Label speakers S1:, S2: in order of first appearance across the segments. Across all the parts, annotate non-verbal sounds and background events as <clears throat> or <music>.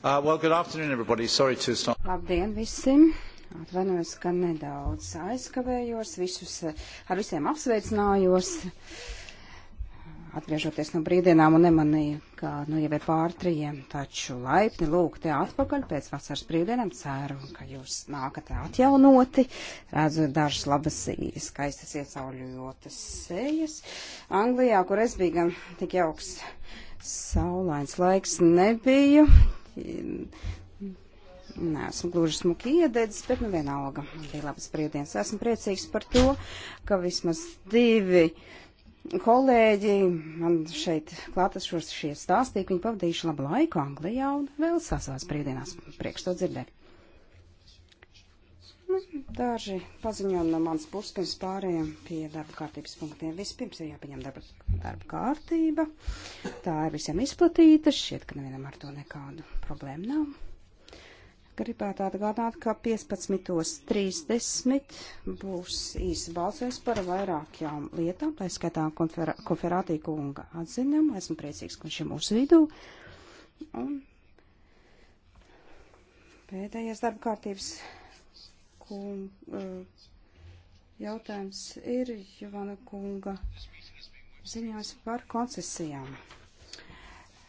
S1: Uh, well, good afternoon, everybody. Sorry to stop. Labdien visiem! Atvainojos, ka nedaudz aizkavējos, visus uh, ar visiem apsveicinājos. Atgriežoties no brīvdienām un nemanīju, ka nu jau ir pār trījiem, taču laipni lūk te atpakaļ pēc vasaras brīvdienām. Ceru, ka jūs nākat atjaunoti. Redzu dažas labas, skaistas iecauļojotas sejas. Anglijā, kur es biju gan tik jauks saulains laiks nebija, Neesmu gluži smuki iededzis, bet nu vienalga. Man bija labs brīvdienas. Esmu priecīgs par to, ka vismaz divi kolēģi man šeit klātesošie stāstīja, ka viņi pavadījuši labu laiku Anglijā un vēl sasās brīvdienās. Priekš to dzirdēt. Daži paziņojumi no manas puses pirms pārējiem pie darba kārtības punktiem. Vispirms ir jāpieņem darba, darba kārtība. Tā ir visiem izplatīta. Šķiet, ka nevienam ar to nekādu problēmu nav. Gribētu atgādāt, ka 15.30 būs īsa balsojums par vairākām lietām, lai skatām konferātī kunga atziņam. Esmu priecīgs, ka viņš ir mūsu vidū. Un pēdējais darba kārtības kunga, uh, jautājums ir Jovana kunga ziņās par koncesijām.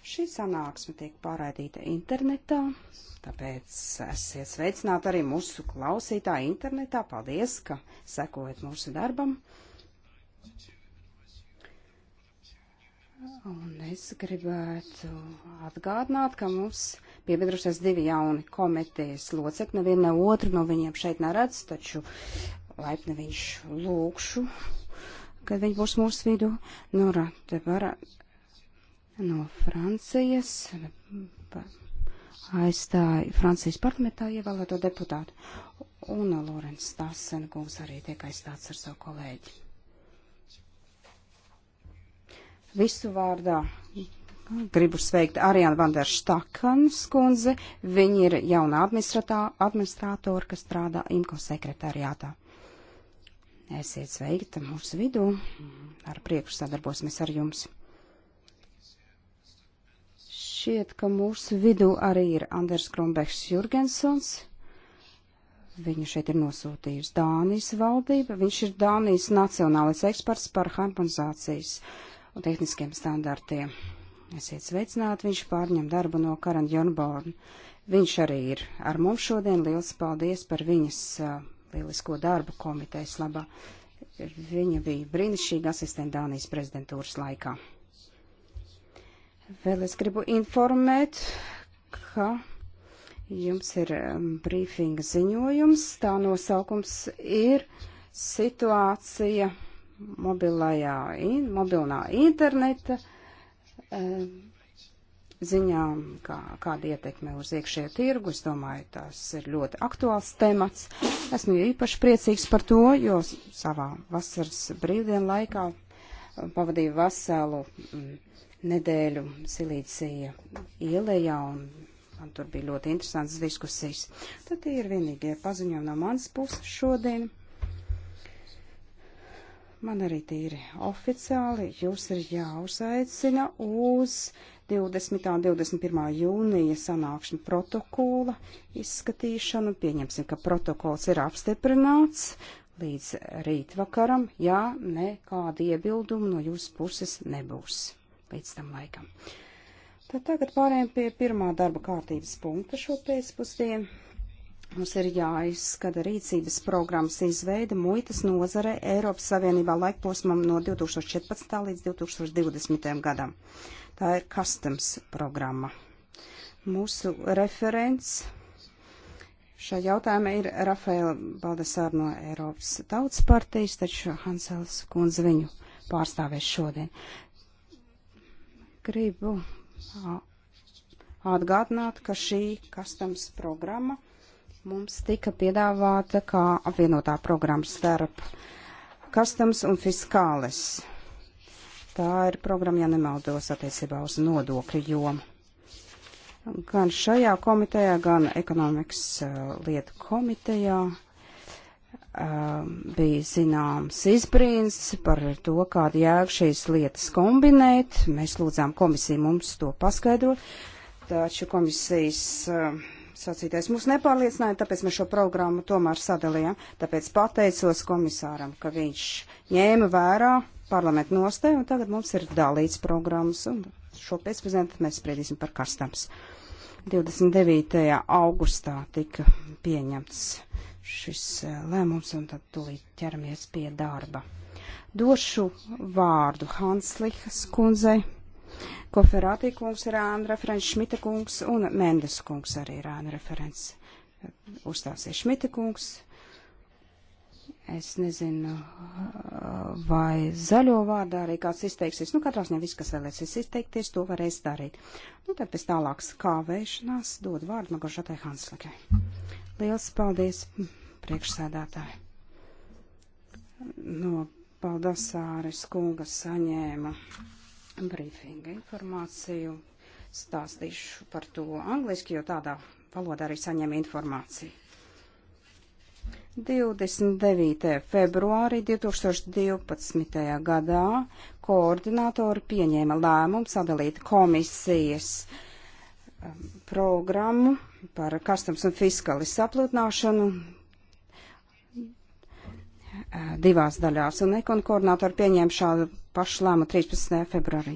S1: Šī sanāksme tiek pārraidīta internetā, tāpēc esiet sveicināti arī mūsu klausītāji internetā. Paldies, ka sekojat mūsu darbam. Un es gribētu atgādināt, ka mums piebiedrušies divi jauni komitejas locekļi. Nevienu ne otru no viņiem šeit neredz, taču laipni viņš lūkšu, kad viņi būs mūsu vidū. Nora Debara no Francijas aizstāja Francijas parlamentā ievēlēto deputātu. Un Lorenz Stāsen kungs arī tiek aizstāts ar savu kolēģi. Visu vārdā Gribu sveikt Arianu Vandaru Štakans kundzi. Viņa ir jauna administrātora, kas strādā IMCO sekretariātā. Esiet sveikta mūsu vidū. Ar prieku sadarbosimies ar jums. Šķiet, ka mūsu vidū arī ir Anders Krumbeks Jurgensons. Viņu šeit ir nosūtījusi Dānijas valdība. Viņš ir Dānijas nacionālais eksperts par harmonizācijas un tehniskiem standartiem. Esiet sveicināti, viņš pārņem darbu no Karan Jonborna. Viņš arī ir ar mums šodien. Liels paldies par viņas uh, lielisko darbu komitejas labā. Viņa bija brīnišķīga asistenta Dānijas prezidentūras laikā. Vēl es gribu informēt, ka jums ir brīfinga ziņojums. Tā nosaukums ir situācija mobilajā, in, mobilnā interneta Eh, ziņām, kā, kāda ietekme uz iekšējo tirgu. Es domāju, tas ir ļoti aktuāls temats. Esmu īpaši priecīgs par to, jo savā vasaras brīvdienu laikā eh, pavadīju veselu mm, nedēļu Silīcija ielējā un man tur bija ļoti interesants diskusijas. Tad tie ir vienīgie paziņojumi no manas puses šodien man arī tīri oficiāli jūs ir jāuzaicina uz 20. un 21. jūnija sanākšanu protokola izskatīšanu. Pieņemsim, ka protokols ir apstiprināts līdz rītvakaram, ja nekāda iebilduma no jūsu puses nebūs līdz tam laikam. Tad tagad pārējām pie pirmā darba kārtības punkta šo pēcpusdienu. Mums ir jāizskata rīcības programmas izveida muitas nozare Eiropas Savienībā laikposmam no 2014. līdz 2020. gadam. Tā ir customs programma. Mūsu referents šajā jautājumā ir Rafaela Baldesāra no Eiropas Tautas partijas, taču Hansels kundze viņu pārstāvēs šodien. Gribu atgādināt, ka šī customs programma mums tika piedāvāta kā apvienotā programma starp customs un fiskāles. Tā ir programma, ja nemaldos, attiecībā uz nodokļu jomu. Gan šajā komitejā, gan ekonomikas uh, lietu komitejā um, bija zināms izbrīns par to, kādu jēgu šīs lietas kombinēt. Mēs lūdzām komisiju mums to paskaidrot, taču komisijas uh, sacītais mūs nepārliecināja, tāpēc mēs šo programmu tomēr sadalījām. Tāpēc pateicos komisāram, ka viņš ņēma vērā parlamentu nostāju, un tagad mums ir dalīts programmas, un šo pēcpazienu mēs spriedīsim par karstams. 29. augustā tika pieņemts šis eh, lēmums, un tad tūlīt ķeramies pie darba. Došu vārdu Hanslihas kundzei. Koferātī kungs ir ēna referents, Šmita kungs un Mendes kungs arī ir ēna referents. Uzstāsies Šmita kungs. Es nezinu, vai zaļo vārdā arī kāds izteiksies. Nu, katrā ziņā viss, kas vēlēsies izteikties, to varēs darīt. Nu, tad pēc tālākas kāvēšanās dod vārdu Magošatai Hanslikai. Liels paldies, priekšsēdētāji. No nu, Baldasāres kunga saņēma brīfinga informāciju. Stāstīšu par to angliski, jo tādā valodā arī saņem informāciju. 29. februārī 2012. gadā koordinātori pieņēma lēmumu sadalīt komisijas um, programmu par karstums un fiskālis saplūtināšanu divās daļās, un ekonu koordinātori pieņēma šādu pašu lēmu 13. februārī.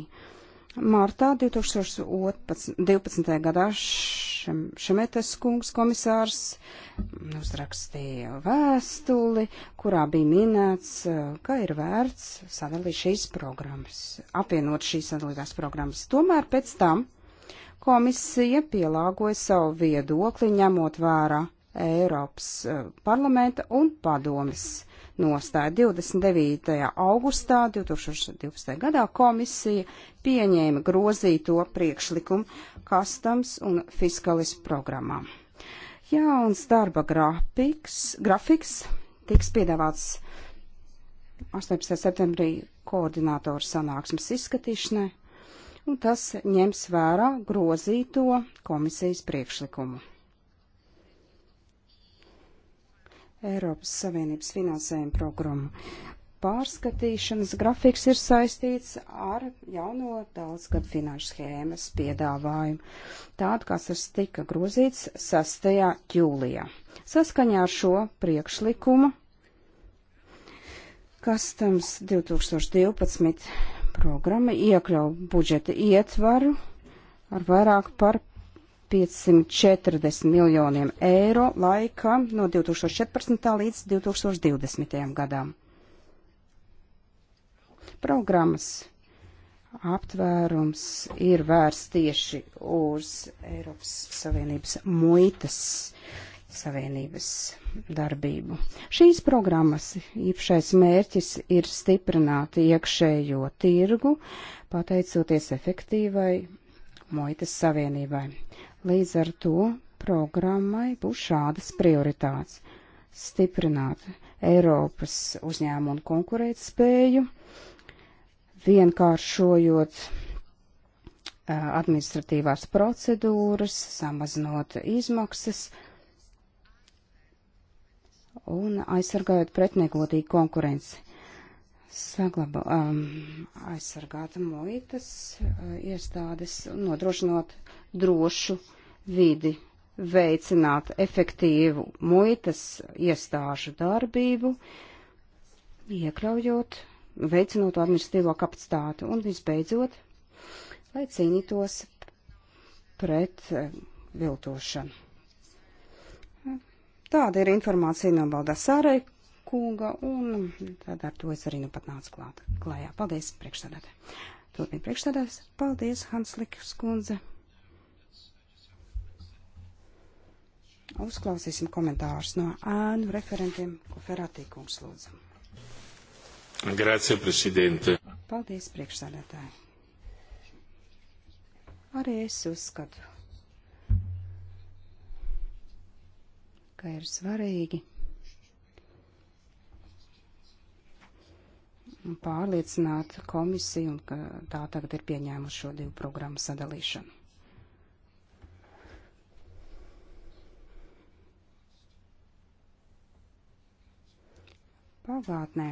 S1: Martā 2012. gadā šem, Šemetes kungs komisārs uzrakstīja vēstuli, kurā bija minēts, ka ir vērts sadalīt šīs programmas, apvienot šīs sadalītās programmas. Tomēr pēc tam komisija pielāgoja savu viedokli, ņemot vērā Eiropas parlamenta un padomis nostāja. 29. augustā 2012. gadā komisija pieņēma grozīto priekšlikumu kastams un fiskalis programmām. Jauns darba grafiks, grafiks tiks piedāvāts 18. septembrī koordinātoru sanāksmes izskatīšanai, un tas ņems vērā grozīto komisijas priekšlikumu. Eiropas Savienības finansējuma programmu. Pārskatīšanas grafiks ir saistīts ar jauno daudzgad finanšu schēmas piedāvājumu, tādu, kas tas tika grozīts 6. jūlijā. Saskaņā ar šo priekšlikumu Kastams 2012 programma iekļauj budžeta ietvaru ar vairāk par 540 miljoniem eiro laika no 2014. līdz 2020. gadam. Programmas aptvērums ir vērsts tieši uz Eiropas Savienības muitas savienības darbību. Šīs programmas īpašais mērķis ir stiprināt iekšējo tirgu, pateicoties efektīvai muitas savienībai. Līdz ar to programmai būs šādas prioritātes - stiprināt Eiropas uzņēmumu un konkurētspēju, vienkāršojot administratīvās procedūras, samazinot izmaksas un aizsargājot pretnegodīgu konkurenci saglabā, um, aizsargāta muitas uh, iestādes, nodrošinot drošu vidi, veicināt efektīvu muitas iestāžu darbību, iekļaujot, veicinot administratīvo kapacitāti un visbeidzot, lai cīnītos pret uh, viltošanu. Tāda ir informācija no Baldasārai kunga, un tad ar to es arī nu pat nācu klāt, klājā. Paldies, priekšstādātē. Turpin priekšstādās. Paldies, Hanslikas kundze. Uzklausīsim komentārus no ēnu referentiem, ko Ferātī kungs lūdzu.
S2: Grācija, prezidente.
S1: Paldies, priekšstādātāji. Arī es uzskatu, ka ir svarīgi pārliecināt komisiju, un ka tā tagad ir pieņēmuši šo divu programmu sadalīšanu. Pagātnē.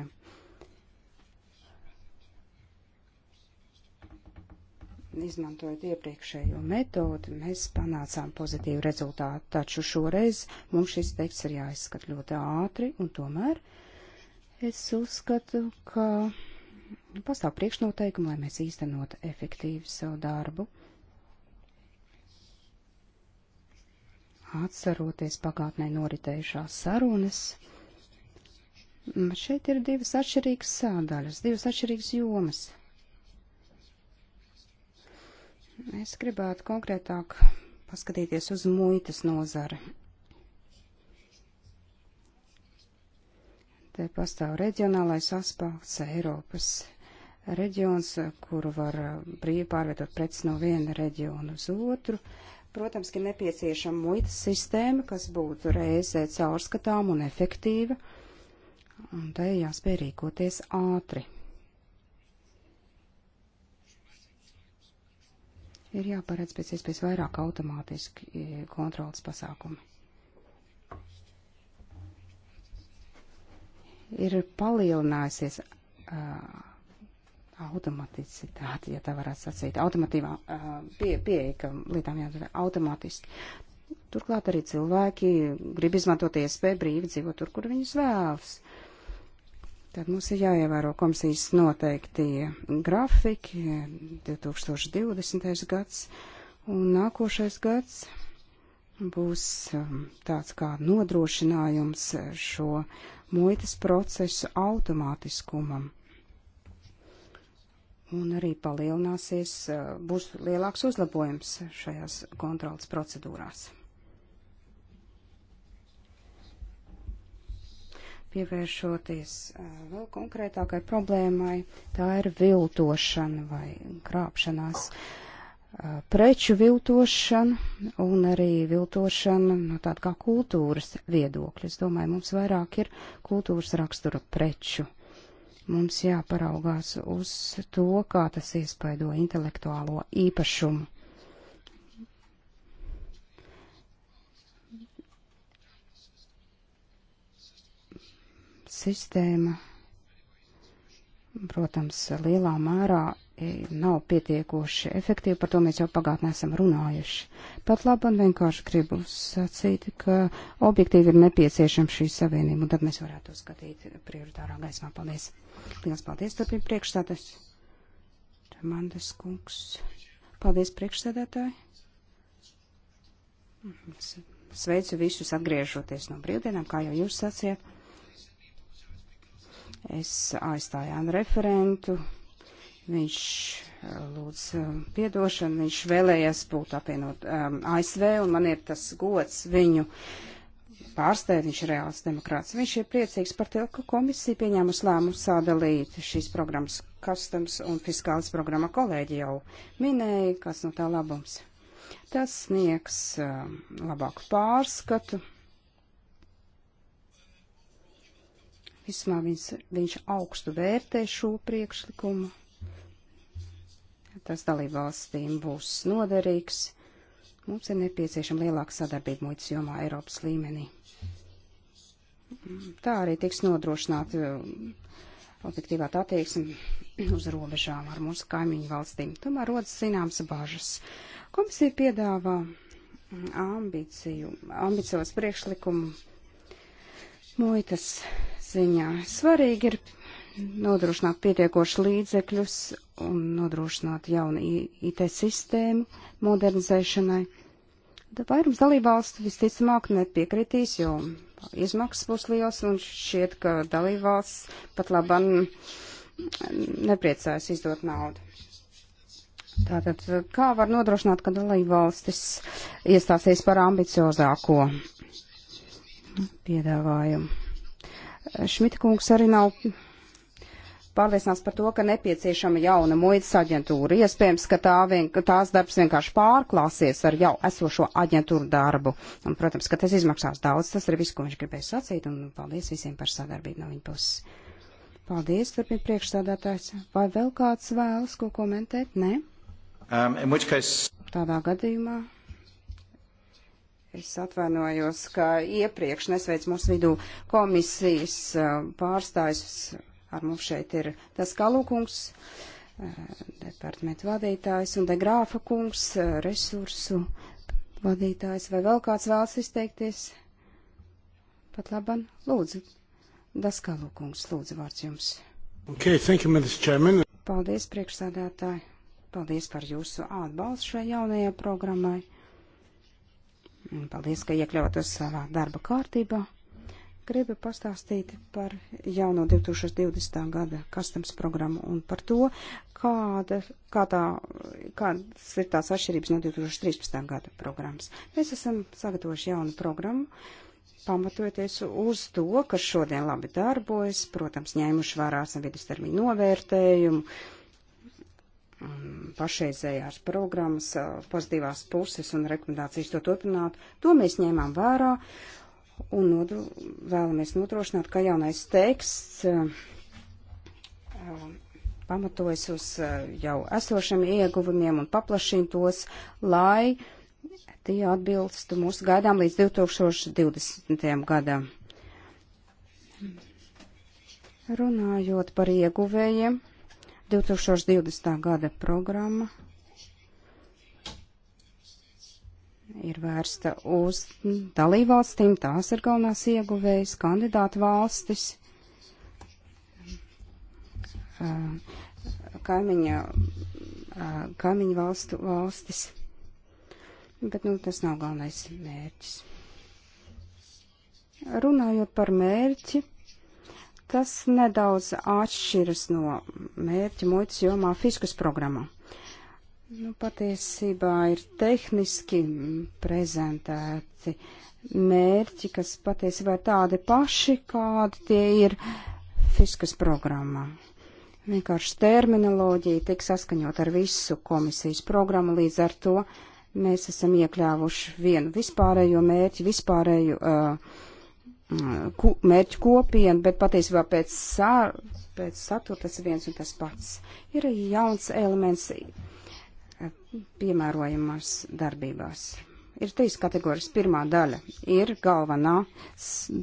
S1: izmantojot iepriekšējo metodi, mēs panācām pozitīvu rezultātu, taču šoreiz mums šis teksts ir jāizskat ļoti ātri, un tomēr Es uzskatu, ka pastāv priekšnoteikumi, lai mēs īstenot efektīvi savu darbu. Atceroties pagātnē noritējušās sarunas, šeit ir divas atšķirīgas sādaļas, divas atšķirīgas jomas. Es gribētu konkrētāk paskatīties uz muitas nozari. Te pastāv reģionālais aspekts Eiropas reģions, kuru var uh, brīvi pārvietot preci no viena reģiona uz otru. Protams, ka nepieciešama muitas sistēma, kas būtu reizē caurskatām un efektīva, un tai jāspēj rīkoties ātri. Ir jāparedz pēc iespējas vairāk automātiski eh, kontrolas pasākumi. ir palielinājusies uh, automaticitāte, ja tā varētu sacīt, automatīvā uh, pie, pieeja, ka lietām jādara automātiski. Turklāt arī cilvēki grib izmantot iespēju brīvi dzīvot tur, kur viņus vēlas. Tad mums ir jāievēro komisijas noteikti grafiki, 2020. gads, un nākošais gads būs tāds kā nodrošinājums šo muitas procesu automātiskumam. Un arī palielināsies, eh, būs lielāks uzlabojums šajās kontrolas procedūrās. Pievēršoties eh, vēl konkrētākai problēmai, tā ir viltošana vai krāpšanās. Uh, preču viltošana un arī viltošana no tāda kā kultūras viedokļa. Es domāju, mums vairāk ir kultūras rakstura preču. Mums jāparaugās uz to, kā tas iespaido intelektuālo īpašumu. Sistēma, protams, lielā mērā E, nav pietiekoši efektīvi, par to mēs jau pagātnē esam runājuši. Pat labi, un vienkārši gribu sacīt, ka objektīvi ir nepieciešama šī savienība, un tad mēs varētu uzskatīt prioritārā gaismā. Paldies! Liels paldies, turpina priekšstādājs. Tamandes kungs. Paldies, priekšstādātāji. Mhm, sveicu visus atgriežoties no brīvdienām, kā jau jūs sacījāt. Es aizstāju referentu Viņš eh, lūdz um, piedošanu, viņš vēlējies būt apvienot um, ASV, un man ir tas gods viņu pārstāvēt, viņš ir reāls demokrāts. Viņš ir priecīgs par to, ka komisija pieņēmus lēmumu sadalīt šīs programmas customs un fiskālas programma kolēģi jau minēja, kas no tā labums. Tas sniegs um, labāku pārskatu. Vismā viņš, viņš augstu vērtē šo priekšlikumu Tas dalībvalstīm būs noderīgs. Mums ir nepieciešama lielāka sadarbība muitas jomā Eiropas līmenī. Tā arī tiks nodrošināta uh, objektīvā attieksme <clears throat> uz robežām ar mūsu kaimiņu valstīm. Tomēr rodas zināmas bažas. Komisija piedāvā ambīciju, ambicios priekšlikumu muitas ziņā. Svarīgi ir nodrošināt pietiekoši līdzekļus un nodrošināt jaunu IT sistēmu modernizēšanai. Da vairums dalībvalstu visticamāk nepiekritīs, jo izmaksas būs liels un šķiet, ka dalībvalsts pat labam nepriecājas izdot naudu. Tātad, kā var nodrošināt, ka dalībvalstis iestāsies par ambiciozāko piedāvājumu? Šmita kungs arī nav pārliecināts par to, ka nepieciešama jauna muitas aģentūra. Iespējams, ka tā vien, ka tās darbs vienkārši pārklāsies ar jau esošo aģentūru darbu. Un, protams, ka tas izmaksās daudz. Tas ir viss, ko viņš gribēja sacīt, un paldies visiem par sadarbību no viņa puses. Paldies, turpina priekšstādātājs. Vai vēl kāds vēlas ko komentēt? Nē? Um, case... Tādā gadījumā. Es atvainojos, ka iepriekš nesveic mūsu vidū komisijas uh, pārstājus ar mums šeit ir tas Kalukungs, eh, departamentu vadītājs un degrāfa kungs, eh, resursu vadītājs. Vai vēl kāds vēlas izteikties? Pat laban, lūdzu. Daskalu kungs, lūdzu vārds jums.
S3: Okay, thank you, Mr. Chairman.
S1: Paldies, priekšsādātāji. Paldies par jūsu atbalstu šai jaunajai programmai. Paldies, ka iekļautos savā darba kārtībā gribu pastāstīt par jauno 2020. gada customs programmu un par to, kāda, kā tā, kādas ir tās atšķirības no 2013. gada programmas. Mēs esam sagatavojuši jaunu programmu, pamatojoties uz to, kas šodien labi darbojas, protams, ņēmuši vērā esam vidustermiņu novērtējumu, pašreizējās programmas pozitīvās puses un rekomendācijas to turpināt. To mēs ņēmām vērā. Uh, un nodro, vēlamies nodrošināt, ka jaunais teksts uh, pamatojas uz uh, jau esošiem ieguvumiem un paplašina tos, lai tie atbilstu mūsu gaidām līdz 2020. gadam. Runājot par ieguvējiem, 2020. gada programma ir vērsta uz dalībvalstīm, tās ir galvenās ieguvējas, kandidātu valstis, kaimiņa, kaimiņu valstu valstis. Bet, nu, tas nav galvenais mērķis. Runājot par mērķi, tas nedaudz atšķiras no mērķa muitas jomā fiskas programmā. Nu, patiesībā ir tehniski prezentēti mērķi, kas patiesībā ir tādi paši, kādi tie ir fiskas programmā. Vienkārši terminoloģija tiek saskaņot ar visu komisijas programmu, līdz ar to mēs esam iekļāvuši vienu vispārējo mērķi, vispārēju uh, ku, mērķu kopienu, bet patiesībā pēc, sā, pēc satura tas viens un tas pats. Ir jauns elements piemērojamās darbībās. Ir trīs kategorijas. Pirmā daļa ir galvenā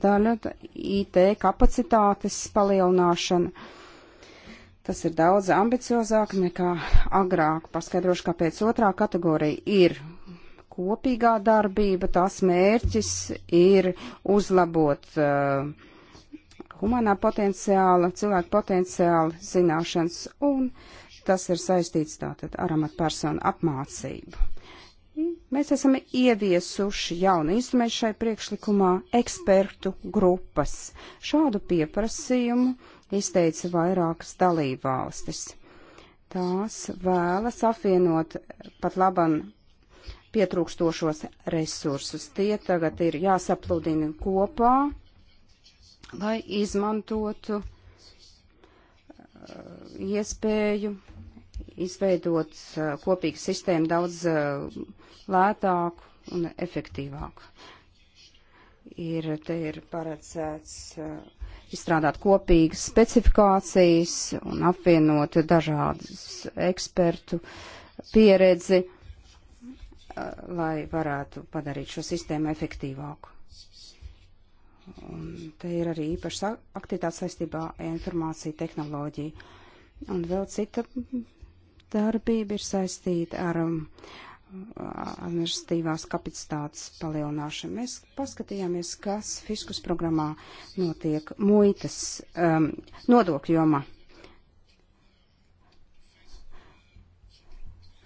S1: daļa - IT kapacitātes palielināšana. Tas ir daudz ambiciozāk nekā agrāk. Paskaidrošu, kāpēc otrā kategorija ir kopīgā darbība. Tās mērķis ir uzlabot uh, humanā potenciāla, cilvēku potenciāla zināšanas un uh, Tas ir saistīts tātad ar amatpersonu apmācību. Mēs esam ieviesuši jaunu instrumentu šai priekšlikumā - ekspertu grupas. Šādu pieprasījumu izteica vairākas dalībvalstis. Tās vēlas apvienot pat laban pietrūkstošos resursus. Tie tagad ir jāsapludina kopā, lai izmantotu uh, iespēju izveidot kopīgu sistēmu daudz lētāku un efektīvāku. Ir, te ir paredzēts izstrādāt kopīgas specifikācijas un apvienot dažādas ekspertu pieredzi, lai varētu padarīt šo sistēmu efektīvāku. Un te ir arī īpaša aktivitāte saistībā ar informāciju tehnoloģiju. Un vēl cita darbība ir saistīta um, ar administratīvās kapacitātes palielināšanu. Mēs paskatījāmies, kas fiskus programmā notiek muitas um, nodokļu jomā.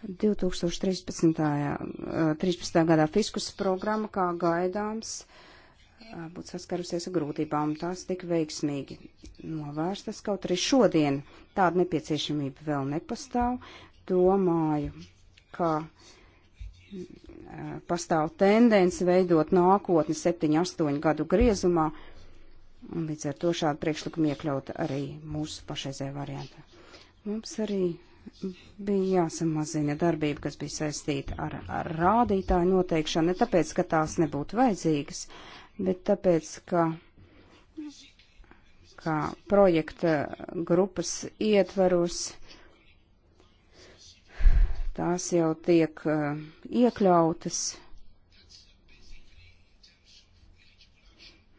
S1: 2013. 13. Uh, gadā fiskus programma, kā gaidāms, uh, būtu saskarusies ar grūtībām, tās tik veiksmīgi novērstas, kaut arī šodien tāda nepieciešamība vēl nepastāv. Domāju, ka pastāv tendence veidot nākotni 7-8 gadu griezumā, un līdz ar to šādu priekšlikumu iekļaut arī mūsu pašreizē variantā. Mums arī bija jāsamazina darbība, kas bija saistīta ar, ar rādītāju noteikšanu, ne tāpēc, ka tās nebūtu vajadzīgas, uh, bet tāpēc, ka, ka projekta grupas ietvaros tās jau tiek uh, iekļautas.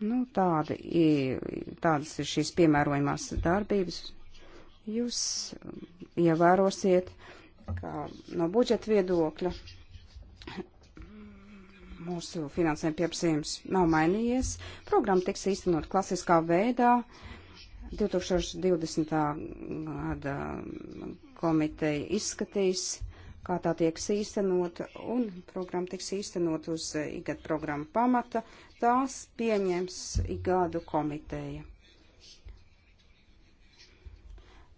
S1: Nu, tādi, tādas ir šīs piemērojumās darbības. Jūs ievērosiet, ka no budžeta viedokļa mūsu finansējuma pieprasījums nav mainījies. Programma tiks īstenot klasiskā veidā. 2020. gada komiteja izskatīs, kā tā tieks īstenot, un programma tiks īstenot uz ikgad programma pamata. Tās pieņems ikgadu komiteja.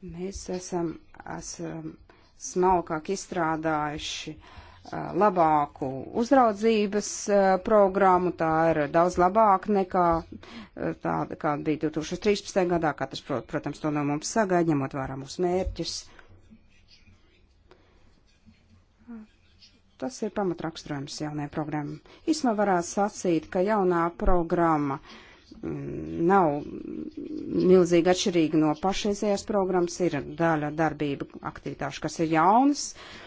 S1: Mēs esam, esam smalkāk izstrādājuši uh, labāku uzraudzības programmu, tā ir daudz labāka nekā tāda, kāda bija 2013. gadā. Katrs, protams, to no mums sagaida, ņemot vērā mūsu mērķus. Tas ir pamatraksturojums jaunajai programmai. Īsumā varētu sacīt, ka jaunā programma mm, nav milzīgi atšķirīga no pašreizējās programmas, ir daļa darbība aktivitāšu, kas ir jaunas. Uh,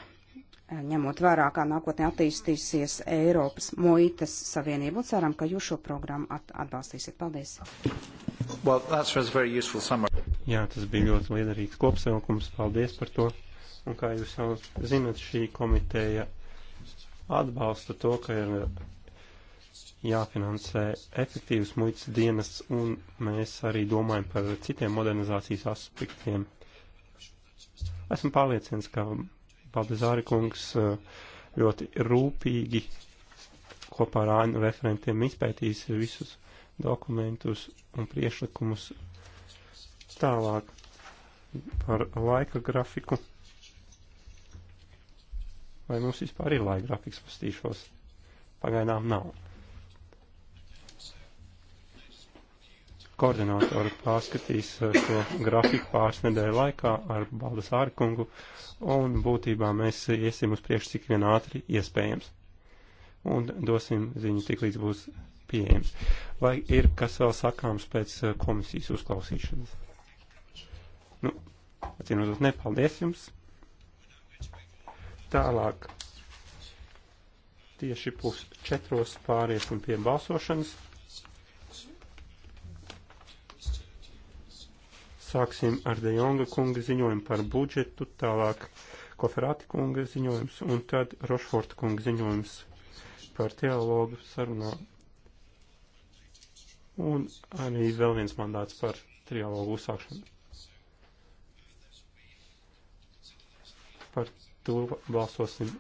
S1: Eh, ņemot vērā, kā nākotnē attīstīsies Eiropas muitas savienība. Un ceram, ka jūs šo programmu at atbalstīsiet. Paldies!
S3: Well,
S2: Jā, tas bija ļoti liederīgs kopsavilkums. Paldies par to. Un kā jūs jau zinat, šī komiteja atbalsta to, ka ir jāfinansē efektīvas muitas dienas, un mēs arī domājam par citiem modernizācijas aspektiem. Esmu pārliecināts, ka Baldezāri kungs eh, ļoti rūpīgi kopā ar āņu referentiem izpētīs visus dokumentus un priešlikumus tālāk par laika grafiku. Vai mums vispār ir laika grafiks, pastīšos? Pagaidām nav. koordinātori pārskatīs eh, šo grafiku pāris nedēļu laikā ar Baldas ārkungu, un būtībā mēs iesim uz priekšu cik vien ātri iespējams. Un dosim ziņu tik līdz būs pieejams. Vai ir kas vēl sakāms pēc eh, komisijas uzklausīšanas? Nu, atcīmredzot, nepaldies jums. Tālāk. Tieši pus četros pāriesim pie balsošanas. Sāksim ar De Jonga kunga ziņojumu par budžetu, tālāk Koferāti kunga ziņojums un tad Rošforta kunga ziņojums par teologu sarunā. Un arī vēl viens mandāts par trialogu uzsākšanu. Par to balsosim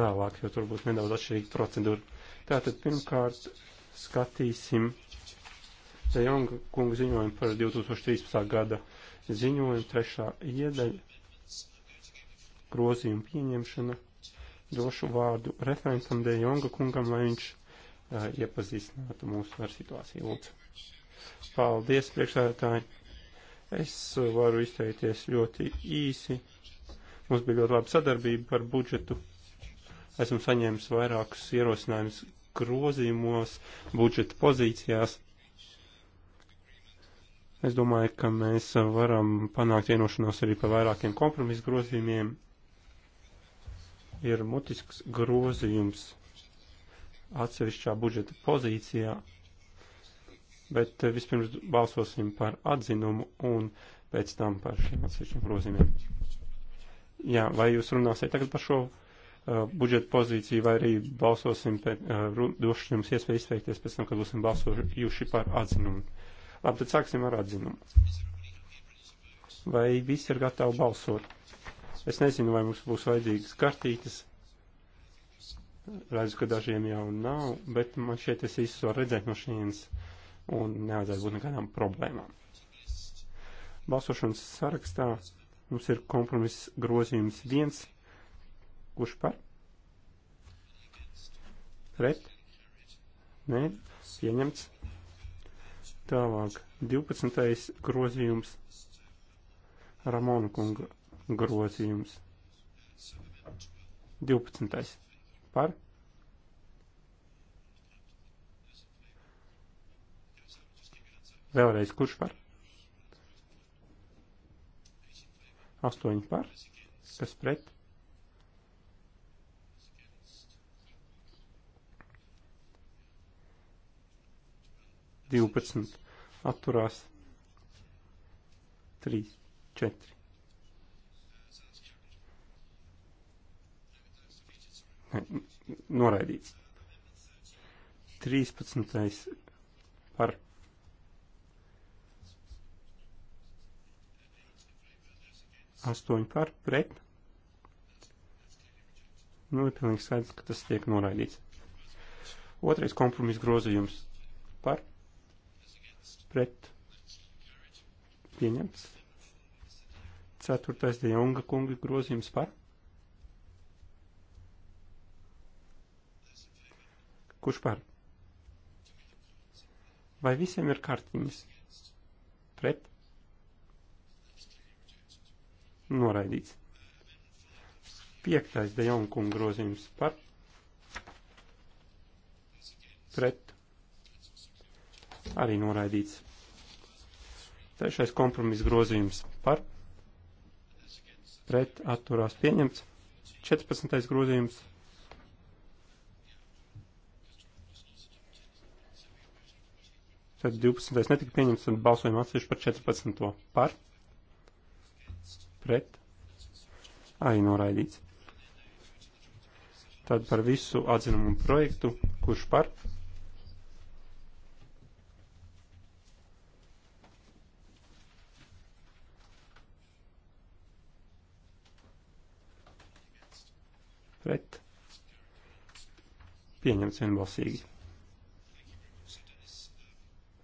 S2: vēlāk, jo tur būs nedaudz atšķirīga procedūra. Tātad pirmkārt skatīsim Zajonga kunga ziņojumu par 2013. gada ziņojumu trešā iedaļa grozījumu pieņemšana. Došu vārdu referentam De Jonga kungam, lai viņš uh, iepazīstinātu mūsu ar situāciju. Lūdzu. Paldies, priekšsēdētāji. Es eh, varu izteikties ļoti īsi. Mums bija ļoti laba sadarbība par budžetu. Esmu saņēmis vairākus ierosinājumus grozījumos, budžeta pozīcijās Es domāju, ka mēs varam panākt vienošanos arī par vairākiem kompromisu grozījumiem. Ir mutisks grozījums atsevišķā budžeta pozīcijā, bet eh, vispirms balsosim par atzinumu un pēc tam par šiem atsevišķiem grozījumiem. Jā, vai jūs runāsiet tagad par šo uh, budžeta pozīciju, vai arī balsosim, pēc, uh, došu jums iespēju izteikties pēc tam, kad būsim balsojuši par atzinumu. Labi, tad sāksim ar atzinumu. Vai visi ir gatavi balsot? Es nezinu, vai mums būs vajadzīgas kartītes. Redzu, ka dažiem jau nav, bet man šeit es visus varu redzēt no šīs un nevajadzētu būt nekādām problēmām. Balsošanas sarakstā mums ir kompromiss grozījums viens, kurš par? Pret? Nē, pieņemts. Tālāk, 12. grozījums, Ramona kunga grozījums. 12. par. Vēlreiz, kurš par? 8 par, kas pret 12 atturās 3, 4. Ne, noraidīts. 13. par astoņi par pret. Nu, ir pilnīgi skaidrs, ka tas tiek noraidīts. Otrais kompromis grozījums pret pieņemts. Ceturtais Dejonga kunga grozījums par. Kurš par? Vai visiem ir kartiņas? Pret? Noraidīts. Piektais Dejonga kunga grozījums par. Pret? arī noraidīts. Trešais kompromiss grozījums par, pret atturās pieņemts. 14. grozījums. Tad 12. netika pieņemts un balsojam atsevišķi par 14. par, pret, arī noraidīts. Tad par visu atzinumu projektu, kurš par, Pieņemts vienbalsīgi.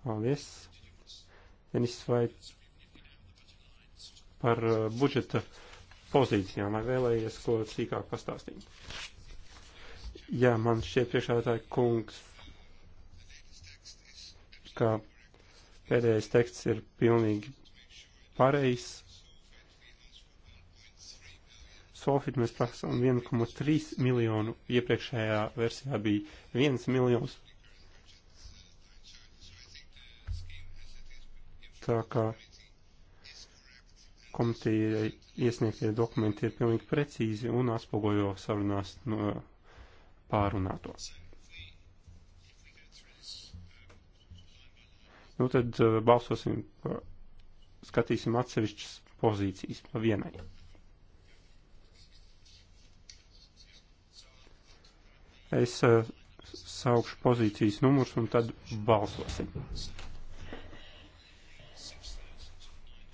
S2: Paldies. Denis, vai par uh, budžeta pozīcijām, vai vēlējies ko sīkāk pastāstīt? Jā, man šķiet priekšādātāji kungs, ka pēdējais teksts ir pilnīgi pareizs Sofit mēs prasām 1,3 miljonu, iepriekšējā versijā bija 1 miljons. Tā kā komitejai iesniegtie dokumenti ir pilnīgi precīzi un atspoguļo sarunās no pārunātos. Nu tad uh, balsosim, skatīsim atsevišķas pozīcijas pa vienai. Es uh, saukšu pozīcijas numurs un tad balsosim.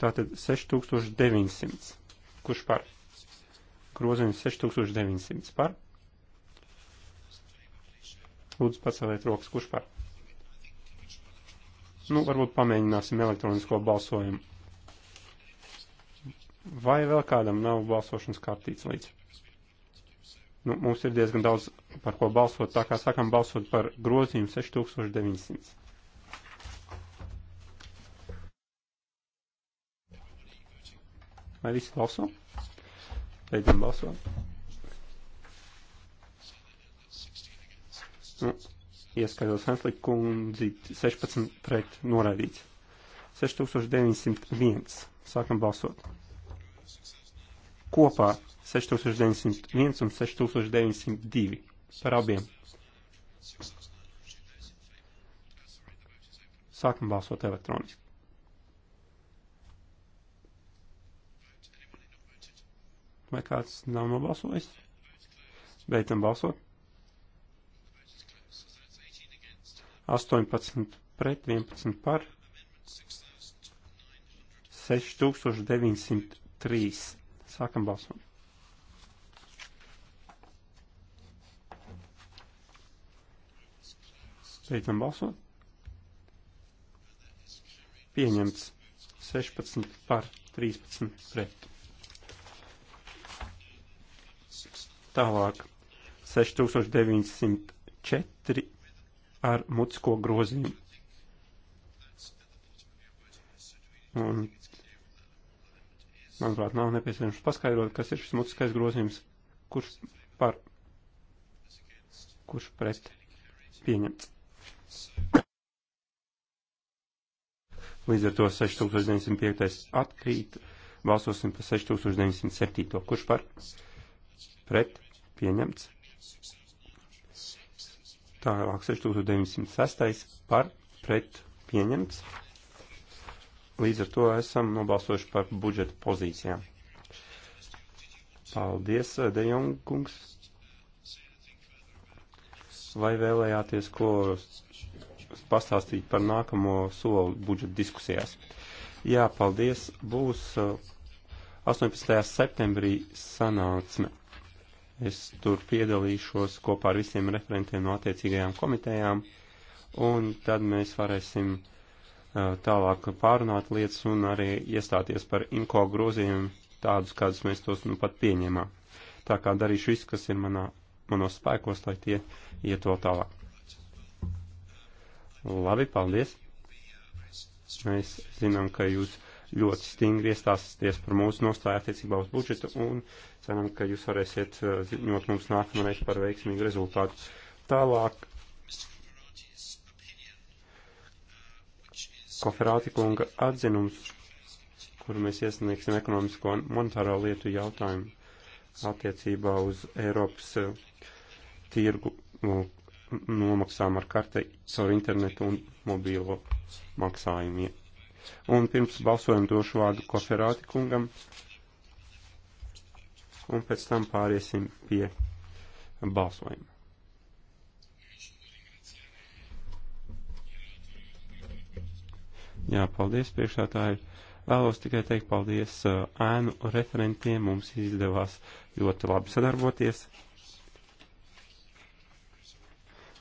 S2: Tātad 6900. Kurš par? Grozījums 6900 par. Lūdzu, paceliet rokas, kurš par? Nu, varbūt pamēģināsim elektronisko balsojumu. Vai vēl kādam nav balsošanas kartīts līdz? Nu, mums ir diezgan daudz par ko balsot, tā kā sākam balsot par grozījumu 6900. Vai visi balso? Beidzam balsot. Nu, ieskaitot Hansliku kundzi 16 pret noraidīts. 6901. Sākam balsot. Kopā 6901 un 6902 par abiem. Sākam balsot elektroniski. Vai kāds nav nobalsojis? Beidzam balsot. 18 pret 11 par 6903. Sākam balsot. Beidzam balsot. Pieņemts 16 par 13 pret. Tālāk 6904 ar mutisko grozījumu. Un, manuprāt, nav nepieciešams paskaidrot, kas ir šis mutiskais grozījums, kurš par, kurš pret pieņemts. Līdz ar to 6905. atkrīt, balsosim par 6907. Kurš par? Pret? Pieņemts. Tālāk 6906. par? Pret? Pieņemts. Līdz ar to esam nobalsojuši par budžeta pozīcijām. Paldies, Dejong kungs vai vēlējāties ko pastāstīt par nākamo soli budžeta diskusijās? Jā, paldies. Būs 18. Uh, septembrī sanāksme. Es tur piedalīšos kopā ar visiem referentiem no attiecīgajām komitejām, un tad mēs varēsim uh, tālāk pārunāt lietas un arī iestāties par inko grozījumiem tādus, kādus mēs tos nu pat pieņemām. Tā kā darīšu visu, kas ir manā manos spēkos, lai tie iet vēl tālāk. Labi, paldies. Mēs zinām, ka jūs ļoti stingri iestāsties par mūsu nostāju attiecībā uz budžetu un ceram, ka jūs varēsiet uh, ziņot mums nākamreiz par veiksmīgu rezultātu. Tālāk. Koferāti kunga atzinums, kuru mēs iesniegsim ekonomisko un monetāro lietu jautājumu attiecībā uz Eiropas uh, tirgu no nu, nomaksām ar kartei caur internetu un mobīlo maksājumiem. Un pirms balsojumu došu vārdu koferāti kungam, un pēc tam pāriesim pie balsojuma. Jā, paldies priekšētāji. Vēlos tikai teikt paldies uh, ēnu referentiem. Mums izdevās ļoti labi sadarboties.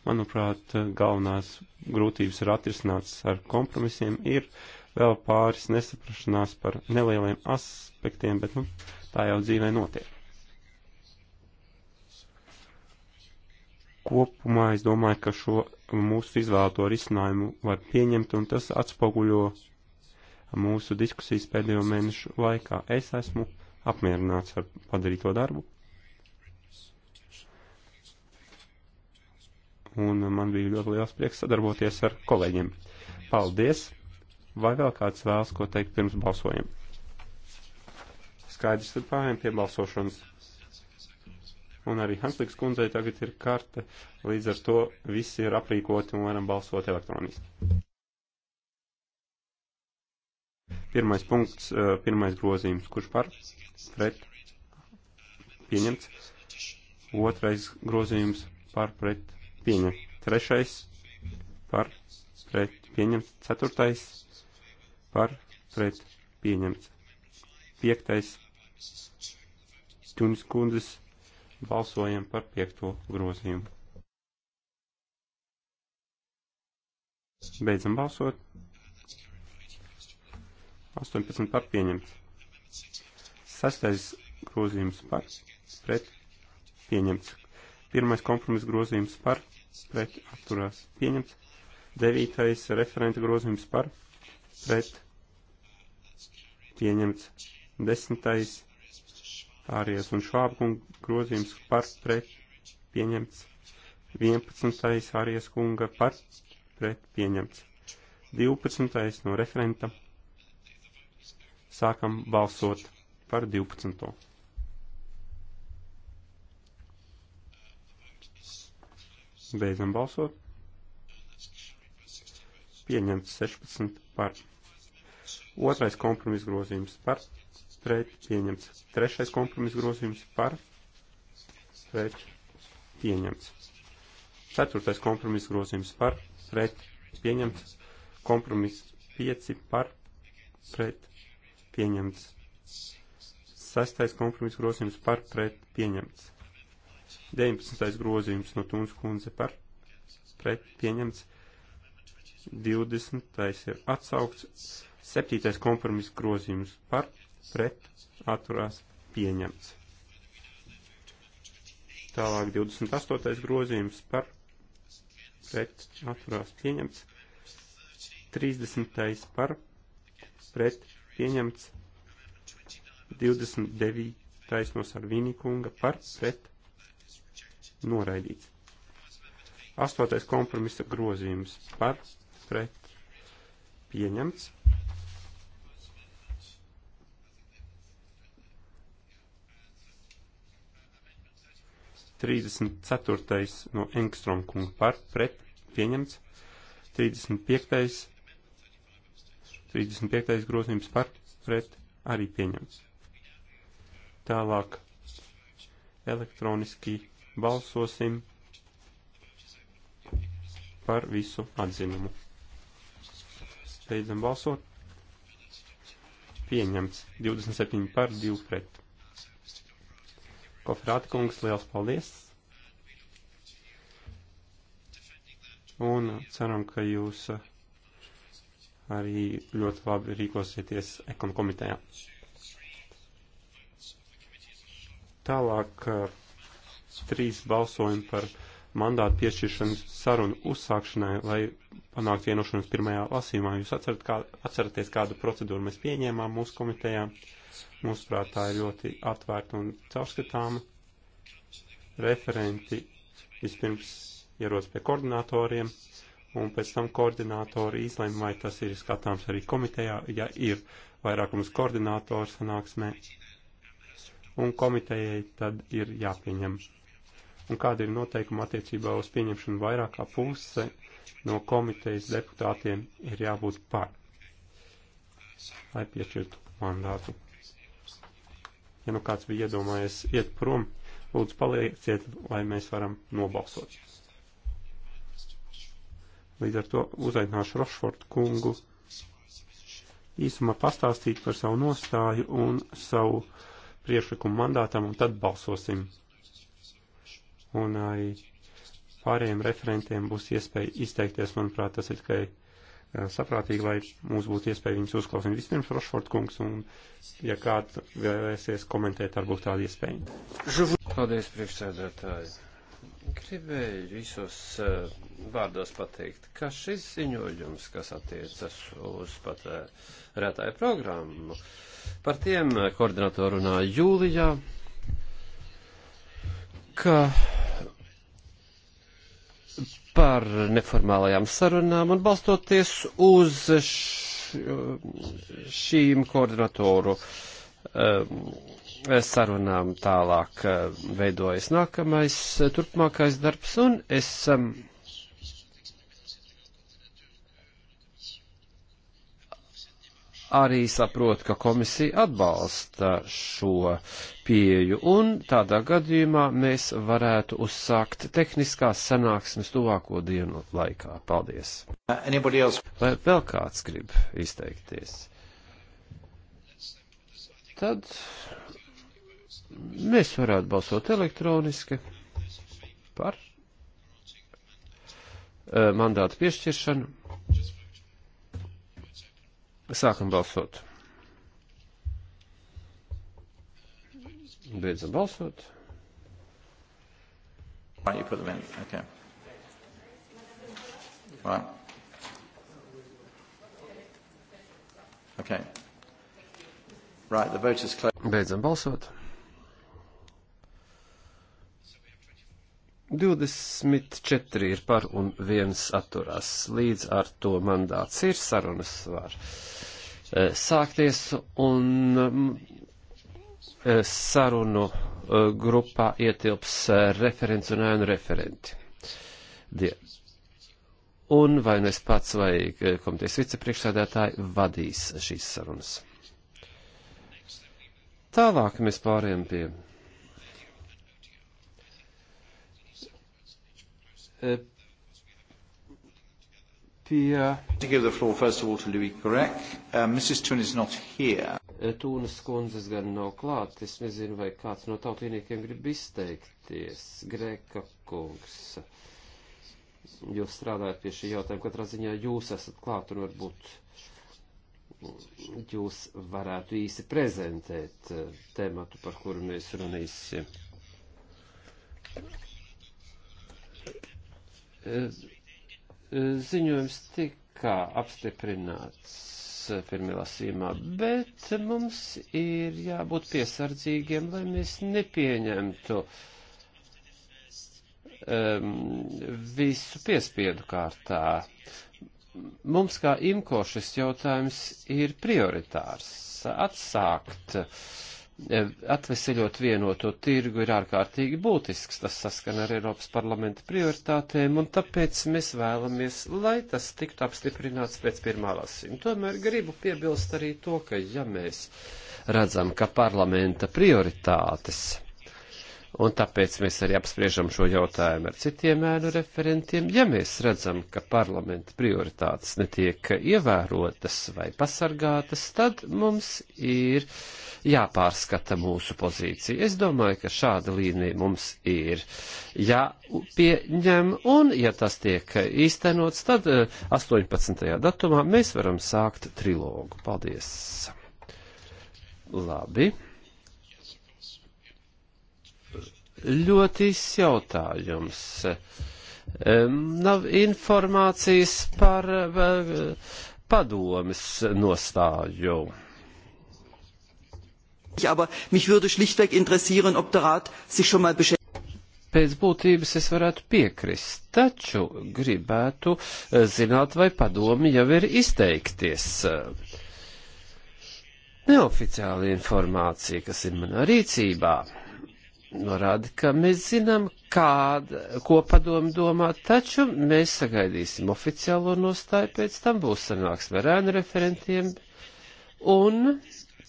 S2: Manuprāt, galvenās grūtības ir atrisināts ar kompromisiem, ir vēl pāris nesaprašanās par nelieliem aspektiem, bet nu, tā jau dzīvē notiek. Kopumā es domāju, ka šo mūsu izvēlēto risinājumu var pieņemt, un tas atspoguļo mūsu diskusijas pēdējo mēnešu laikā. Es esmu apmierināts ar padarīto darbu. un man bija ļoti liels prieks sadarboties ar kolēģiem. Paldies! Vai vēl kāds vēlas ko teikt pirms balsojam? Skaidrs, tad pārējām pie balsošanas. Un arī Hanslīks kundzei tagad ir karte, līdz ar to visi ir aprīkoti un varam balsot elektroniski. Pirmais punkts, eh, pirmais grozījums, kurš par, pret, pieņemts. Otrais grozījums par, pret, pieņem. Trešais par pret pieņemts. Ceturtais par pret pieņemts. Piektais Tunis kundzes balsojam par piekto grozījumu. Beidzam balsot. 18 par pieņemts. Sastais grozījums par pret pieņemts. Pirmais kompromiss grozījums par, pret atturās pieņemts. Devītais referenta grozījums par, pret pieņemts. Desmitais ārijas un švābkunga grozījums par, pret pieņemts. Vienpadsmitais ārijas kunga par, pret pieņemts. 12. no referenta. Sākam balsot par 12. Beidzam balsot. Pieņemts 16 par. Otrais kompromis grozījums par. Pret pieņemts. Trešais kompromis grozījums par. Pret pieņemts. Ceturtais kompromis grozījums par. Pret pieņemts. Kompromis 5 par. Pret pieņemts. Sestais kompromis grozījums par. Pret pieņemts. 19. grozījums no Tūnas kundze par pret pieņemts. 20. ir atsaukts. 7. kompromiss grozījums par pret atturās pieņemts. Tālāk 28. grozījums par pret atturās pieņemts. 30. par pret pieņemts. 29. no Sarvīnī kunga par pret noraidīts. Astotais kompromisa grozījums par pret pieņemts. Trīsdesmit ceturtais no Engstrom kunga par pret pieņemts. Trīsdesmit piektais. Trīsdesmit piektais grozījums par pret arī pieņemts. Tālāk elektroniski balsosim par visu atzinumu. Beidzam balsot. Pieņemts. 27 par 2 pret. Kofrāta kungs, liels paldies! Un ceram, ka jūs arī ļoti labi rīkosieties ekonomitejā. Tālāk trīs balsojumi par mandātu piešķiršanu sarunu uzsākšanai, lai panāktu vienošanos pirmajā lasīmā. Jūs atcerat, kā, atceraties, kādu procedūru mēs pieņēmām mūsu komitejā? Mūsuprāt, tā ir ļoti atvērta un caurskatāma. Referenti vispirms ierodas pie koordinatoriem, un pēc tam koordinatori izlēma, vai tas ir skatāms arī komitejā, ja ir vairākums koordinatoru sanāksmē, un komitejai tad ir jāpieņem un kāda ir noteikuma attiecībā uz pieņemšanu vairāk kā puse no komitejas deputātiem ir jābūt par, lai piešķirtu mandātu. Ja nu kāds bija iedomājies iet prom, lūdzu palieciet, lai mēs varam nobalsot. Līdz ar to uzaicināšu Rošfortu kungu īsumā pastāstīt par savu nostāju un savu priešlikumu mandātam, un tad balsosim un arī pārējiem referentiem būs iespēja izteikties. Manuprāt, tas ir tikai saprātīgi, lai mums būtu iespēja viņus uzklausīt. Vispirms Rošford kungs, un ja kāds vēlēsies komentēt, varbūt tāda iespēja.
S3: Paldies, priekšsēdētāji. Gribēju visos uh, vārdos pateikt, ka šis ziņojums, kas attiecas uz patērētāju uh, programmu, par tiem koordinatoru runāja jūlijā ka par neformālajām sarunām un balstoties uz šīm koordinatoru um, sarunām tālāk uh, veidojas nākamais turpmākais darbs un es um, arī saprot, ka komisija atbalsta šo pieju, un tādā gadījumā mēs varētu uzsākt tehniskās sanāksmes tuvāko dienu laikā. Paldies! Vai vēl kāds grib izteikties? Tad mēs varētu balsot elektroniski par eh, mandātu piešķiršanu. Sākam balsot. Beidzam balsot. Why you put them in? Okay. Right. Okay. Right, the vote is closed. Beidzam balsot. 24 ir par un viens atturās. Līdz ar to mandāts ir sarunas var eh, sākties un eh, sarunu eh, grupā ietilps referents un ēnu referenti. Die. Un vai nu es pats vai komitejas vicepriekšsēdētāji vadīs šīs sarunas. Tālāk mēs pāriem pie Eh, pie.
S1: To give the floor first of all to Louis Grech. Uh, Mrs. Toon is not here.
S3: Eh, Tūnas kundzes gan nav klāt. Es nezinu, vai kāds no tautiniekiem grib izteikties. Greka kungs, jūs strādājat pie šī jautājuma. Katrā ziņā jūs esat klāt un varbūt jūs varētu īsi prezentēt eh, tematu, par kuru mēs runīsim ziņojums tika apstiprināts pirmajā lasījumā, bet mums ir jābūt piesardzīgiem, lai mēs nepieņemtu um, visu piespiedu kārtā. Mums kā imko šis jautājums ir prioritārs. Atsākt uh, atveseļot vienoto tirgu ir ārkārtīgi būtisks. Tas saskan ar Eiropas parlamenta prioritātēm, un tāpēc mēs vēlamies, lai tas tiktu apstiprināts pēc pirmā lasījuma. Tomēr gribu piebilst arī to, ka ja mēs redzam, ka parlamenta prioritātes, un tāpēc mēs arī apspriežam šo jautājumu ar citiem ēnu referentiem, ja mēs redzam, ka parlamenta prioritātes netiek ievērotas vai pasargātas, tad mums ir jāpārskata mūsu pozīcija. Es domāju, ka šāda līnija mums ir jāpieņem, un ja tas tiek īstenots, tad 18. Eh, datumā mēs varam sākt trilogu. Paldies! Labi. Ļoti īs jautājums nav informācijas par eh, padomis nostāju. Aber mich würde schlichtweg interessieren, ob der Rat sich schon mal beschäftigt. Pēc būtības es varētu piekrist, taču gribētu eh, zināt, vai padomi jau ir izteikties. Neoficiāla informācija, kas ir manā rīcībā, norāda, ka mēs zinām, kāda, ko padomu domā, taču mēs sagaidīsim oficiālo nostāju, pēc tam būs sanāksme ar ēnu referentiem un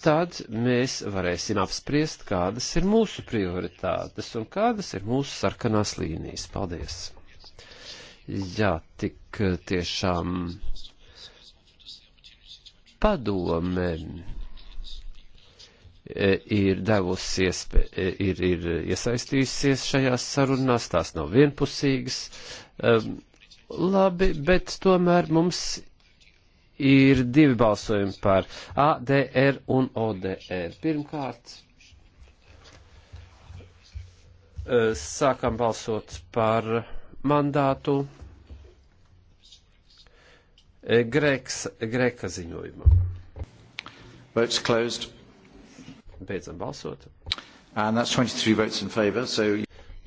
S3: tad mēs varēsim apspriest, kādas ir mūsu prioritātes un kādas ir mūsu sarkanās līnijas. Paldies! Jā, tik tiešām padome e, ir devusi, e, ir, ir iesaistījusies šajās sarunās, tās nav vienpusīgas. Um, labi, bet tomēr mums ir divi balsojumi par ADR un ODR. Pirmkārt, eh, sākam balsot par mandātu eh, Greks, Greka ziņojumam. Votes closed. Beidzam balsot. And that's 23 votes in favour, so...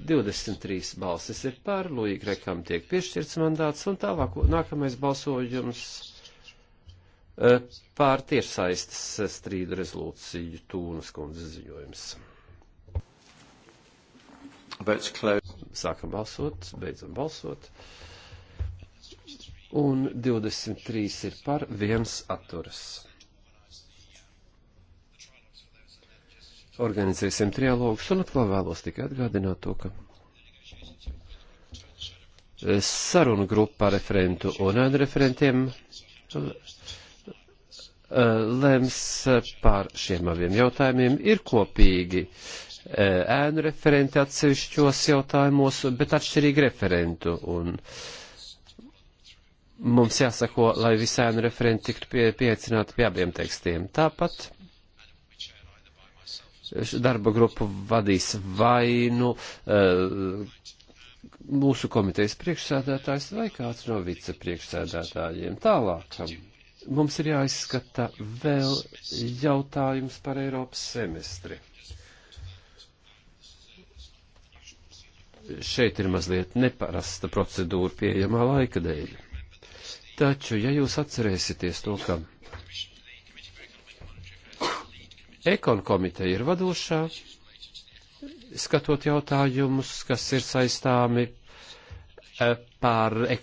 S3: 23 balsis ir par, Lūija Grekam tiek piešķirts mandāts, un tālāk nākamais balsojums Eh, pār tiešsaistes strīdu rezolūciju Tūnas kundzes ziņojums. Sākam balsot, beidzam balsot. Un 23 ir par, viens atturas. Organizēsim trialogus un atkal vēlos tikai atgādināt to, ka sarunu grupa referentu un referentiem Eh, lems eh, par šiem abiem jautājumiem, ir kopīgi eh, ēnu referenti atsevišķos jautājumos, bet atšķirīgi referentu. Un mums jāsako, lai visi ēnu referenti tiktu pie, pieaicināti pie abiem tekstiem. Tāpat darba grupu vadīs vainu mūsu komitejas priekšsēdētājs vai kāds no vicepriekšsēdētājiem. Tālākam Mums ir jāizskata vēl jautājums par Eiropas semestri. Šeit ir mazliet neparasta procedūra pieejamā laika dēļ. Taču, ja jūs atcerēsieties to, ka Ekon komiteja ir vadošā, skatot jautājumus, kas ir saistāmi Eh, par eh,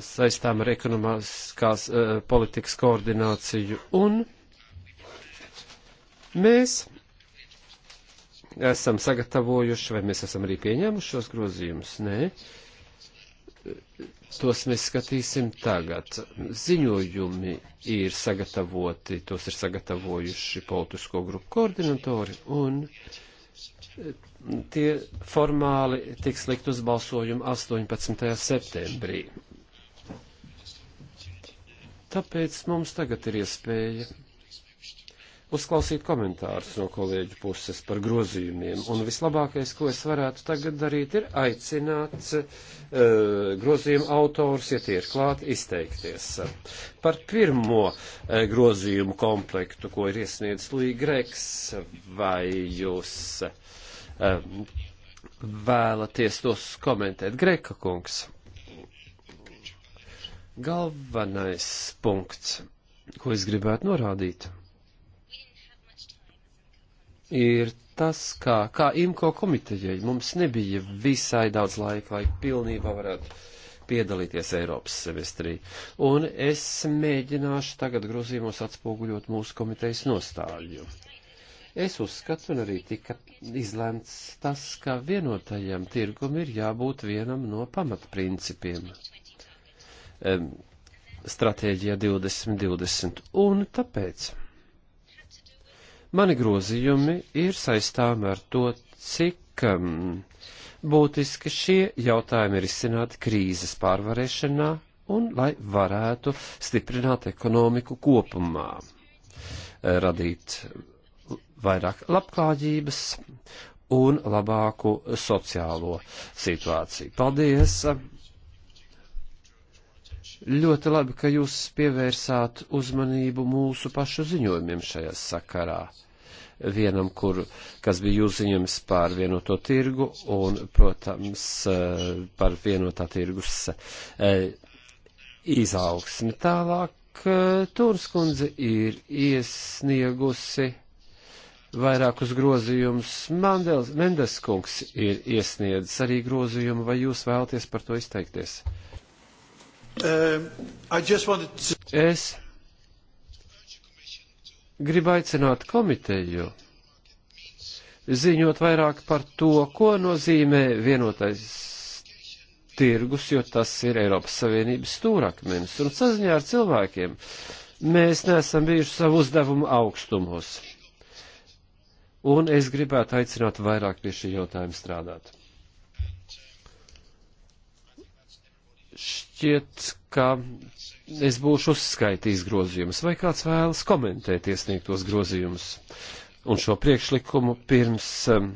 S3: saistām ar ekonomiskās eh, politikas koordināciju. Un mēs esam sagatavojuši, vai mēs esam arī pieņēmuši šos grozījumus? Nē. Tos mēs skatīsim tagad. Ziņojumi ir sagatavoti, tos ir sagatavojuši politisko grupu koordinatori, un tie formāli tiks likt uz balsojumu 18. septembrī. Tāpēc mums tagad ir iespēja uzklausīt komentārus no kolēģu puses par grozījumiem. Un vislabākais, ko es varētu tagad darīt, ir aicināt uh, grozījumu autors, ja tie ir klāti, izteikties. Par pirmo uh, grozījumu komplektu, ko ir iesniedzis Līgreks, vai jūs uh, Ehm, vēlaties tos komentēt. Greka kungs. Galvenais punkts, ko es gribētu norādīt, ir tas, kā, kā IMCO komitejai mums nebija visai daudz laika, lai pilnībā varētu piedalīties Eiropas semestrī. Un es mēģināšu tagad grozījumos atspoguļot mūsu komitejas nostāļu. Es uzskatu, un arī tika izlemts tas, ka vienotajam tirgum ir jābūt vienam no pamatprincipiem um, stratēģijā 2020, un tāpēc mani grozījumi ir saistāmi ar to, cik um, būtiski šie jautājumi ir izcināti krīzes pārvarēšanā un lai varētu stiprināt ekonomiku kopumā, eh, radīt vairāk labklājības un labāku sociālo situāciju. Paldies! Ļoti labi, ka jūs pievērsāt uzmanību mūsu pašu ziņojumiem šajā sakarā. Vienam, kur, kas bija jūsu ziņojums par vienoto tirgu un, protams, par vienotā tirgus eh, izaugsmi. Tālāk eh, Tūrskundze ir iesniegusi vairākus grozījumus. Mendes kungs ir iesniedzis arī grozījumu, vai jūs vēlaties par to izteikties? Uh, wanted... Es gribu aicināt komiteju ziņot vairāk par to, ko nozīmē vienotais tirgus, jo tas ir Eiropas Savienības stūrakmenis. Un saziņā ar cilvēkiem mēs neesam bijuši savu uzdevumu augstumos un es gribētu aicināt vairāk pie šī jautājuma strādāt. Šķiet, ka es būšu uzskaitījis grozījumus, vai kāds vēlas komentēt iesniegtos grozījumus un šo priekšlikumu pirms um,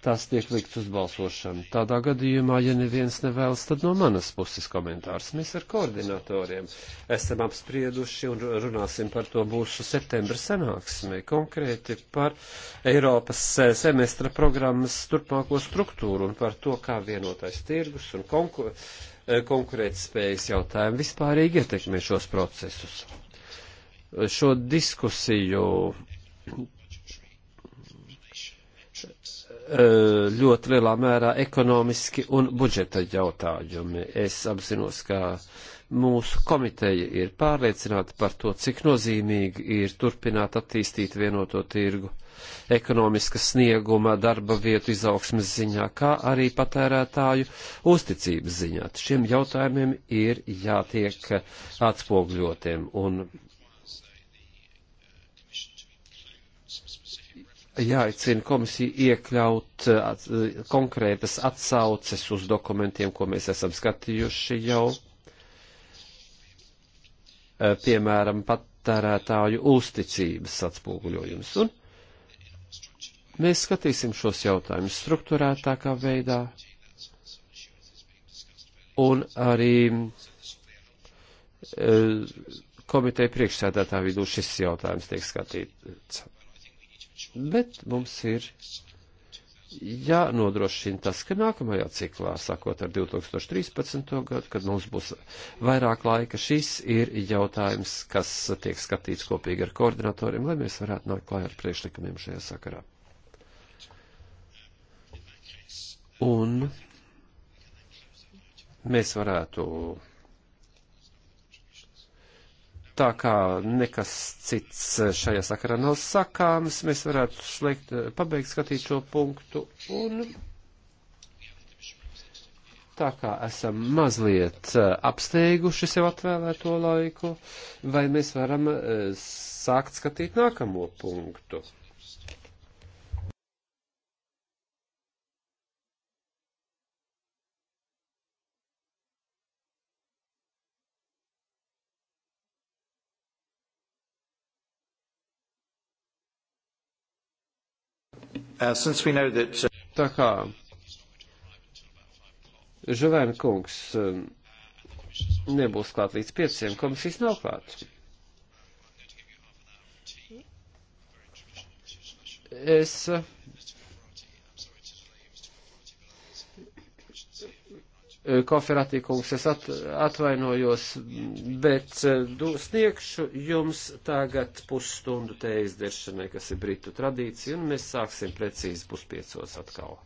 S3: tas tiek likts uz balsošanu. Tādā gadījumā, ja neviens nevēlas, tad no manas puses komentārs. Mēs ar koordinatoriem esam apsprieduši un runāsim par to būšu septembra sanāksmē, konkrēti par Eiropas eh, semestra programmas turpmāko struktūru un par to, kā vienotais tirgus un konkur eh, konkurētspējas jautājumi vispārīgi ietekmē šos procesus. Šo diskusiju E, ļoti lielā mērā ekonomiski un budžeta jautājumi. Es apzinos, ka mūsu komiteja ir pārliecināta par to, cik nozīmīgi ir turpināt attīstīt vienoto tirgu ekonomiska snieguma, darba vietu izaugsmes ziņā, kā arī patērētāju uzticības ziņā. Šiem jautājumiem ir jātiek atspogļotiem, un jāicina komisija iekļaut konkrētas atsauces uz dokumentiem, ko mēs esam skatījuši jau, eh, piemēram, patērētāju uzticības atspoguļojums. Un mēs skatīsim šos jautājumus struktūrētākā veidā un arī eh, komiteja priekšsēdētā vidū šis jautājums tiek skatīts bet mums ir jānodrošina ja tas, ka nākamajā ciklā, sākot ar 2013. gadu, kad mums būs vairāk laika, šis ir jautājums, kas tiek skatīts kopīgi ar koordinatoriem, lai mēs varētu nākt klāj ar priekšlikumiem šajā sakarā. Un mēs varētu tā kā nekas cits šajā sakarā nav sakāms, mēs varētu slēgt, pabeigt skatīt šo punktu un tā kā esam mazliet eh, apsteiguši sev atvēlēto laiku, vai mēs varam eh, sākt skatīt nākamo punktu. Uh, since we know that... Uh, Tā kā Žuvēna kungs um, nebūs klāt līdz pieciem, komisijas nav klāt. Es. Uh, Koferatīkungs, es at, atvainojos, bet eh, du, sniegšu jums tagad pusstundu tējas deršanai, kas ir Britu tradīcija, un mēs sāksim precīzi puspiecos atkal.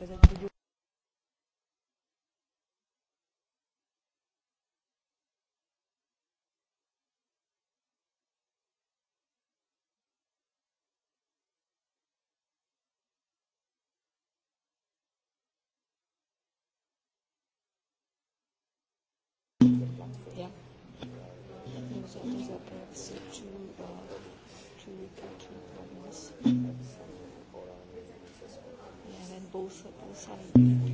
S1: representative both, both sides.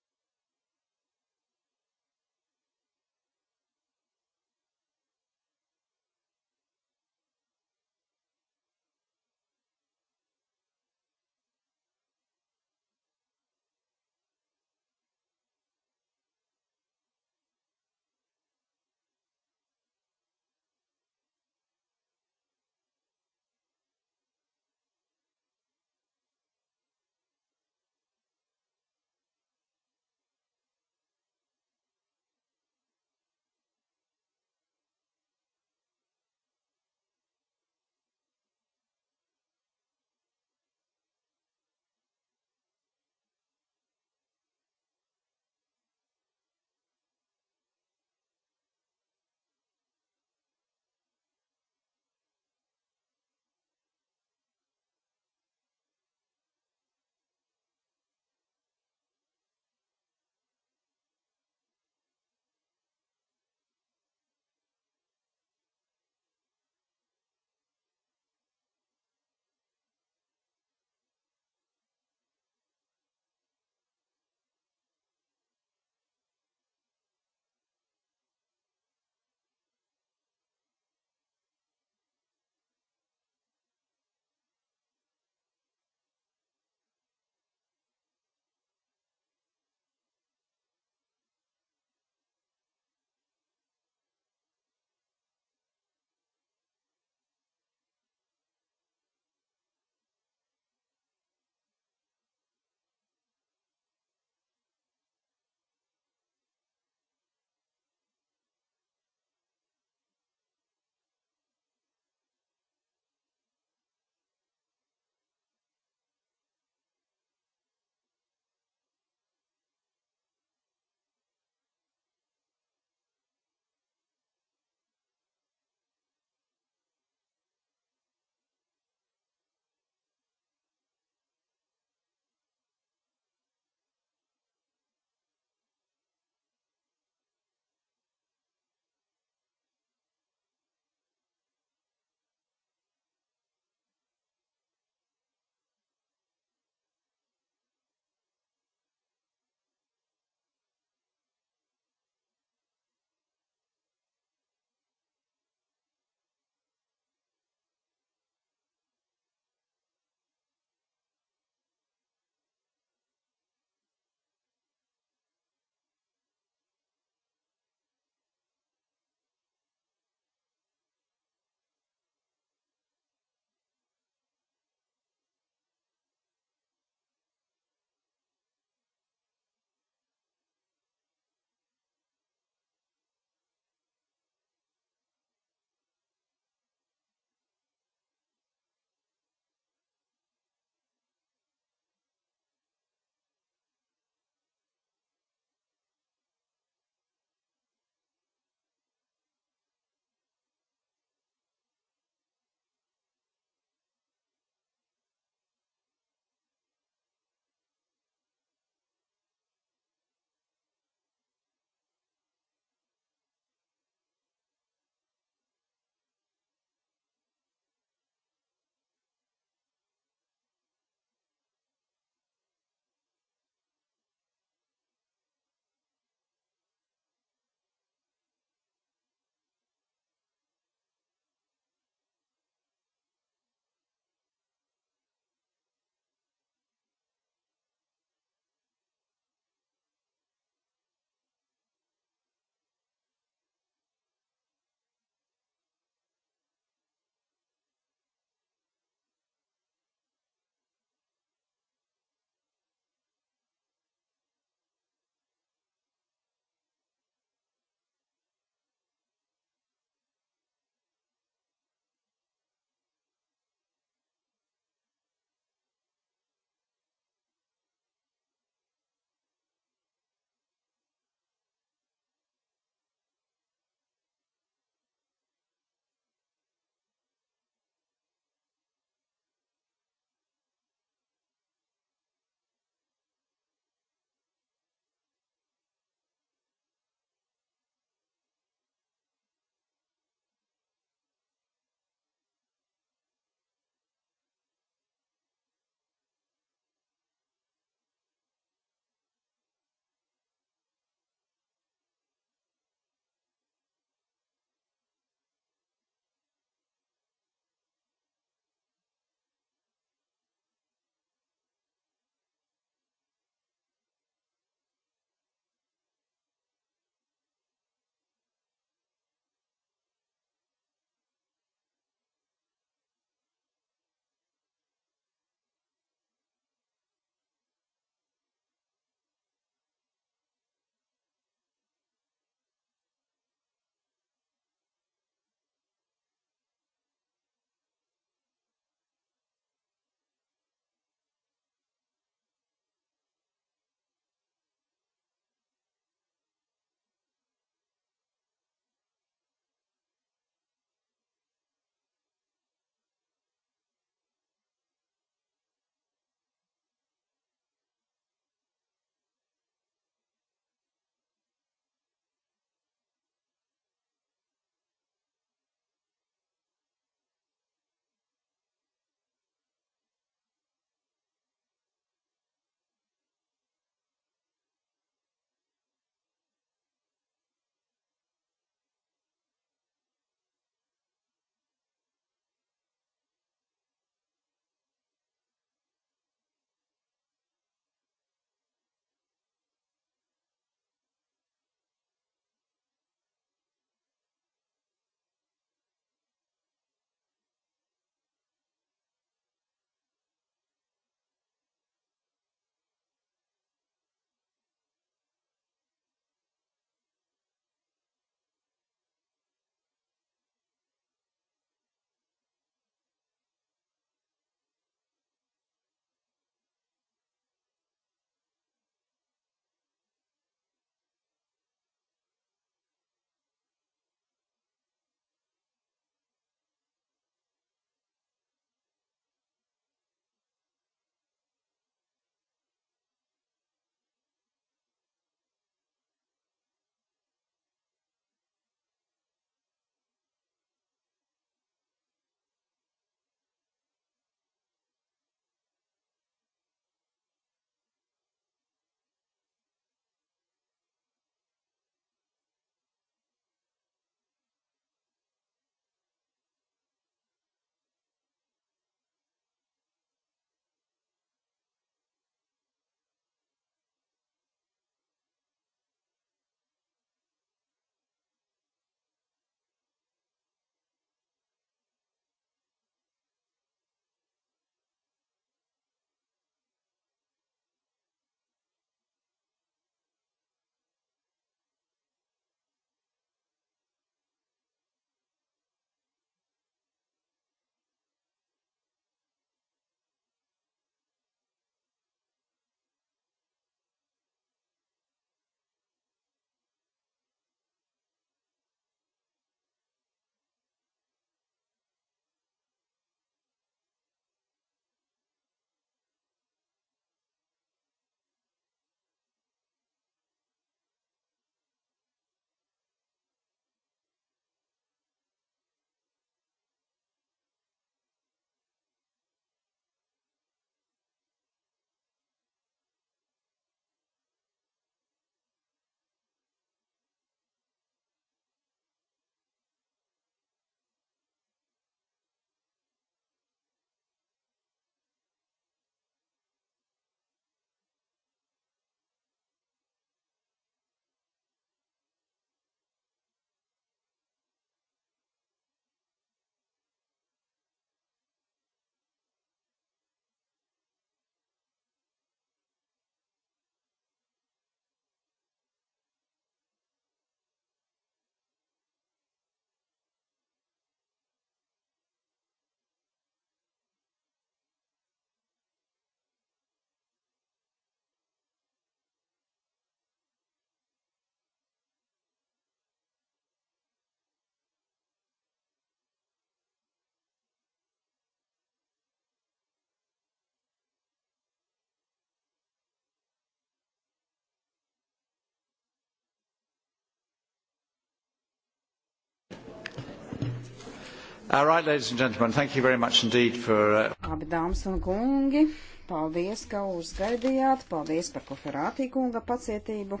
S3: All right, ladies and gentlemen, thank you very much indeed for... Uh...
S1: Abi dāmas un kungi, paldies, ka uzgaidījāt, paldies par koferātī kunga pacietību.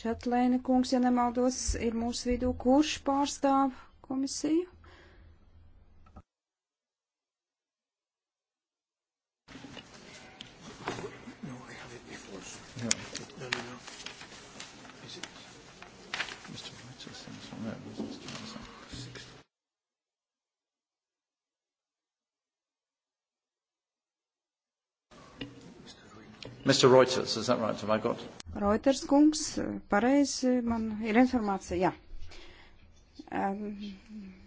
S1: Šatlēna kungs, ja nemaldos, ir mūsu vidū, kurš pārstāv komisiju?
S3: Mr. Reuters, is that right? Have I got?
S1: Reuters kungs, pareizi man ir informācija, jā.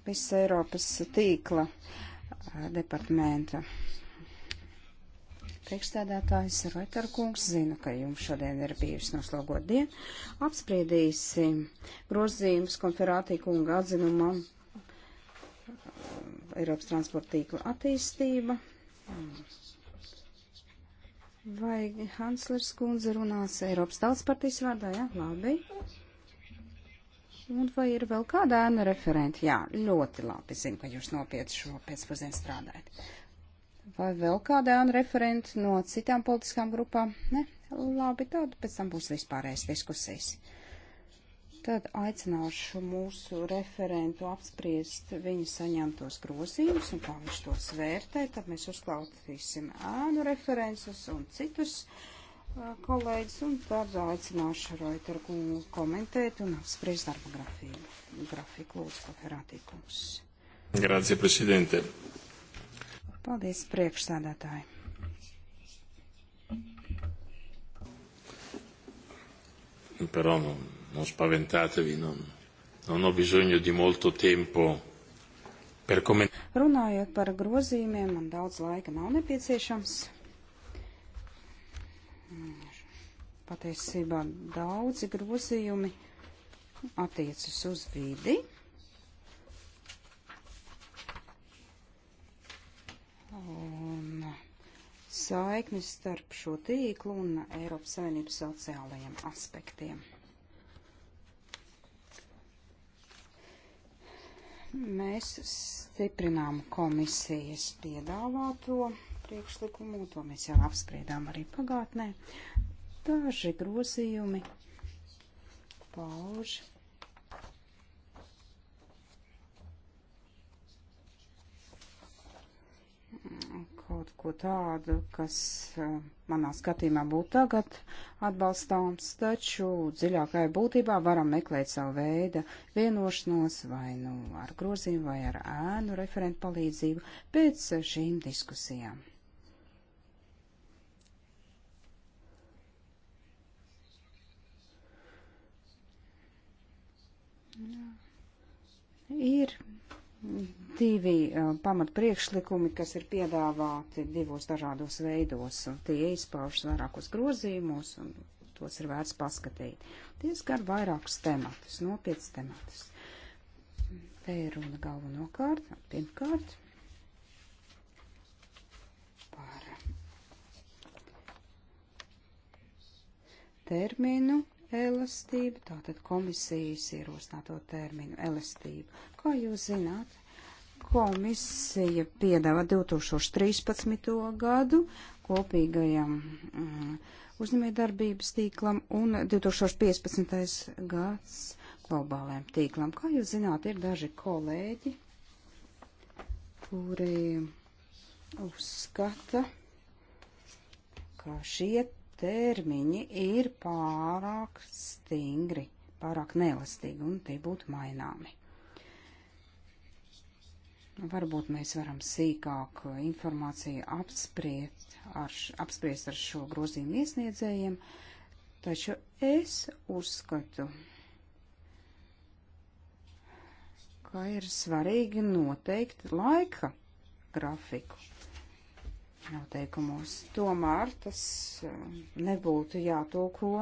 S1: Viss Eiropas tīkla eh, departamenta. Priekšstādātājs Reuters kungs zina, ka jums šodien ir bijusi noslogot diena. Apspriedīsim grozījums konferātī kunga atzinumam eh, Eiropas transporta tīkla attīstība. Mm Vai Hanslers kundze runās Eiropas tautas partijas vārdā? Jā, ja? labi. Un vai ir vēl kāda ēna referenta? Jā, ļoti labi. Zinu, ka jūs nopietni šo pēcpusdienu strādājat. Vai vēl kāda ēna referenta no citām politiskām grupām? Ne? Labi, tad pēc tam būs vispārējais diskusijas tad aicināšu mūsu referentu apspriest viņa saņemtos grozījumus un kā viņš tos vērtē. Tad mēs uzklausīsim ēnu references un citus uh, kolēģis un tad aicināšu Reuterku komentēt un apspriest darba grafiju. Grafiku lūdzu, koferātīkums.
S2: Grācija, prezidente.
S1: Paldies, priekšsādātāji. Però non,
S2: non spaventatevi, non, non ho bisogno di molto tempo per commentare.
S1: Runājot par grozījumiem, man daudz laika nav nepieciešams. Patiesībā daudzi grozījumi attiecas uz vidi. Un saiknis starp šo tīklu un Eiropas Savienības sociālajiem aspektiem. Mēs stiprinām komisijas piedāvāto priekšlikumu, to mēs jau apspriedām arī pagātnē. Daži grozījumi pauž kaut ko tādu, kas eh, manā skatījumā būtu tagad atbalstāms, taču dziļākajā būtībā varam meklēt savu veidu vienošanos vai nu ar grozīm vai ar ēnu referentu palīdzību pēc šīm diskusijām. Ir divi uh, pamat priekšlikumi, kas ir piedāvāti divos dažādos veidos. Tie izpaužas vairākos grozījumos un tos ir vērts paskatīt. Tie skar vairākus tematus, nopietnus tematus. Te ir runa galvenokārt, pirmkārt, par terminu elastību, tātad komisijas ierosināto terminu elastību. Kā jūs zināt, Komisija piedāvā 2013. gadu kopīgajam mm, uzņēmējdarbības tīklam un 2015. gads globālajam tīklam. Kā jūs zināt, ir daži kolēģi, kuri uzskata, ka šie termiņi ir pārāk stingri, pārāk nelastīgi un tie būtu maināmi. Varbūt mēs varam sīkāk informāciju apspriest ar, apspriest ar šo grozījumu iesniedzējiem, taču es uzskatu, ka ir svarīgi noteikt laika grafiku noteikumos. Tomēr tas eh, nebūtu jātulko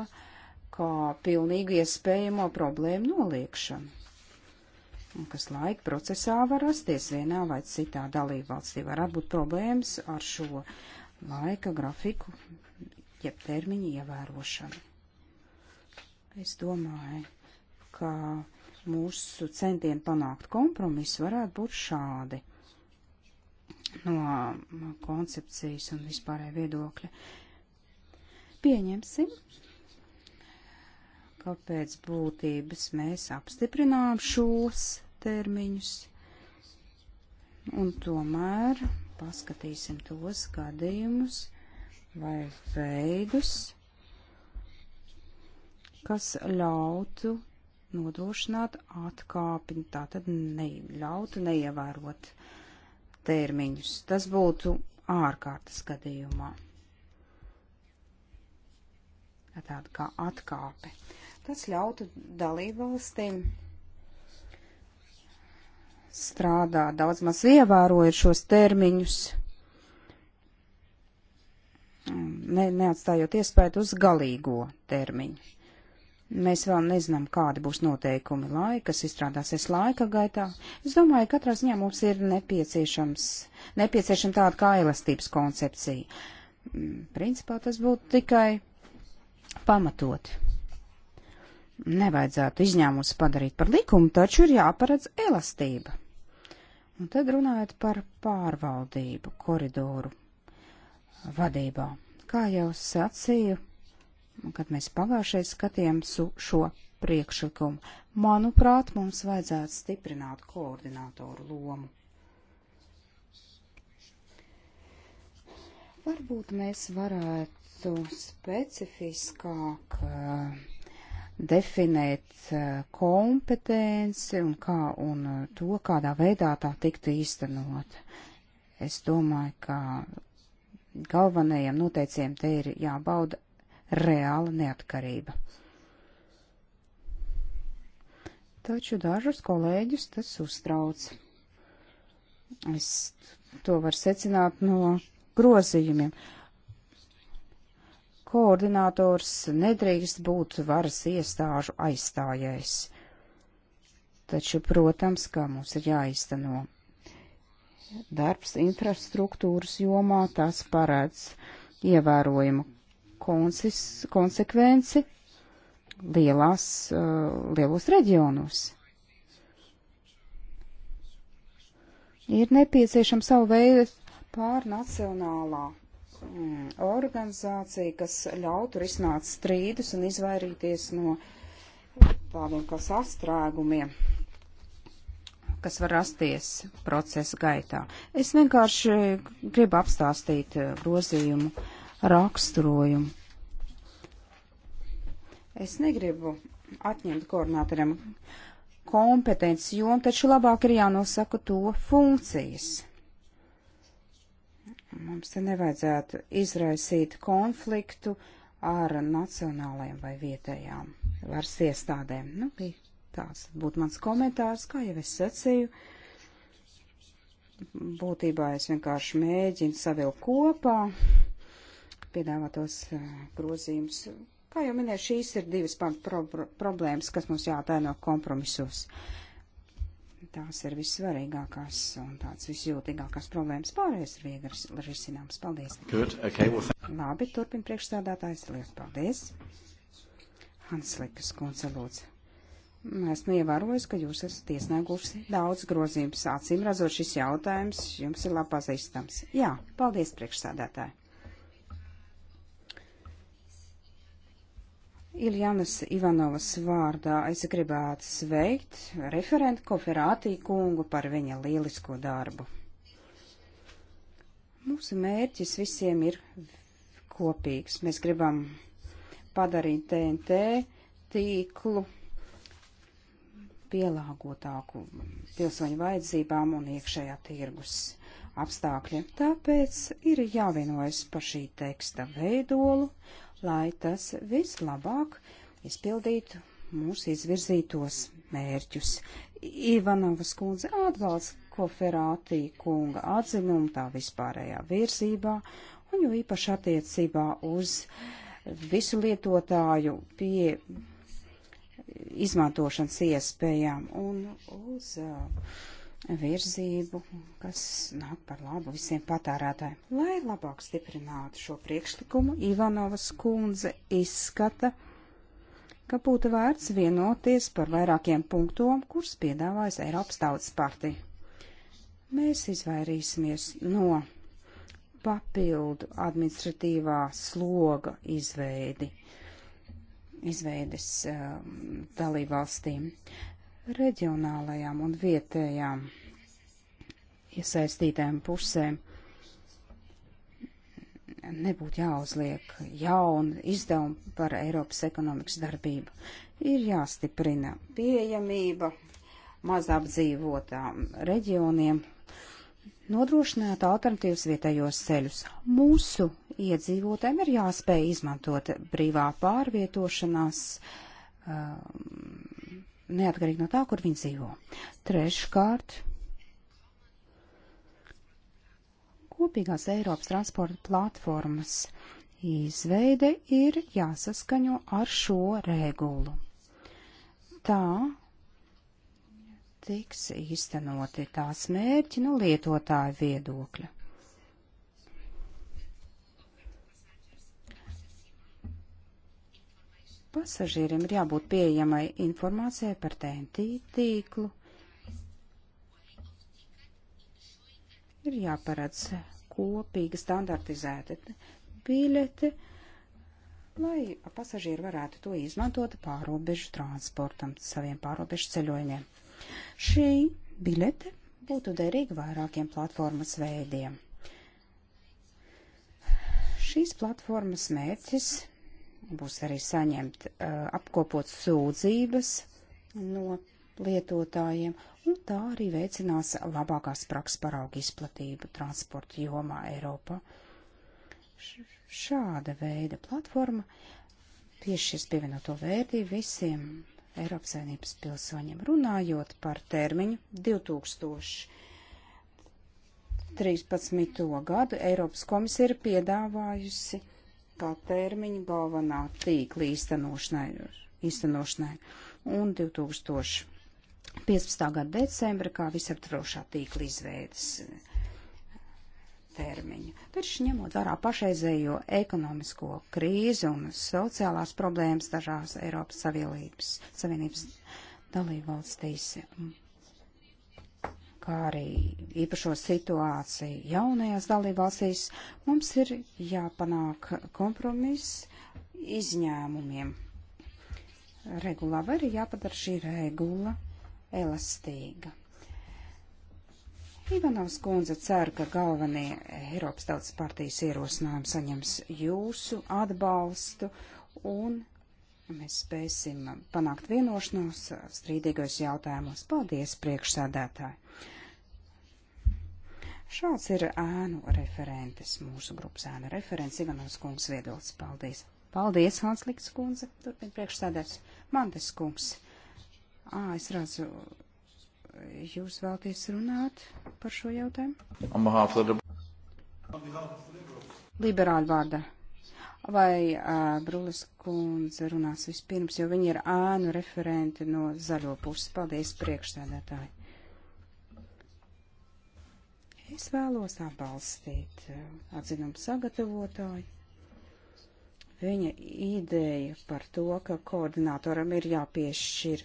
S1: kā pilnīgi iespējamo problēmu noliekšanu kas laika procesā var rasties vienā vai citā dalībvalstī. Varētu būt problēmas ar šo laika grafiku, jeb termiņu ievērošanu. Es domāju, ka mūsu centieni panākt kompromisu varētu būt šādi no koncepcijas un vispārēja viedokļa. Pieņemsim, ka pēc būtības mēs apstiprinām šos termiņus. Un tomēr paskatīsim tos gadījumus vai veidus, kas ļautu nodrošināt atkāpiņu, tātad ne, ļautu neievērot termiņus. Tas būtu ārkārtas gadījumā. Tāda kā atkāpe. Tas ļautu dalībvalstīm strādā daudz maz ievērojot šos termiņus, ne, neatstājot iespēju uz galīgo termiņu. Mēs vēl nezinām, kādi būs noteikumi laika, kas izstrādāsies laika gaitā. Es domāju, katrā ziņā mums ir nepieciešams, nepieciešama tāda kā elastības koncepcija. Mm, principā tas būtu tikai pamatoti. Nevajadzētu izņēmumus padarīt par likumu, taču ir jāparedz elastība. Un tad runājot par pārvaldību koridoru vadībā. Kā jau sacīju, kad mēs pagājušajā skatījām šo priekšlikumu, manuprāt, mums vajadzētu stiprināt koordinātoru lomu. Varbūt mēs varētu specifiskāk uh, definēt eh, kompetenci un, kā, un eh, to, kādā veidā tā tiktu īstenot. Es domāju, ka galvenajiem noteicējiem te ir jābauda reāla neatkarība. Taču dažus kolēģus tas uztrauc. Es to var secināt no grozījumiem. Uh, koordinators nedrīkst būt varas iestāžu aizstājējs. Taču, protams, kā mums ir jāizteno darbs infrastruktūras jomā, tas parāds ievērojumu konsis, konsekvenci lielās, uh, lielos reģionos. Ir nepieciešama savu veidu pārnacionālā Mm, organizācija, kas ļautu risināt strīdus un izvairīties no tādiem kā sastrēgumiem, kas var rasties procesa gaitā. Es vienkārši gribu apstāstīt eh, grozījumu raksturojumu. Es negribu atņemt koordinātoriem kompetenci, jo taču labāk ir jānosaka to funkcijas. Mums te nevajadzētu izraisīt konfliktu ar nacionālajiem vai vietējām varas iestādēm. Nu, bija tāds būtu mans komentārs, kā jau es sacīju. Būtībā es vienkārši mēģinu savilkt kopā piedāvātos eh, grozījumus. Kā jau minēju, šīs ir divas pro problēmas, kas mums jātaino kompromisos. Uh, Tās ir vissvarīgākās un tāds visjūtīgākās problēmas. Pārējais ir viegli risināms. Paldies. Good, okay, well, Labi, turpin priekšstādātājs. Lielas paldies. Hanslikas kundze lūdzu. Esmu ievērojusi, ka jūs esat iesnieguši daudz grozījums. Acīm redzot, šis jautājums jums ir labi pazīstams. Jā, paldies priekšstādātāji. Iljanas Ivanovas vārdā es gribētu sveikt referentu Koferātī kungu par viņa lielisko darbu. Mūsu mērķis visiem ir kopīgs. Mēs gribam padarīt TNT tīklu pielāgotāku pilsoņu vajadzībām un iekšējā tirgus apstākļiem. Tāpēc ir jāvienojas par šī teksta veidolu lai tas vislabāk izpildītu mūsu izvirzītos mērķus. Ivanovas kundze atbalsta Koferātī kunga atzinumu tā vispārējā virzībā un jo īpaši attiecībā uz visu lietotāju pie izmantošanas iespējām un uz uh, virzību, kas nāk par labu visiem patērētājiem. Lai labāk stiprinātu šo priekšlikumu, Ivanovas kundze izskata, ka būtu vērts vienoties par vairākiem punktiem, kurus piedāvājas Eiropas Tautas partija. Mēs izvairīsimies no papildu administratīvā sloga izveidi, izveides um, dalībvalstīm. Uh, reģionālajām un vietējām iesaistītēm pusēm nebūtu jāuzliek jaunu izdevumu par Eiropas ekonomikas darbību. Ir jāstiprina pieejamība mazapdzīvotām reģioniem, nodrošināt alternatīvas vietējos ceļus. Mūsu iedzīvotēm ir jāspēj izmantot brīvā pārvietošanās um, neatkarīgi no tā, kur viņi dzīvo. Treškārt, kopīgās Eiropas transporta platformas izveide ir jāsaskaņo ar šo regulu. Tā tiks īstenoti tās mērķi no lietotāja viedokļa. Pasažieriem ir jābūt pieejamai informācijai par TNT tīklu. Ir jāparedz kopīga standartizēta biļete, lai pasažieri varētu to izmantot pārobežu transportam, saviem pārobežu ceļojumiem. Šī biļete būtu derīga vairākiem platformas veidiem. Šīs platformas mērķis būs arī saņemt uh, apkopot sūdzības no lietotājiem, un tā arī veicinās labākās prakses paraugu izplatību transporta jomā Eiropā. Š šāda veida platforma piešķirs pievienoto vērtību visiem Eiropas Savienības pilsoņiem. Runājot par termiņu 2013. gadu, Eiropas komisija ir piedāvājusi kā termiņu galvenā tīkla īstenošanai, īstenošanai un 2015. gada decembra kā visaptvarošā tīkla izveidas eh, termiņu. Taču ņemot vērā pašreizējo ekonomisko krīzi un sociālās problēmas dažās Eiropas Savienības, Savienības dalībvalstīs, kā arī īpašo situāciju jaunajās dalībvalstīs, mums ir jāpanāk kompromiss izņēmumiem. Regulā vai arī jāpadara šī regula elastīga. Ivanovs kundze cer, ka galvenie Eiropas tautas partijas ierosinājumi saņems jūsu atbalstu un mēs spēsim panākt vienošanos strīdīgos jautājumos. Paldies, priekšsādātāji! Šāds ir ēnu referentes, mūsu grupas ēnu referents, Iganovs kungs viedoklis. Paldies! Paldies, Hansliks kundze, turpin priekšsēdētājs. Mandes kungs. Ā, es redzu, jūs vēlties runāt par šo jautājumu? Liberāļu vārdā. Vai uh, Brulis kundze runās vispirms, jo viņi ir ēnu referenti no zaļo puses. Paldies, priekšsēdētāji. Es vēlos atbalstīt eh, atzinumu sagatavotāju. Viņa ideja par to, ka koordinatoram ir jāpiešķir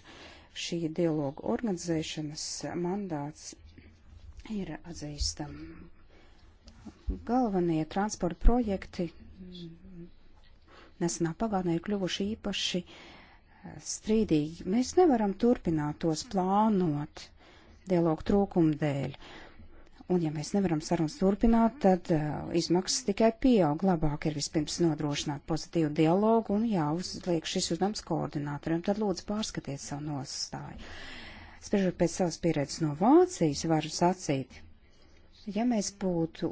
S1: šī dialogu organizēšanas mandāts, ir atzīstama. Galvenie transporta projekti mm, nesenā pagātnē ir kļuvuši īpaši eh, strīdīgi. Mēs nevaram turpināt tos plānot dialogu trūkumu dēļ. Un ja mēs nevaram sarunas turpināt, tad uh, izmaksas tikai pieaug. Labāk ir vispirms nodrošināt pozitīvu dialogu un jāuzliek šis uzdevums koordinātoriem. Tad lūdzu pārskatiet savu nostāju. Spriežot pēc savas pieredzes no Vācijas, varu sacīt, ja mēs būtu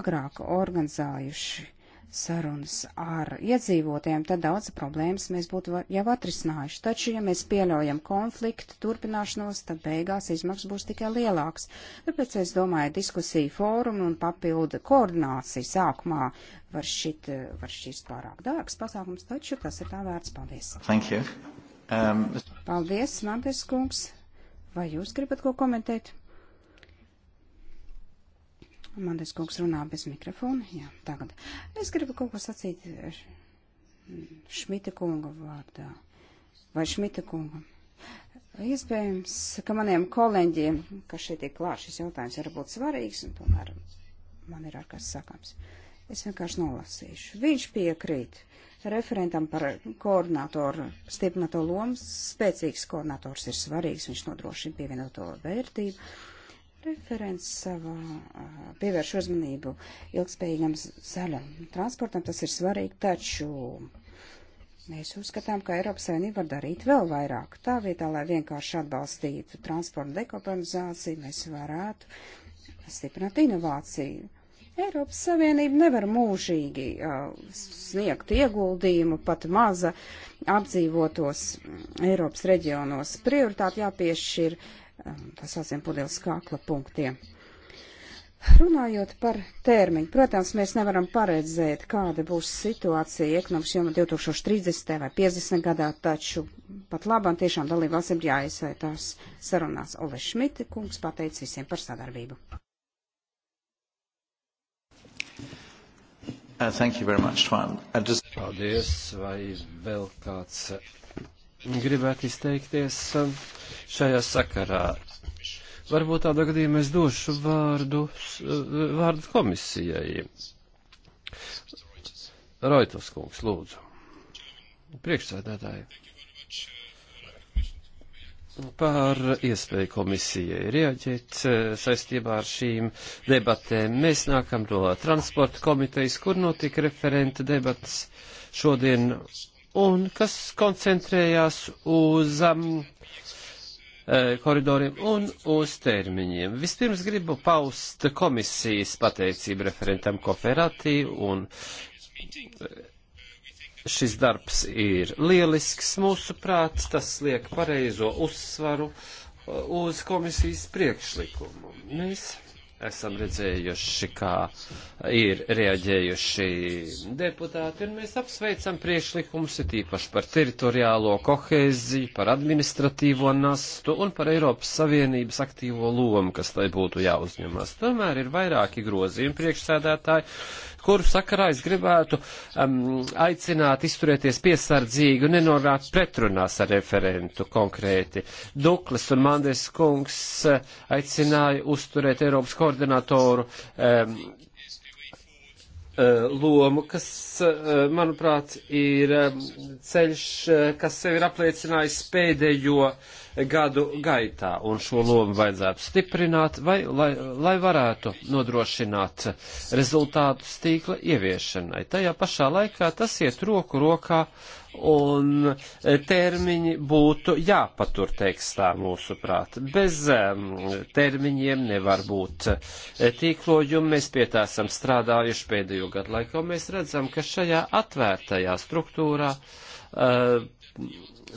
S1: agrāk organizējuši sarunas ar iedzīvotiem, tad daudz problēmas mēs būtu jau atrisinājuši. Taču, ja mēs pieļaujam konfliktu turpināšanos, tad beigās izmaksas būs tikai lielāks. Tāpēc es domāju, diskusija fórumu un papildu koordināciju sākumā var, šit, var šis pārāk dārgs pasākums, taču tas ir tā vērts. Paldies.
S2: Thank you. Um...
S1: Paldies, Mandes kungs. Vai jūs gribat ko komentēt? Mandes kungs runā bez mikrofona. Jā, tagad. Es gribu kaut ko sacīt Šmita kunga vārdā. Vai Šmita kungam? Iespējams, ka maniem kolēģiem, kas šeit tiek klāt, šis jautājums var būt svarīgs, un tomēr man ir ar kas sakāms. Es vienkārši nolasīšu. Viņš piekrīt referentam par koordinātoru stiprināto lomu. Spēcīgs koordinātors ir svarīgs, viņš nodrošina pievienoto vērtību Referents savā pievērš uzmanību ilgspējīgam zaļam transportam, tas ir svarīgi, taču mēs uzskatām, ka Eiropas Savienība var darīt vēl vairāk. Tā vietā, lai vienkārši atbalstītu transporta dekarbonizāciju, mēs varētu stiprināt inovāciju. Eiropas Savienība nevar mūžīgi uh, sniegt ieguldījumu pat maza apdzīvotos Eiropas reģionos. Prioritāti jāpiešķir uh, tā sauciem pudeles kakla punktiem. Runājot par termiņu, protams, mēs nevaram paredzēt, kāda būs situācija ekonomikas jomā 2030. vai 50. gadā, taču pat labam tiešām dalībvalsts ir jāiesaistās sarunās. Ole Šmita kungs pateica visiem par sadarbību.
S3: Uh, thank you very much, Twan. Just... Uh, Paldies, vai vēl kāds gribētu izteikties um, šajā sakarā. Varbūt tādā gadījumā es došu vārdu, uh, vārdu komisijai. Raitas kungs, lūdzu. Priekšsēdētāji. Par iespēju komisijai rieģēt uh, saistībā ar šīm debatēm. Mēs nākam no transporta komitejas, kur notika referenta debats šodien un kas koncentrējās uz um, eh, koridoriem un uz termiņiem. Vispirms gribu paust komisijas pateicību referentam Koferatī un eh, šis darbs ir lielisks mūsu prāts, tas liek pareizo uzsvaru eh, uz komisijas priekšlikumu. Mēs esam redzējuši, kā ir reaģējuši deputāti, un mēs apsveicam priekšlikumus, ir tīpaši par teritoriālo kohēziju, par administratīvo nastu un par Eiropas Savienības aktīvo lomu, kas tai būtu jāuzņemas. Tomēr ir vairāki grozījumi priekšsēdētāji, kuru sakarā es gribētu um, aicināt izturēties piesardzīgi un nenorāt pretrunās ar referentu konkrēti. Duklis un Mandes kungs uh, aicināja uzturēt Eiropas koordinatoru um, uh, lomu, kas, uh, manuprāt, ir um, ceļš, uh, kas sev ir apliecinājis pēdējo uh, gadu gaitā, un šo lomu vajadzētu stiprināt, vai, lai, lai varētu nodrošināt rezultātus tīkla ieviešanai. Tajā pašā laikā tas iet roku rokā, un termiņi būtu jāpatur tekstā mūsuprāt. Bez termiņiem nevar būt tīklojumi, mēs pie tā esam strādājuši pēdējo gadu laikā, un mēs redzam, ka šajā atvērtajā struktūrā uh,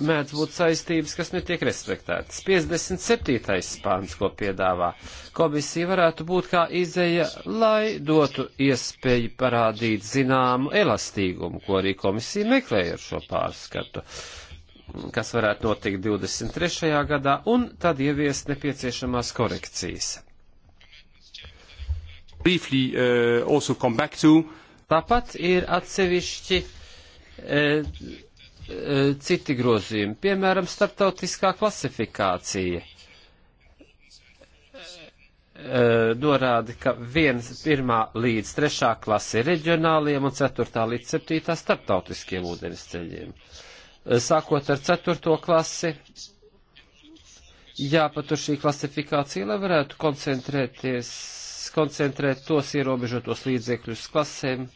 S3: mēdz būt saistības, kas netiek respektētas. 57. pāns, ko piedāvā komisija, varētu būt kā izēja, lai dotu iespēju parādīt zināmu elastīgumu, ko arī komisija meklēja ar šo pārskatu, kas varētu notikt 23. gadā, un tad ieviest nepieciešamās korekcijas. Briefly, uh, Tāpat ir atsevišķi. Uh, Eh, citi grozījumi, piemēram, starptautiskā klasifikācija eh, norāda, ka viens pirmā līdz trešā klase ir reģionāliem un ceturtā līdz septītā starptautiskiem ūdensceļiem. Eh, sākot ar ceturto klasi, jāpatur šī klasifikācija, lai varētu koncentrēties, koncentrēt tos ierobežotos līdzekļus klasēm,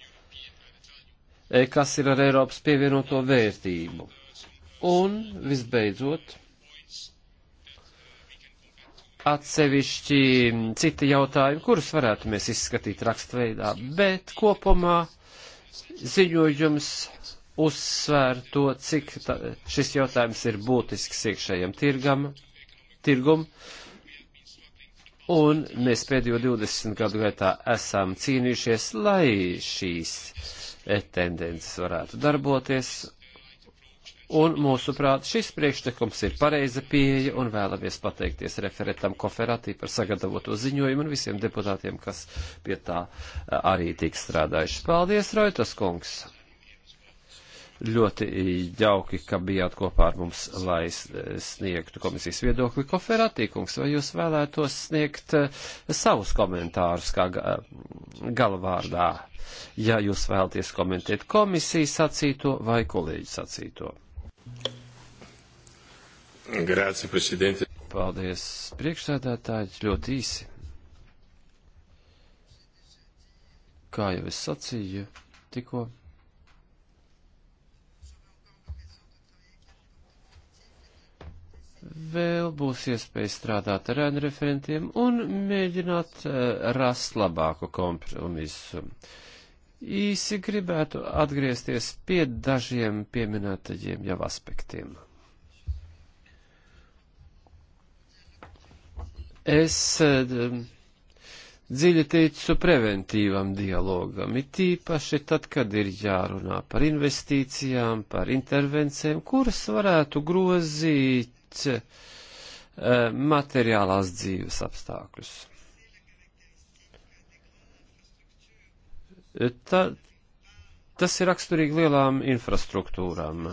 S3: E, kas ir ar Eiropas pievienoto vērtību. Un visbeidzot, atsevišķi citi jautājumi, kurus varētu mēs izskatīt rakstveidā, bet kopumā ziņojums uzsver to, cik ta, šis jautājums ir būtisks iekšējam tirgam, tirgum, un mēs pēdējo 20 gadu gaitā esam cīnījušies, lai šīs Eh, tendences varētu darboties. Un mūsuprāt, šis priekšlikums ir pareiza pieeja un vēlamies pateikties referentam Koferatī par sagatavoto ziņojumu un visiem deputātiem, kas pie tā eh, arī tiek strādājuši. Paldies, Roitas kungs! Ļoti jauki, ka bijāt kopā ar mums, lai sniegtu komisijas viedokli. Koferatī kungs, vai jūs vēlētos sniegt eh, savus komentārus kā galvārdā, ja jūs vēlaties komentēt komisijas sacīto vai kolēģi sacīto. Grāci, prezidente. Paldies, priekšsēdētāji, ļoti īsi. Kā jau es sacīju, tikko vēl būs iespēja strādāt ar ēnu referentiem un mēģināt eh, rast labāku kompromisu. Īsi gribētu atgriezties pie dažiem pieminētajiem jau aspektiem. Es eh, dziļi teicu preventīvam dialogam, it īpaši tad, kad ir jārunā par investīcijām, par intervencēm, kuras varētu grozīt Eh, materiālās dzīves apstākļus. Eh, ta, tas ir raksturīgi lielām infrastruktūrām.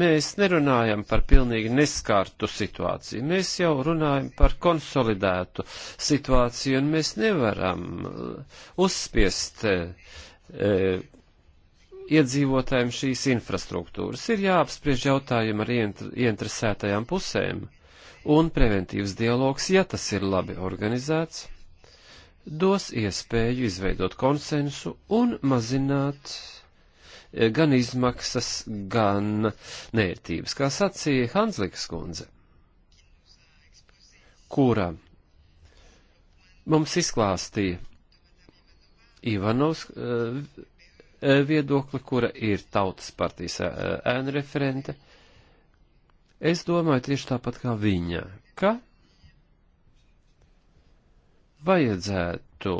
S3: Mēs nerunājam par pilnīgi neskārtu situāciju, mēs jau runājam par konsolidētu situāciju, un mēs nevaram eh, uzspiest e, iedzīvotājiem šīs infrastruktūras. Ir jāapspriež jautājumi ar ieinteresētajām pusēm, un preventīvs dialogs, ja tas ir labi organizēts, dos iespēju izveidot konsensu un mazināt eh, gan izmaksas, gan nērtības, kā sacīja Hanslīks kundze, kura mums izklāstīja Ivanovs eh, E, viedokli, kura ir tautas partijas e, ēna referente. Es domāju tieši tāpat kā viņa, ka vajadzētu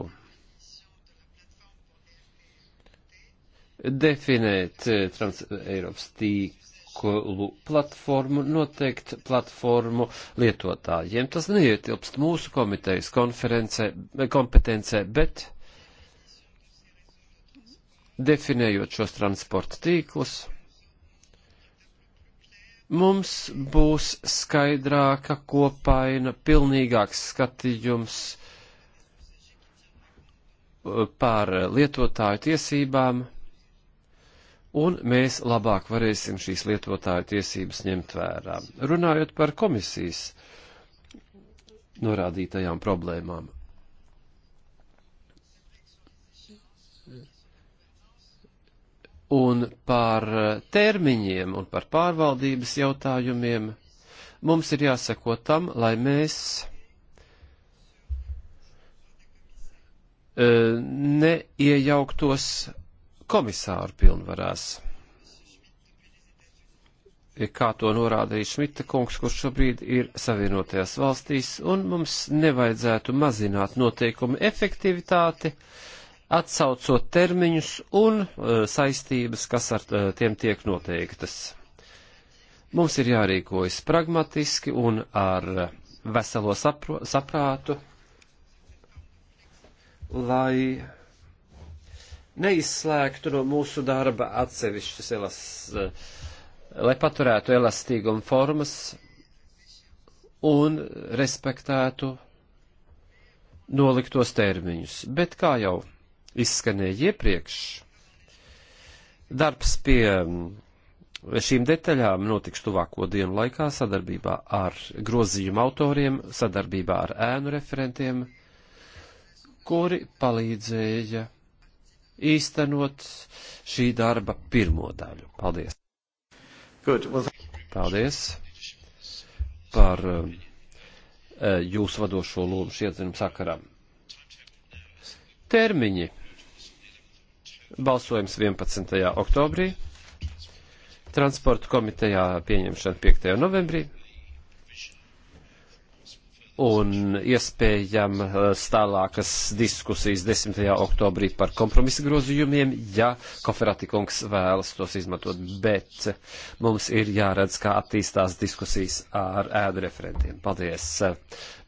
S3: definēt e, trans Eiropas tīklu platformu, noteikt platformu lietotājiem. Tas neietilpst mūsu komitejas konferencē, kompetencē, bet definējot šos transporta tīklus, mums būs skaidrāka kopaina, pilnīgāks skatījums uh, par lietotāju tiesībām, un mēs labāk varēsim šīs lietotāju tiesības ņemt vērā. Runājot par komisijas norādītajām problēmām. Un par eh, termiņiem un par pārvaldības jautājumiem mums ir jāseko tam, lai mēs eh, neiejauktos komisāru pilnvarās kā to norādīja Šmita kungs, kurš šobrīd ir Savienotajās valstīs, un mums nevajadzētu mazināt noteikumu efektivitāti, uh, atsaucot termiņus un eh, saistības, kas ar eh, tiem tiek noteiktas. Mums ir jārīkojas pragmatiski un ar eh, veselo sapro, saprātu, lai neizslēgtu no mūsu darba atsevišķas elas, lai paturētu elastīgumu formas un respektētu noliktos termiņus. Bet kā jau izskanēja iepriekš, darbs pie šīm detaļām notiks tuvāko dienu laikā sadarbībā ar grozījumu autoriem, sadarbībā ar ēnu referentiem, kuri palīdzēja īstenot šī darba pirmo daļu. Paldies! Good, well... Paldies par uh, jūsu vadošo lomu šiem sakarām. Termiņi balsojums 11. oktobrī, transporta komitejā pieņemšana 5. novembrī un iespējam eh, stālākas diskusijas 10. oktobrī par kompromisa grozījumiem, ja Koferatikungs vēlas tos izmantot, bet mums ir jāredz, kā attīstās diskusijas ar ēdu referentiem. Paldies! Eh,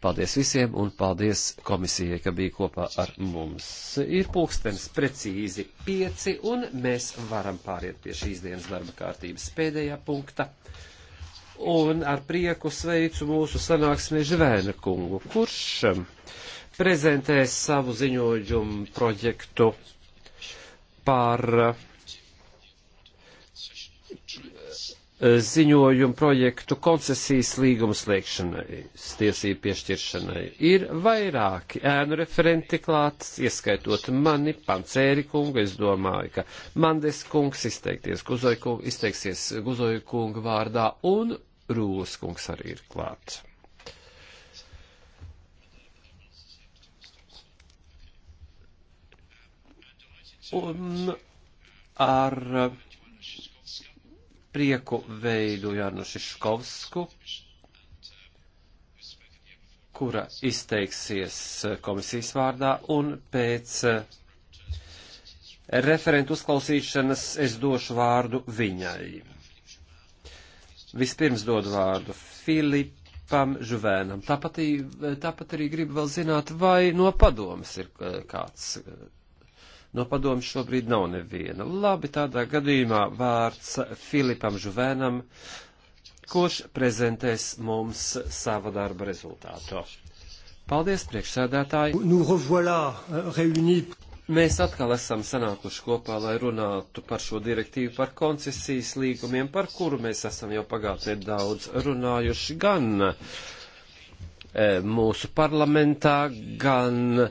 S3: paldies visiem un paldies komisijai, ka bija kopā ar mums. Ir pulkstens precīzi pieci un mēs varam pāriet pie šīs dienas darba kārtības pēdējā punkta un ar prieku sveicu mūsu sanāksmē Žvēna kungu, kurš um, prezentēs savu ziņojumu projektu par uh, ziņojumu projektu koncesijas līguma slēgšanai, tiesību piešķiršanai. Ir vairāki ēnu referenti klāts, ieskaitot mani, pancēri kungu, es domāju, ka Mandes kungs izteikties Guzoju kungu, izteiksies Guzoju kungu vārdā, un Rūlas kungs arī ir klāts. Un ar prieku veidu Jānu Šiškovsku, kura izteiksies komisijas vārdā, un pēc referentu uzklausīšanas es došu vārdu viņai. Vispirms dodu vārdu Filipam Žuvēnam. Tāpat, tāpat arī gribu vēl zināt, vai no padomas ir eh, kāds. Eh, no padomas šobrīd nav neviena. Labi, tādā gadījumā vārds Filipam Žuvēnam, kurš prezentēs mums savu darba rezultātu. Paldies, priekšsēdētāji! Mēs atkal esam sanākuši kopā, lai runātu par šo direktīvu par koncesijas līgumiem, par kuru mēs esam jau pagātnē daudz runājuši gan e, mūsu parlamentā, gan e,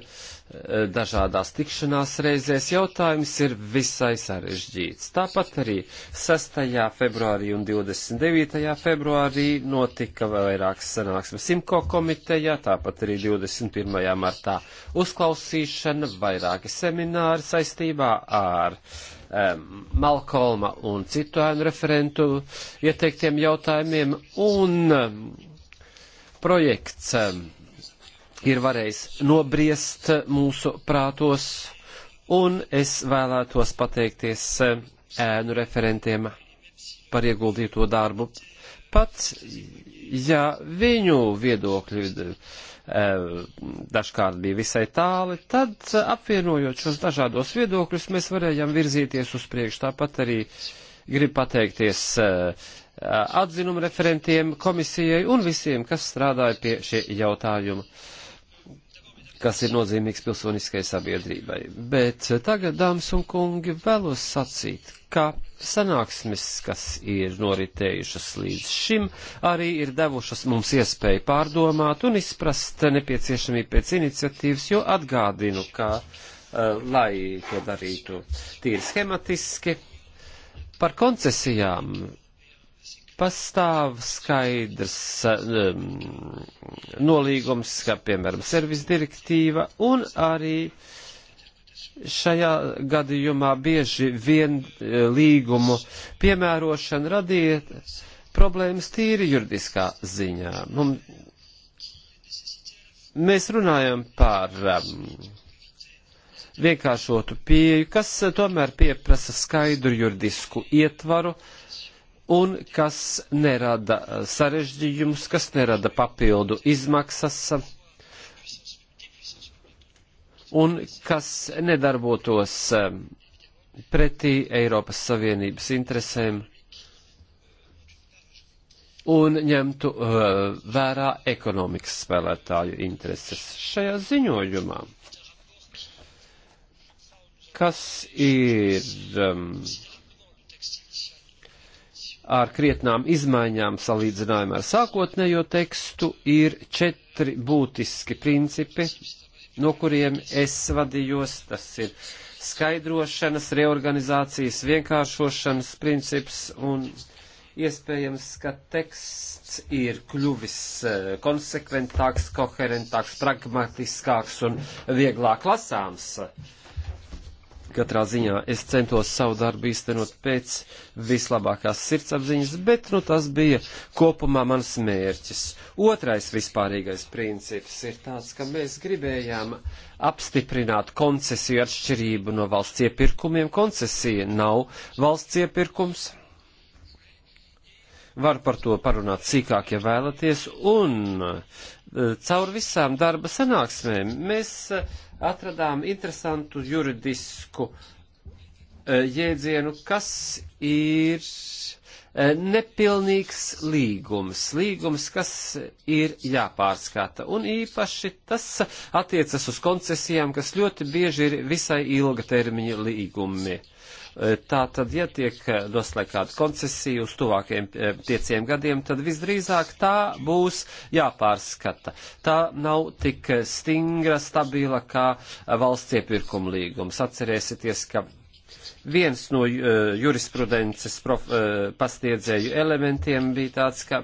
S3: dažādās tikšanās reizēs jautājums ir visai sarežģīts. Tāpat arī 6. februārī un 29. februārī notika vairākas sanāksmes Simko komitejā, tāpat arī 21. martā uzklausīšana, vairāki semināri saistībā ar um, Malkolma un citu ēnu referentu ieteiktiem jautājumiem un um, projekts um, ir varējis nobriest mūsu prātos, un es vēlētos pateikties eh, ēnu referentiem par ieguldīto darbu. Pat, ja viņu viedokļi eh, dažkārt bija visai tāli, tad apvienojot šos dažādos viedokļus, mēs varējām virzīties uz priekšu. Tāpat arī gribu pateikties eh, atzinumu referentiem, komisijai un visiem, kas strādāja pie šie jautājumi kas ir nozīmīgs pilsoniskai sabiedrībai. Bet tagad, dāmas un kungi, vēlos sacīt, ka sanāksmes, kas ir noritējušas līdz šim, arī ir devušas mums iespēju pārdomāt un izprast nepieciešamību pēc iniciatīvas, jo atgādinu, ka, uh, lai to darītu tīri schematiski, par koncesijām pastāv skaidrs um, nolīgums, kā piemēram servis direktīva, un arī šajā gadījumā bieži vien eh, līgumu piemērošana radīja problēmas tīri juridiskā ziņā. Mums, mēs runājam par um, vienkāršotu pieju, kas tomēr pieprasa skaidru juridisku ietvaru, uh, un kas nerada eh, sarežģījumus, kas nerada papildu izmaksas un kas nedarbotos eh, pretī Eiropas Savienības interesēm un ņemtu eh, vērā ekonomikas spēlētāju intereses. Šajā ziņojumā, kas ir um, ar krietnām izmaiņām salīdzinājumā ar sākotnējo tekstu ir četri būtiski principi, no kuriem es vadījos. Tas ir skaidrošanas, reorganizācijas, vienkāršošanas princips un iespējams, ka teksts ir kļuvis eh, konsekventāks, koherentāks, pragmatiskāks un vieglāk lasāms. Uh, Katrā ziņā es centos savu darbu īstenot pēc vislabākās sirdsapziņas, bet nu, tas bija kopumā mans mērķis. Otrais vispārīgais princips ir tāds, ka mēs gribējām apstiprināt koncesiju atšķirību no valsts iepirkumiem. Koncesija nav valsts iepirkums Var par to parunāt sīkāk, ja vēlaties. Un e, caur visām darba sanāksmēm mēs e, atradām interesantu juridisku e, jēdzienu, kas ir nepilnīgs līgums, līgums, kas ir jāpārskata. Un īpaši tas attiecas uz koncesijām, kas ļoti bieži ir visai ilga termiņa līgumi. Uh, Eh, tā tad, ja tiek noslēgta eh, kāda koncesija uz tuvākiem eh, pieciem gadiem, tad visdrīzāk tā būs jāpārskata. Tā nav tik stingra, stabila kā valsts iepirkuma līgums. Atcerēsieties, ka viens no jurisprudences prof, pastiedzēju elementiem bija tāds, ka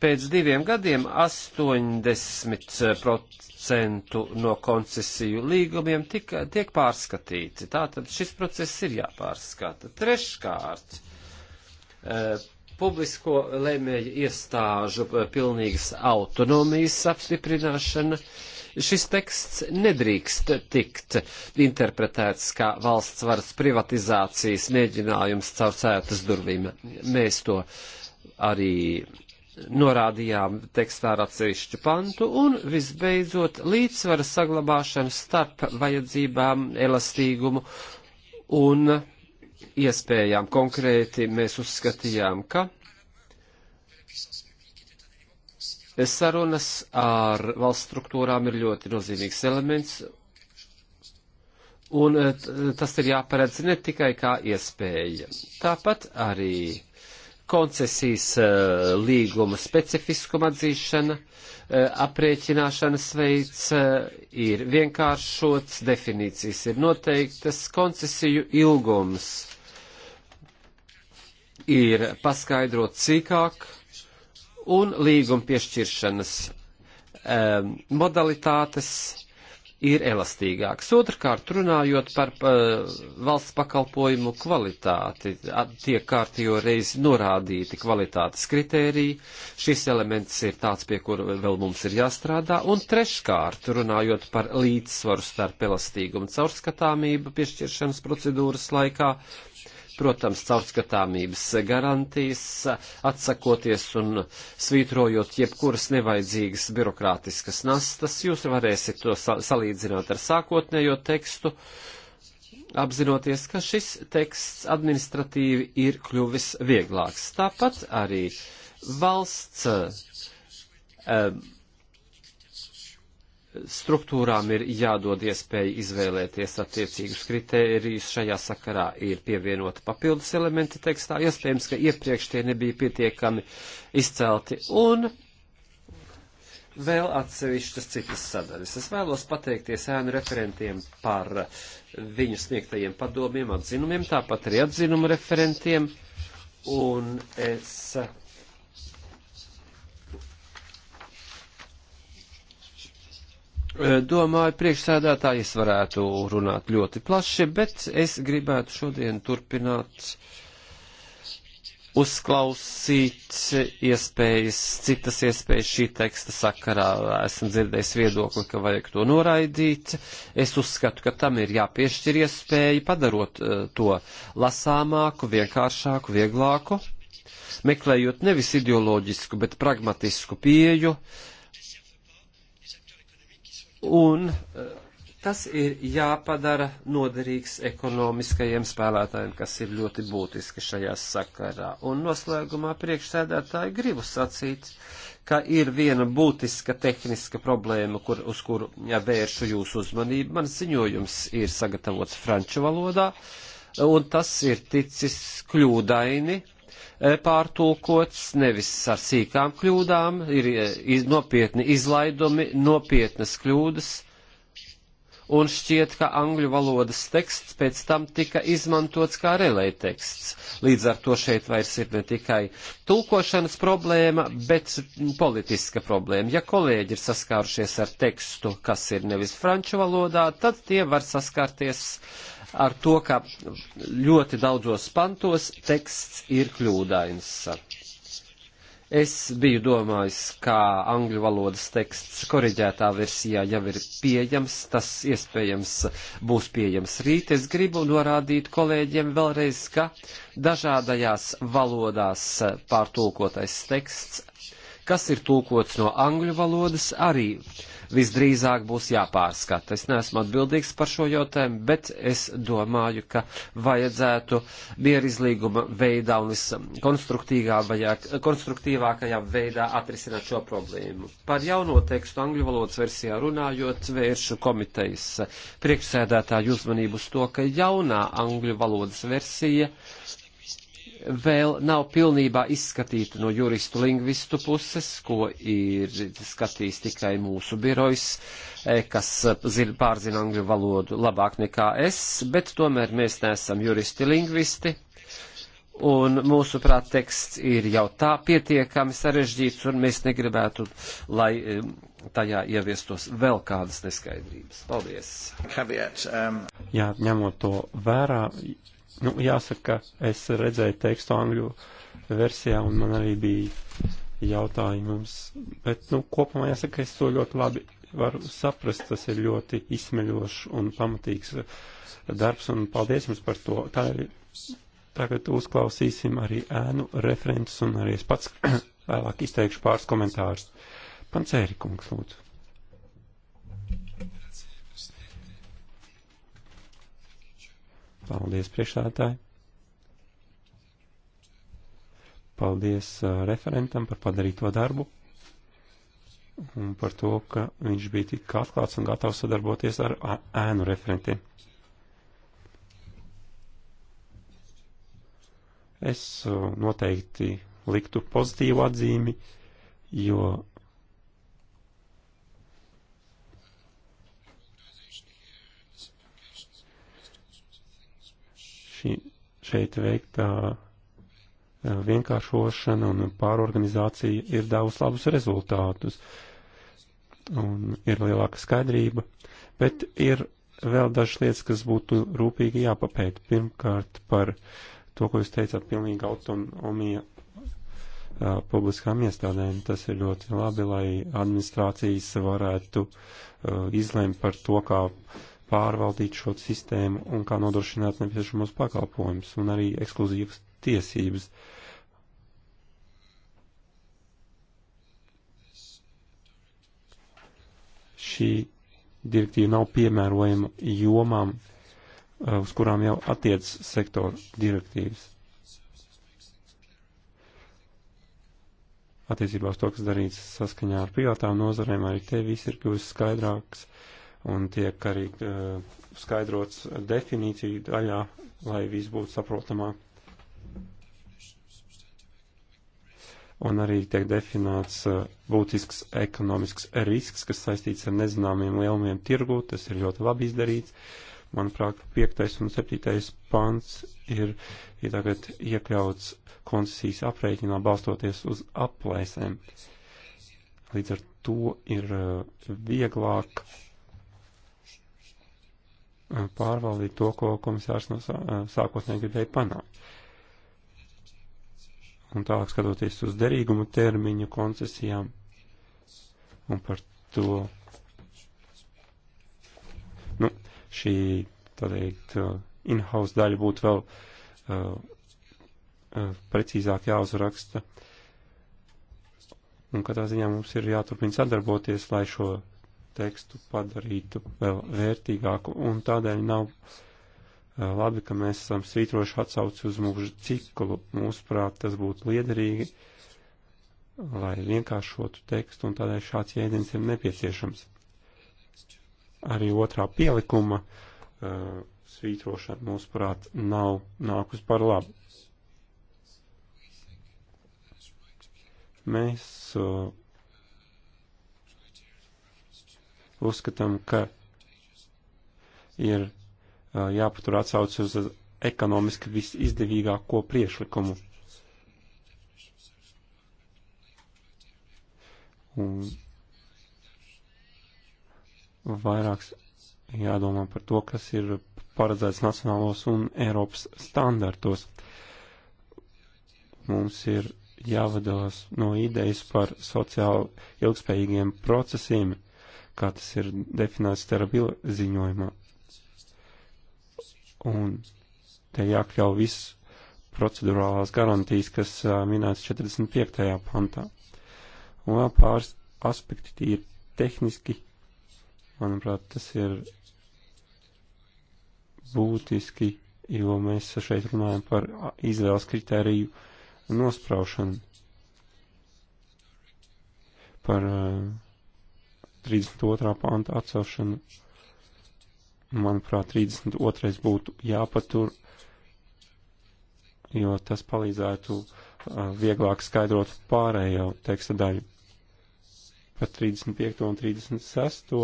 S3: pēc diviem gadiem 80% procentu no koncesiju līgumiem tika, tiek pārskatīti. Tātad šis process ir jāpārskata. Treškārt, eh, publisko lēmēju iestāžu eh, pilnīgas autonomijas apstiprināšana. Šis teksts nedrīkst tikt interpretēts kā valsts varas privatizācijas mēģinājums caur sētas durvīm. Mēs to arī norādījām tekstā ar atsevišķu pantu, un visbeidzot līdzsvara saglabāšana starp vajadzībām, elastīgumu un iespējām. Konkrēti mēs uzskatījām, ka sarunas ar valsts struktūrām ir ļoti nozīmīgs elements, un tas ir jāparedz ne tikai kā iespēja. Tāpat arī koncesijas eh, līguma specifiskuma atzīšana, eh, aprēķināšanas veids eh, ir vienkāršots, definīcijas ir noteiktas, koncesiju ilgums ir paskaidrot cīkāk un līguma piešķiršanas modalitātes ir elastīgāks. Otrkārt, runājot par pa, valsts pakalpojumu kvalitāti, tiek kārtējo reizi norādīti kvalitātes kritēriji. Šis elements ir tāds, pie kura vēl mums ir jāstrādā. Un treškārt, runājot par līdzsvaru starp elastīgumu caurskatāmību piešķiršanas procedūras laikā. Uh, protams, caurskatāmības garantijas, atsakoties un svītrojot jebkuras nevajadzīgas birokrātiskas nastas, jūs varēsiet to salīdzināt ar sākotnējo tekstu, apzinoties, ka šis teksts administratīvi ir kļuvis vieglāks. Tāpat arī valsts um, struktūrām ir jādod iespēja izvēlēties attiecīgus kritērijus. Šajā sakarā ir pievienota papildus elementi tekstā. Iespējams, ka iepriekš tie nebija pietiekami izcelti. Un vēl atsevišķas citas sadaļas. Es vēlos pateikties ēnu referentiem par viņu sniegtajiem padomiem, atzinumiem, tāpat arī atzinumu referentiem. Un es Eh, domāju, priekšsēdētāji, es varētu runāt ļoti plaši, bet es gribētu šodien turpināt uzklausīt iespējas, citas iespējas šī teksta sakarā. Esmu dzirdējis viedokli, ka vajag to noraidīt. Es uzskatu, ka tam ir jāpiešķir iespēja padarot eh, to lasāmāku, vienkāršāku, vieglāku, meklējot nevis ideoloģisku, bet pragmatisku pieju. Uh, un eh, tas ir jāpadara noderīgs ekonomiskajiem spēlētājiem, kas ir ļoti būtiski šajā sakarā. Un noslēgumā priekšsēdētāji gribu sacīt, ka ir viena būtiska tehniska problēma, kur, uz kuru vēršu jūsu uzmanību. Man ziņojums ir sagatavots franču valodā, un tas ir ticis kļūdaini. Uh, Eh, pārtulkots, nevis ar sīkām kļūdām, ir eh, iz, nopietni izlaidumi, nopietnas kļūdas, un šķiet, ka angļu valodas teksts pēc tam tika izmantots kā relēja teksts. Līdz ar to šeit vairs ir ne tikai tulkošanas problēma, bet politiska problēma. Ja kolēģi ir saskārušies ar tekstu, kas ir nevis franču valodā, tad tie var saskarties uh, ar to, ka ļoti daudzos pantos teksts ir kļūdains. Es biju domājis, kā angļu valodas teksts koriģētā versijā jau ir pieejams, tas iespējams būs pieejams rīt. Es gribu norādīt kolēģiem vēlreiz, ka dažādajās valodās pārtulkotais teksts, kas ir tulkots no angļu valodas, arī uh, visdrīzāk būs jāpārskata. Es neesmu atbildīgs par šo jautājumu, bet es domāju, ka vajadzētu mierizlīguma veidā un viskonstruktīvākajā veidā atrisināt šo problēmu. Par jauno tekstu angļu valodas versijā runājot, vēršu komitejas priekšsēdētāju uzmanību uz to, ka jaunā angļu valodas versija vēl nav pilnībā izskatīta no juristu lingvistu puses, ko ir skatījis tikai mūsu birojs, e, kas e, pārzina angļu valodu labāk nekā es, bet tomēr mēs neesam juristi lingvisti. Un mūsuprāt, teksts ir jau tā pietiekami sarežģīts, un mēs negribētu, lai e, tajā ieviestos vēl kādas neskaidrības. Paldies! Caveat, um...
S2: Jā, ņemot to vērā, Nu, jāsaka, es redzēju tekstu angļu versijā un man arī bija jautājumi mums, bet, nu, kopumā jāsaka, es to ļoti labi varu saprast, tas ir ļoti izsmeļošs un pamatīgs darbs un paldies jums par to. Tā ir, tagad uzklausīsim arī ēnu referents un arī es pats <clears throat> vēlāk izteikšu pāris komentārus. Pancēri kungs, lūdzu. Paldies priekšsētāji. Paldies uh, referentam par padarīto darbu un par to, ka viņš bija tik atklāts un gatavs sadarboties ar ēnu referentiem. Es uh, noteikti liktu pozitīvu atzīmi, jo šī, šeit veiktā vienkāršošana un pārorganizācija ir devusi labus rezultātus un ir lielāka skaidrība, bet ir vēl dažas lietas, kas būtu rūpīgi jāpapēta. Pirmkārt, par to, ko jūs teicāt, pilnīga autonomija uh, publiskām iestādēm. Tas ir ļoti labi, lai administrācijas varētu uh, izlēmt par to, kā uh, pārvaldīt šo sistēmu un kā nodrošināt nepieciešamos pakalpojumus un arī ekskluzīvas tiesības. Šī direktīva nav piemērojama jomām, uh, uz kurām jau attiec sektoru direktīvas. Attiecībā uz to, kas darīts saskaņā ar privātām nozarēm, arī te viss ir kļuvis skaidrāks. Uh, un tiek arī uh, skaidrots definīciju daļā, lai viss būtu saprotamāk. Un arī tiek definēts uh, būtisks ekonomisks risks, kas saistīts ar nezināmiem lielumiem tirgu. Tas ir ļoti labi izdarīts. Manuprāt, piektais un septītais pants ir, ir tagad iekļauts koncesijas aprēķinā balstoties uz aplēsēm. Līdz ar to ir uh, vieglāk uh, Uh, pārvaldīt to, ko komisārs no uh, sākotnēji gribēja panākt. Un tālāk skatoties uz derīgumu termiņu koncesijām un par to, nu, šī, tā teikt, uh, in-house daļa būtu vēl uh, precīzāk jāuzraksta. Un katrā ziņā mums ir jāturpina sadarboties, lai šo tekstu padarītu vēl vērtīgāku, un tādēļ nav eh, labi, ka mēs esam svītroši atsauci uz mūža ciklu. Mūsuprāt, tas būtu liederīgi, lai vienkāršotu tekstu, un tādēļ šāds jēdziens ir nepieciešams. Arī otrā pielikuma uh, svītrošana, mūsuprāt, nav nākus par labu. Mēs uh, Uzskatām, ka ir jāpatur atsauc uz ekonomiski visizdevīgāko priešlikumu. Un vairāks jādomā par to, kas ir paredzēts nacionālos un Eiropas standartos. Mums ir jāvadās no idejas par sociāli ilgspējīgiem procesiem, kā tas ir definēts terabila ziņojumā. Un te jākļauj viss procedurālās garantijas, kas minēts 45. pantā. Un vēl pāris aspekti ir tehniski. Manuprāt, tas ir būtiski, jo mēs šeit runājam par izvēles kritēriju nospraušanu. Par uh, 32. panta atcelšanu. Manuprāt, 32. būtu jāpatur, jo tas palīdzētu vieglāk skaidrot pārējo teksta daļu. Pat 35. un 36.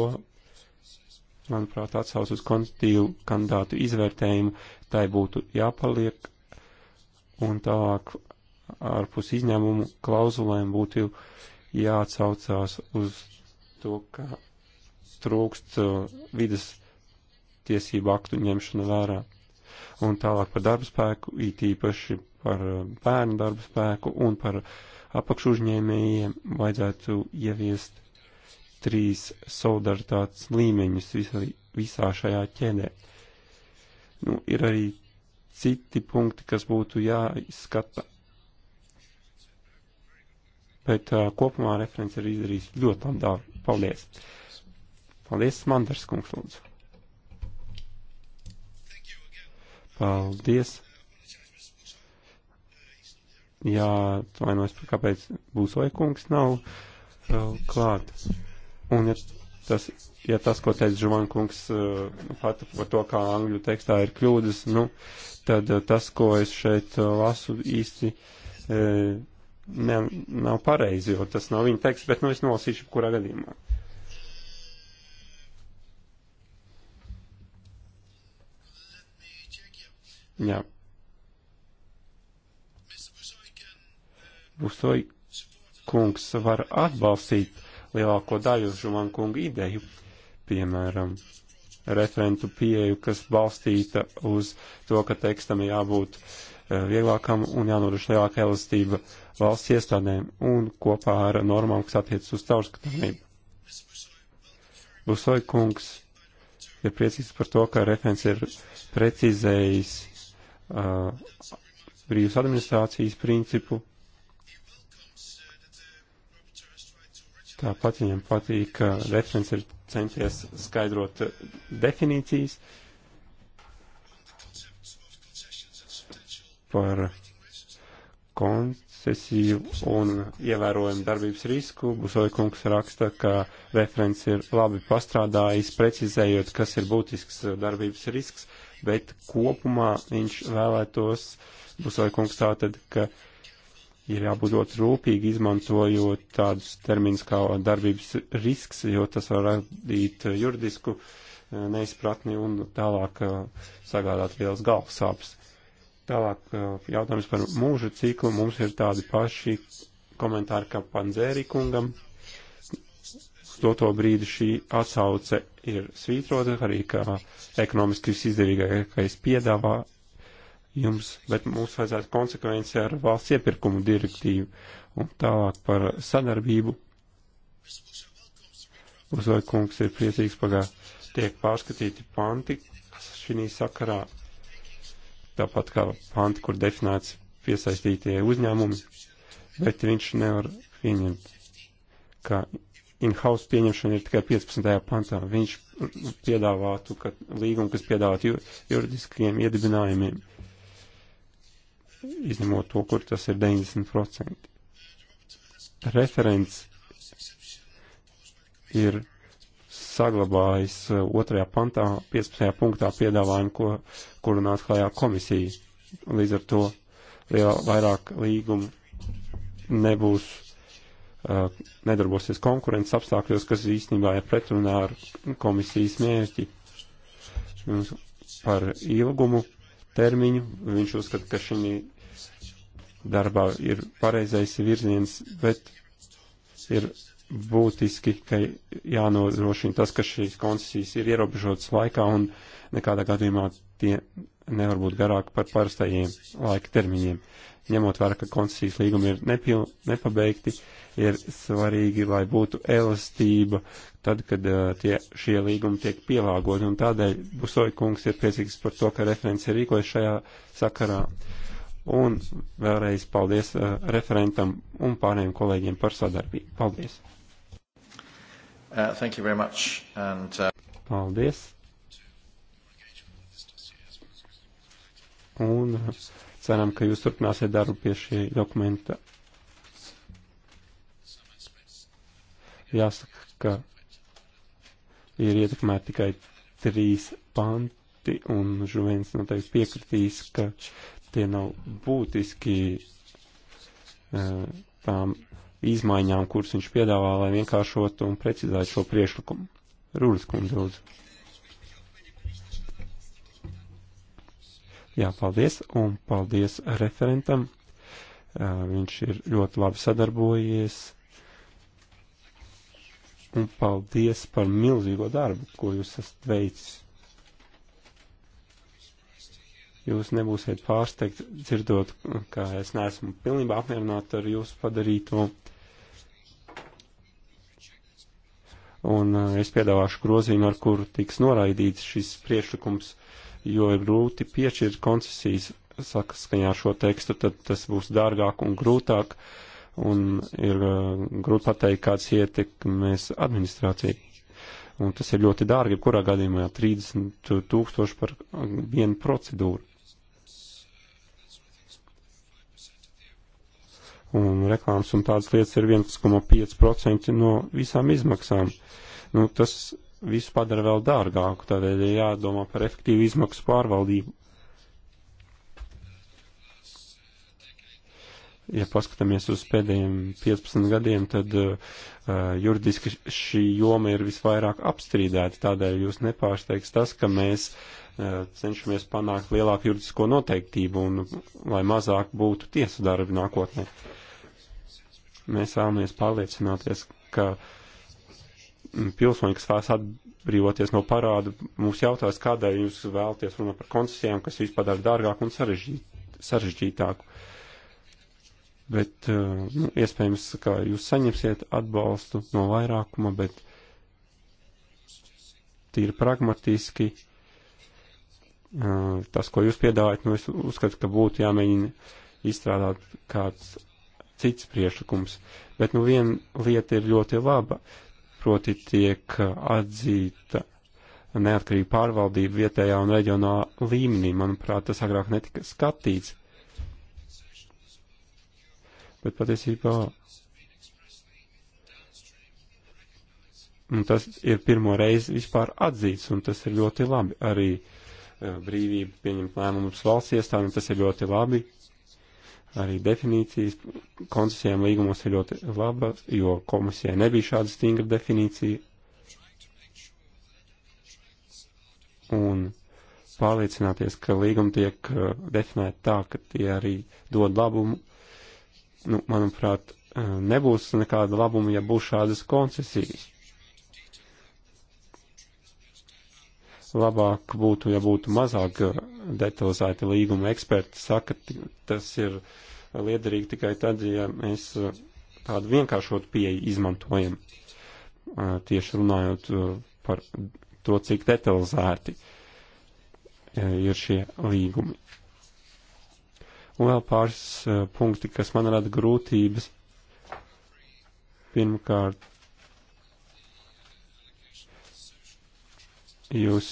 S2: manuprāt, atsauc uz konstitīvu kandidātu izvērtējumu, tai būtu jāpaliek, un tālāk ārpus izņēmumu klauzulēm būtu jāatsaucās uz to, ka trūkst uh, vidas tiesību aktu ņemšana vērā. Un tālāk par darba spēku, it īpaši par uh, bērnu darba spēku un par apakšuzņēmējiem vajadzētu ieviest trīs solidaritātes līmeņus visā, visā šajā ķēdē. Nu, ir arī citi punkti, kas būtu jāizskata bet uh, kopumā referents ir izdarījis ļoti labu darbu. Paldies! Paldies, Mandars kungs, lūdzu! Paldies! Jā, atvainojos, kāpēc būs oikungs nav uh, klāt. Un ja tas, ja tas, ko teica Žuvankungs, uh, pat par to, kā angļu tekstā ir kļūdas, nu, tad uh, tas, ko es šeit uh, lasu īsti. Uh, ne, nav pareizi, jo tas nav viņa teksts, bet nu es nolasīšu kurā gadījumā. Jā. Bustoj kungs var atbalstīt lielāko daļu uz Žuman kunga ideju, piemēram, referentu pieeju, kas balstīta uz to, ka tekstam jābūt uh, Eh, vieglākam un jānodrošina lielāka elastība valsts iestādēm un kopā ar normām, kas attiecas uz caurskatāmību. Busoj kungs ir priecīgs par to, ka referents ir precizējis uh, brīvas administrācijas principu. Tāpat viņam patīk, ka referents ir centies skaidrot eh, definīcijas. Uh, par koncesiju un ievērojumu darbības risku. Busoja kungs raksta, ka referents ir labi pastrādājis, precizējot, kas ir būtisks darbības risks, bet kopumā viņš vēlētos, Busoja kungs tātad, ka ir jābūt ļoti rūpīgi izmantojot tādus terminus kā darbības risks, jo tas var radīt juridisku e, neizpratni un tālāk e, sagādāt liels galvas sāpes. Tālāk jautājums par mūža ciklu. Mums ir tādi paši komentāri kā Pandzēri kungam. Doto brīdi šī atsauce ir svītrota arī kā ekonomiski visizdevīgākais piedāvā jums, bet mums vajadzētu konsekvenci ar valsts iepirkumu direktīvu un tālāk par sadarbību. Uzvai kungs ir priecīgs pagā tiek pārskatīti panti šī sakarā tāpat kā panti, kur definēts piesaistītie uzņēmumi, bet viņš nevar pieņemt, ka in-house pieņemšana ir tikai 15. pantā. Viņš piedāvātu, ka līgumu, kas piedāvātu juridiskiem iedibinājumiem, izņemot to, kur tas ir 90%. Referents ir saglabājis eh, otrajā pantā, 15. punktā piedāvājumu, ko, kuru nāca klajā komisija. Līdz ar to lielā, vairāk līgumu nebūs, uh, nedarbosies konkurences apstākļos, kas īstenībā ir pretrunā ar komisijas mērķi. Mums par ilgumu termiņu viņš uzskata, ka šī darbā ir pareizais virziens, bet ir būtiski, ka jānodrošina tas, ka šīs koncesijas ir ierobežotas laikā un nekādā gadījumā tie nevar būt garāk par parastajiem laika termiņiem. Ņemot vērā, ka koncesijas līgumi ir nepil, nepabeigti, ir svarīgi, lai būtu elastība tad, kad uh, tie, šie līgumi tiek pielāgoti, un tādēļ Busoja kungs ir priecīgs par to, ka referents ir rīkojas šajā sakarā. Uh, Un vēlreiz paldies uh, referentam un pārējiem kolēģiem par sadarbību. Paldies!
S1: Uh, thank you very much. And, uh...
S2: Paldies! Un ceram, ka jūs turpināsiet darbu pie šī dokumenta. Jāsaka, ka ir ietekmēti tikai trīs panti, un žuvens noteikti piekritīs, ka Tie nav būtiski uh, tām izmaiņām, kuras viņš piedāvā, lai vienkāršotu un precizētu šo priešlikumu. Rūras kundze, lūdzu. Jā, paldies un paldies referentam. Eh, viņš ir ļoti labi sadarbojies. Un paldies par milzīgo darbu, ko jūs esat veicis. Jūs nebūsiet pārsteigt dzirdot, ka es neesmu pilnībā apmierināta ar jūsu padarīto. Un uh, es piedāvāšu grozījumu, ar kuru tiks noraidīts šis priekšlikums, jo ir grūti piešķirt koncesijas sakaskaņā ar šo tekstu, tad tas būs dārgāk un grūtāk, un ir uh, grūti pateikt, kāds ietekmēs administrāciju. Un tas ir ļoti dārgi, kurā gadījumā 30 tūkstoši par uh, vienu procedūru. un reklāmas un tādas lietas ir 1,5% no visām izmaksām. Nu, tas visu padara vēl dārgāku, tādēļ ir jādomā par efektīvu izmaksu pārvaldību. ja paskatāmies uz pēdējiem 15 gadiem, tad uh, juridiski šī joma ir visvairāk apstrīdēta. Tādēļ jūs nepārsteigts tas, ka mēs uh, cenšamies panākt lielāku juridisko noteiktību un lai mazāk būtu tiesu darbi nākotnē. Uh, Mēs vēlamies pārliecināties, ka mm, pilsoņi, kas vēlas atbrīvoties no parāda, mums jautās, kādēļ jūs vēlaties runāt par koncesijām, kas jūs padara dārgāku un sarežģītāku. Bet eh, nu, iespējams, ka jūs saņemsiet atbalstu no vairākuma, bet tīri pragmatiski eh, tas, ko jūs piedāvājat, nu, es uzskatu, ka būtu jāmēģina izstrādāt kāds cits priešlikums, bet nu viena lieta ir ļoti laba, proti tiek uh, atzīta neatkarīga pārvaldība vietējā un reģionālā līmenī. Manuprāt, tas agrāk netika skatīts. Bet patiesībā. Un nu, tas ir pirmo reizi vispār atzīts, un tas ir ļoti labi. Arī uh, brīvība pieņemt lēmumus valsts iestādēm, tas ir ļoti labi. Arī definīcijas koncesijām līgumos ir ļoti labas, jo komisijai nebija šāda stingra definīcija. Un pārliecināties, ka līgumi tiek uh, definēti tā, ka tie arī dod labumu, nu, manuprāt, uh, nebūs nekāda labuma, ja būs šādas koncesijas. labāk būtu, ja būtu mazāk detalizēti līguma eksperti saka, tas ir liederīgi tikai tad, ja mēs uh, tādu vienkāršotu pieeju izmantojam, uh, tieši runājot uh, par to, cik detalizēti ir šie līgumi. Un vēl pāris punkti, kas man rada grūtības. Pirmkārt, Jūs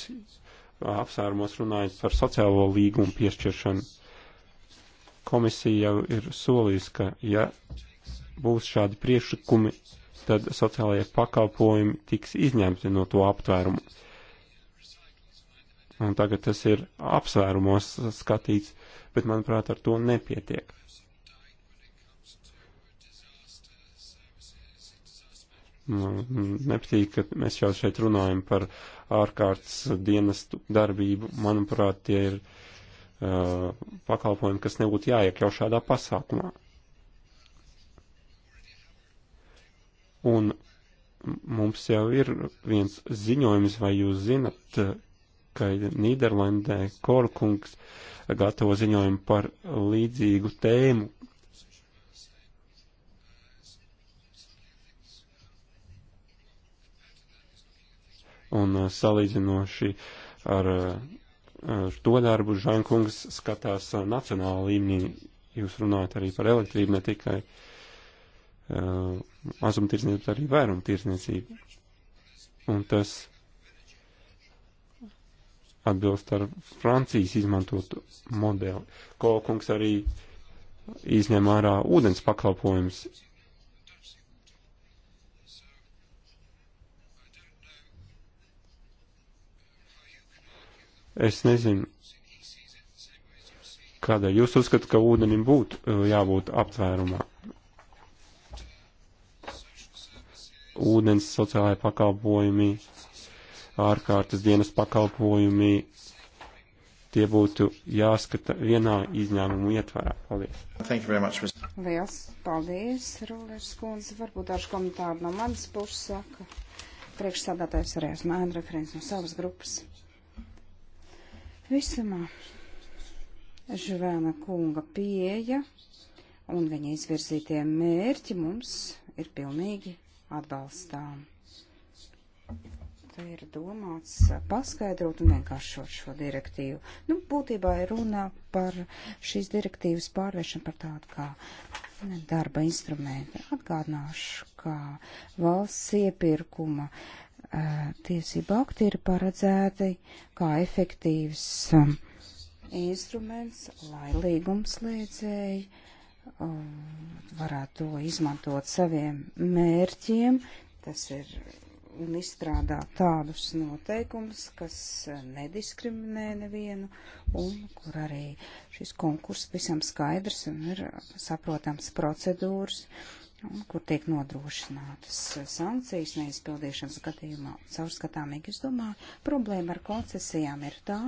S2: apsvērumos runājat par sociālo līgumu piešķiršanu. Komisija jau ir solījusi, ka ja būs šādi priekšlikumi, tad sociālajie pakalpojumi tiks izņemti no to aptvērumu. Un tagad tas ir apsvērumos skatīts, bet manuprāt ar to nepietiek. Nu, nepatīk, ka mēs jau šeit runājam par ārkārtas dienestu darbību. Manuprāt, tie ir uh, pakalpojumi, kas nebūtu jāiekļau šādā pasākumā. Un mums jau ir viens ziņojums, vai jūs zinat, ka Nīderlandē Korkungs gatavo ziņojumu par līdzīgu tēmu, Un uh, salīdzinoši ar, uh, ar to darbu Žankungs skatās uh, nacionāla līmenī. Jūs runājat arī par elektrību, ne tikai uh, mazumtirdzniecību, bet arī vairumtirdzniecību. Un tas atbilst ar Francijas izmantotu modeli. Kolkungs arī izņem ārā ūdens pakalpojumus, Es nezinu, kādēļ jūs uzskatāt, ka ūdenim būtu uh, jābūt aptvērumā. Ūdens sociālajā pakalpojumī, ārkārtas dienas pakalpojumī, tie būtu jāskata vienā izņēmumu ietvarā.
S1: Paldies. Liels paldies, Rūlērs kundze. Varbūt dažu komentāru no manas puses saka. Priekšsādātājs arī esmu Andra Frens no savas grupas. Visumā Žuvēna kunga pieeja un viņa izvirzītie mērķi mums ir pilnīgi atbalstām. Te ir domāts paskaidrot un vienkāršot šo direktīvu. Nu, būtībā ir runa par šīs direktīvas pārvēršanu par tādu kā darba instrumentu. Atgādināšu, ka valsts iepirkuma uh, tiesība akti ir paredzēti kā efektīvs um, instruments, lai līgumslēdzēji um, varētu to izmantot saviem mērķiem. Tas ir un izstrādā tādus noteikumus, kas nediskriminē nevienu un kur arī šis konkurss visam skaidrs un ir saprotams procedūras. Uh, un kur tiek nodrošinātas sankcijas neizpildīšanas gadījumā caurskatāmīgi. Es domāju, problēma ar koncesijām ir tā,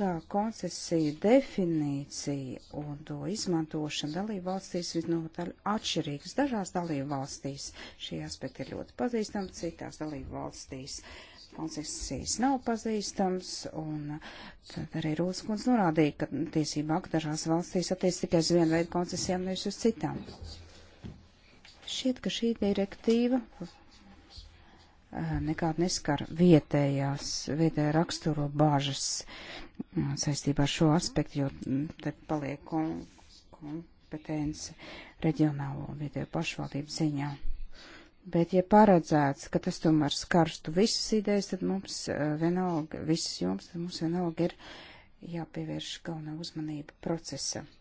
S1: ka koncesija definīcija un to izmantošana dalību valstīs visnotaļ atšķirīgas. Dažās dalību valstīs šie aspekti ir ļoti pazīstami, citās dalību valstīs koncesijas nav pazīstams, un tad arī Rūskunds norādīja, ka tiesība aktu dažās valstīs attiec tikai uz vienu veidu koncesijām, nevis uz citām. Šķiet, ka šī direktīva nekādu neskar vietējās, vietējā raksturo bāžas saistībā ar šo aspektu, jo te paliek kom, kompetence reģionālo vietējo pašvaldību ziņā. Bet, ja paredzēts, ka tas tomēr skarstu visas idejas, tad mums vienalga, visas joms, tad mums vienalga ir jāpievērš galvenā uzmanība procesam.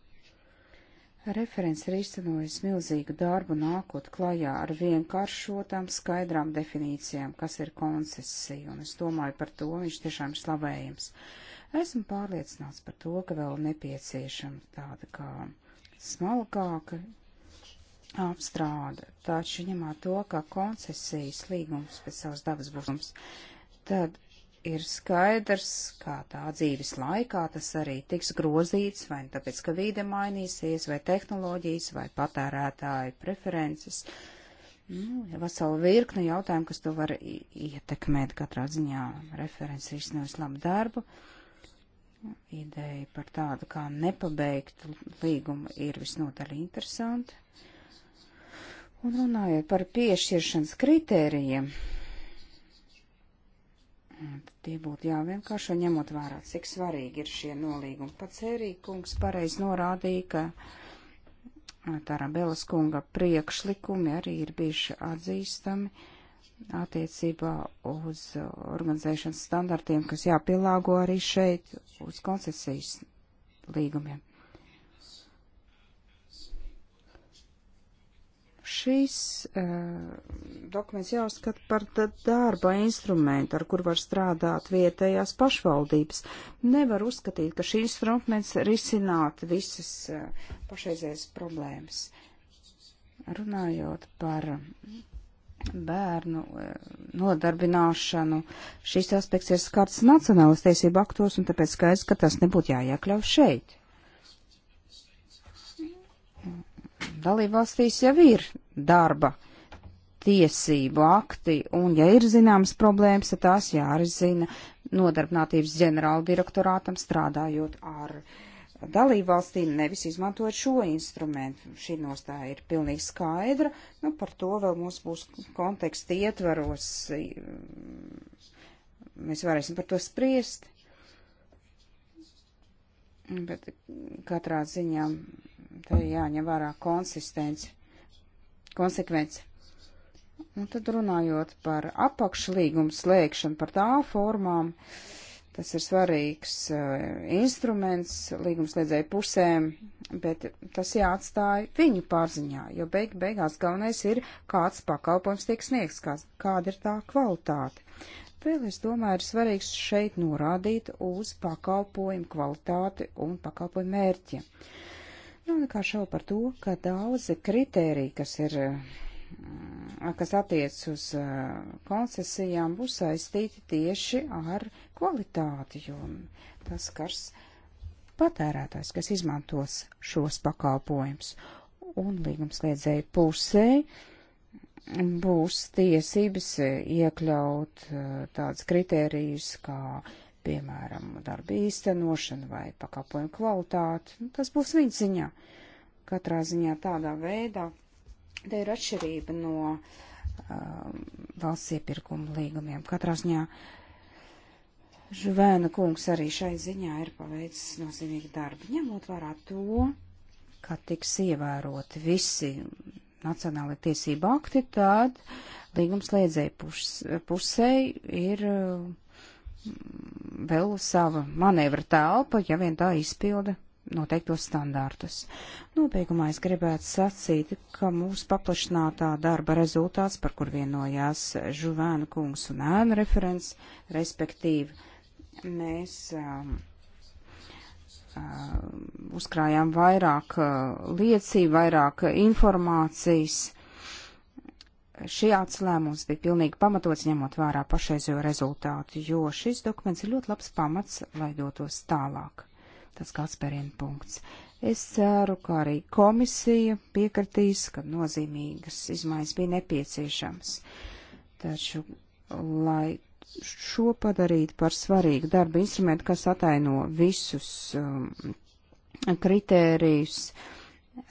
S1: Referents ir izcenojis milzīgu darbu nākot klajā ar vienkāršotām, skaidrām definīcijām, kas ir koncesija, un es domāju, par to viņš tiešām ir slavējams. Esmu pārliecināts par to, ka vēl nepieciešama tāda kā smalkāka apstrāde, taču ņemot to, ka koncesijas līgums pēc savas dabas būs, tad ir skaidrs, kā tā dzīves laikā tas arī tiks grozīts, vai nu tāpēc, ka vīde mainīsies, vai tehnoloģijas, vai patērētāju preferences. Nu, vesela virkne jautājumu, kas to var ietekmēt katrā ziņā. Referents izsniedz labu darbu. Ideja par tādu kā nepabeigtu līgumu ir visnotaļ interesanta. Un runājot par piešķiršanas kritērijiem, Tie būtu jāvienkāršo ņemot vērā, cik svarīgi ir šie nolīgumi. Pats Ērīkungs pareiz norādīja, ka Tarabelas kunga priekšlikumi arī ir bijuši atzīstami attiecībā uz organizēšanas standartiem, kas jāpielāgo arī šeit uz koncesijas līgumiem. Šis uh, dokuments jāuzskata par darba instrumentu, ar kur var strādāt vietējās pašvaldības. Nevar uzskatīt, ka šī instruments risināt visas uh, eh, pašreizējas problēmas. Runājot par bērnu eh, nodarbināšanu. Šis aspekts ir skarts nacionālas tiesību aktos, un tāpēc skaidrs, ka tas nebūtu jāiekļauj šeit. Dalībvalstīs jau ir darba tiesību akti, un ja ir zināmas problēmas, tad tās jārisina nodarbinātības ģenerāla direktorātam strādājot ar dalībvalstīm, nevis izmantojot šo instrumentu. Šī nostāja ir pilnīgi skaidra, nu par to vēl mums būs konteksti ietvaros, mēs varēsim par to spriest. Bet katrā ziņā te jāņem vērā konsistence, konsekvence. Un tad runājot par apakšlīgumu slēgšanu, par tā formām, tas ir svarīgs uh, instruments līgumslēdzēju pusēm, bet tas jāatstāja viņu pārziņā, jo beig beigās galvenais ir, kāds pakalpojums tiek sniegts, kā, kāda ir tā kvalitāte. Vēl es domāju, ir svarīgs šeit norādīt uz pakalpojumu kvalitāti un pakalpojumu mērķiem. Uh, Nav nu, nekā šau par to, ka daudzi kriteriji, kas ir, mm, kas attiec uz koncesijām, būs saistīti tieši ar kvalitāti, jo tas skars patērētājs, kas izmantos šos pakalpojumus. Un līgumslēdzēju pusē būs tiesības iekļaut tādas kritērijas kā uh, piemēram, darba īstenošanu vai pakalpojumu kvalitāti. Nu, tas būs viņa ziņā. Katrā ziņā tādā veidā te ir atšķirība no uh, valsts iepirkuma līgumiem. Katrā ziņā Žuvēna kungs arī šai ziņā ir paveicis nozīmīgi darbu, ņemot vērā to, ka tiks ievēroti visi nacionālajie tiesība akti, tad līgums liedzēja pus, pusē ir. Uh, vēl sava manevra telpa, ja vien tā izpilda noteiktos standārtus. Nobeigumā es gribētu sacīt, ka mūsu paplašinātā darba rezultāts, par kur vienojās Žuvēna kungs un ēna referents, respektīvi, mēs um, um, uzkrājām vairāk uh, liecību, vairāk informācijas šāds lēmums bija pilnīgi pamatots ņemot vērā pašreizējo rezultātu, jo šis dokuments ir ļoti labs pamats, lai dotos tālāk. Tas kā spērienu punkts. Es ceru, ka arī komisija piekritīs, ka nozīmīgas izmaiņas bija nepieciešams. Taču, lai šo padarītu par svarīgu darba instrumentu, kas ataino visus um, kritērijus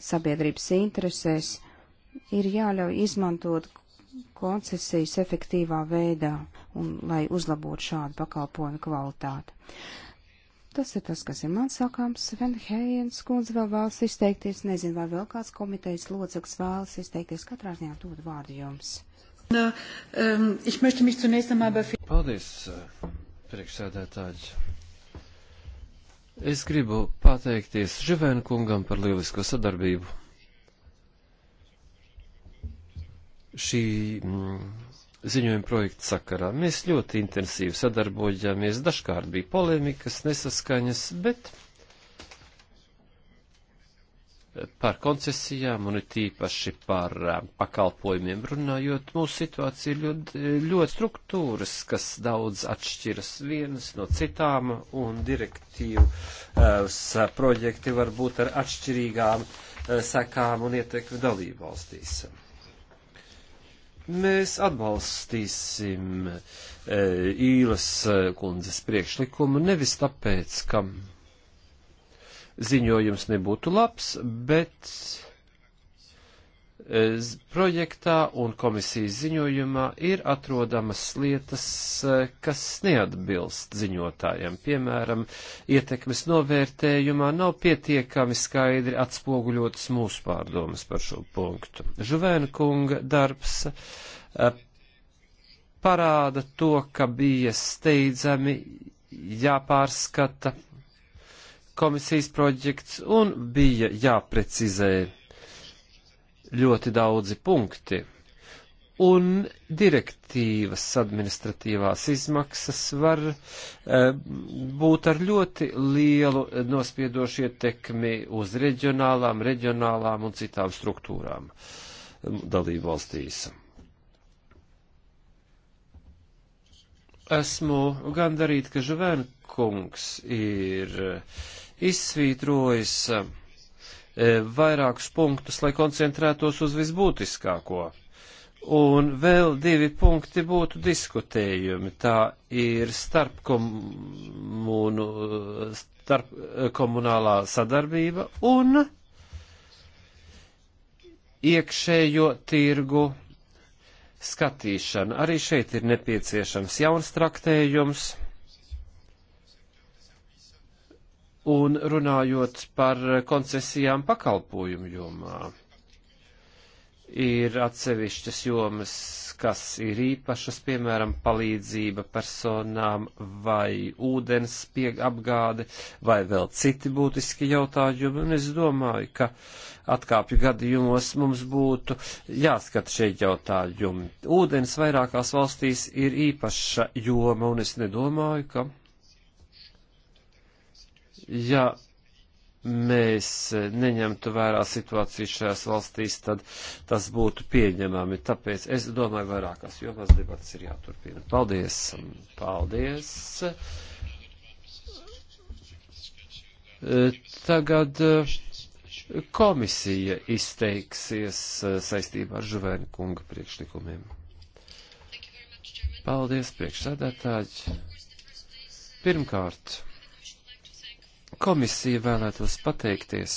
S1: sabiedrības interesēs, ir jāļauj izmantot koncesijas efektīvā veidā, un, lai uzlabotu šādu pakalpojumu kvalitāti. Tas ir tas, kas ir man sakāms. Sven Heijens kundze vēl vēlas izteikties. Nezinu, vai vēl kāds komitejas loceklis vēlas izteikties. Katrā ziņā dod vārdu jums. Um, Paldies,
S3: eh, priekšsēdētāji. Es gribu pateikties Živēnu kungam par lielisko sadarbību šī mm, ziņojuma projekta sakarā. Mēs ļoti intensīvi sadarbojāmies, dažkārt bija polemikas, nesaskaņas, bet par koncesijām un it īpaši par eh, pakalpojumiem runājot, mūsu situācija ir ļoti, ļoti struktūras, kas daudz atšķiras vienas no citām un direktīvu eh, projekti var būt ar atšķirīgām eh, sekām un ietekmi dalību valstīs. Mēs atbalstīsim e, īles e, kundzes priekšlikumu nevis tāpēc, ka ziņojums nebūtu labs, bet projektā un komisijas ziņojumā ir atrodamas lietas, eh, kas neatbilst ziņotājiem. Piemēram, ietekmes novērtējumā nav pietiekami skaidri atspoguļotas mūsu pārdomas par šo punktu. Žuvēna kunga darbs eh, parāda to, ka bija steidzami jāpārskata komisijas projekts un bija jāprecizē ļoti daudzi punkti. Un direktīvas administratīvās izmaksas var e, būt ar ļoti lielu nospiedošu ietekmi uz reģionālām, reģionālām un citām struktūrām um, dalību valstīs. Esmu gandarīt, ka Žuvenkungs ir eh, izsvītrojis eh, E, vairākus punktus, lai koncentrētos uz visbūtiskāko. Un vēl divi punkti būtu diskutējumi. Tā ir starpkomunu, starpkomunālā sadarbība un iekšējo tirgu skatīšana. Arī šeit ir nepieciešams jauns traktējums Un runājot par koncesijām pakalpojumu jomā, ir atsevišķas jomas, kas ir īpašas, piemēram, palīdzība personām vai ūdens apgāde vai vēl citi būtiski jautājumi. Un es domāju, ka atkāpju gadījumos mums būtu jāskata šie jautājumi. Ūdens vairākās valstīs ir īpaša joma, un es nedomāju, ka ja mēs neņemtu vērā situāciju šajās valstīs, tad tas būtu pieņemami. Tāpēc es domāju, vairākās jomās debatas ir jāturpina. Paldies! Paldies! Tagad eh, komisija izteiksies eh, saistībā ar Žuvēna kunga priekšlikumiem. Paldies, priekšsēdētāji! Pirmkārt, Komisija vēlētos pateikties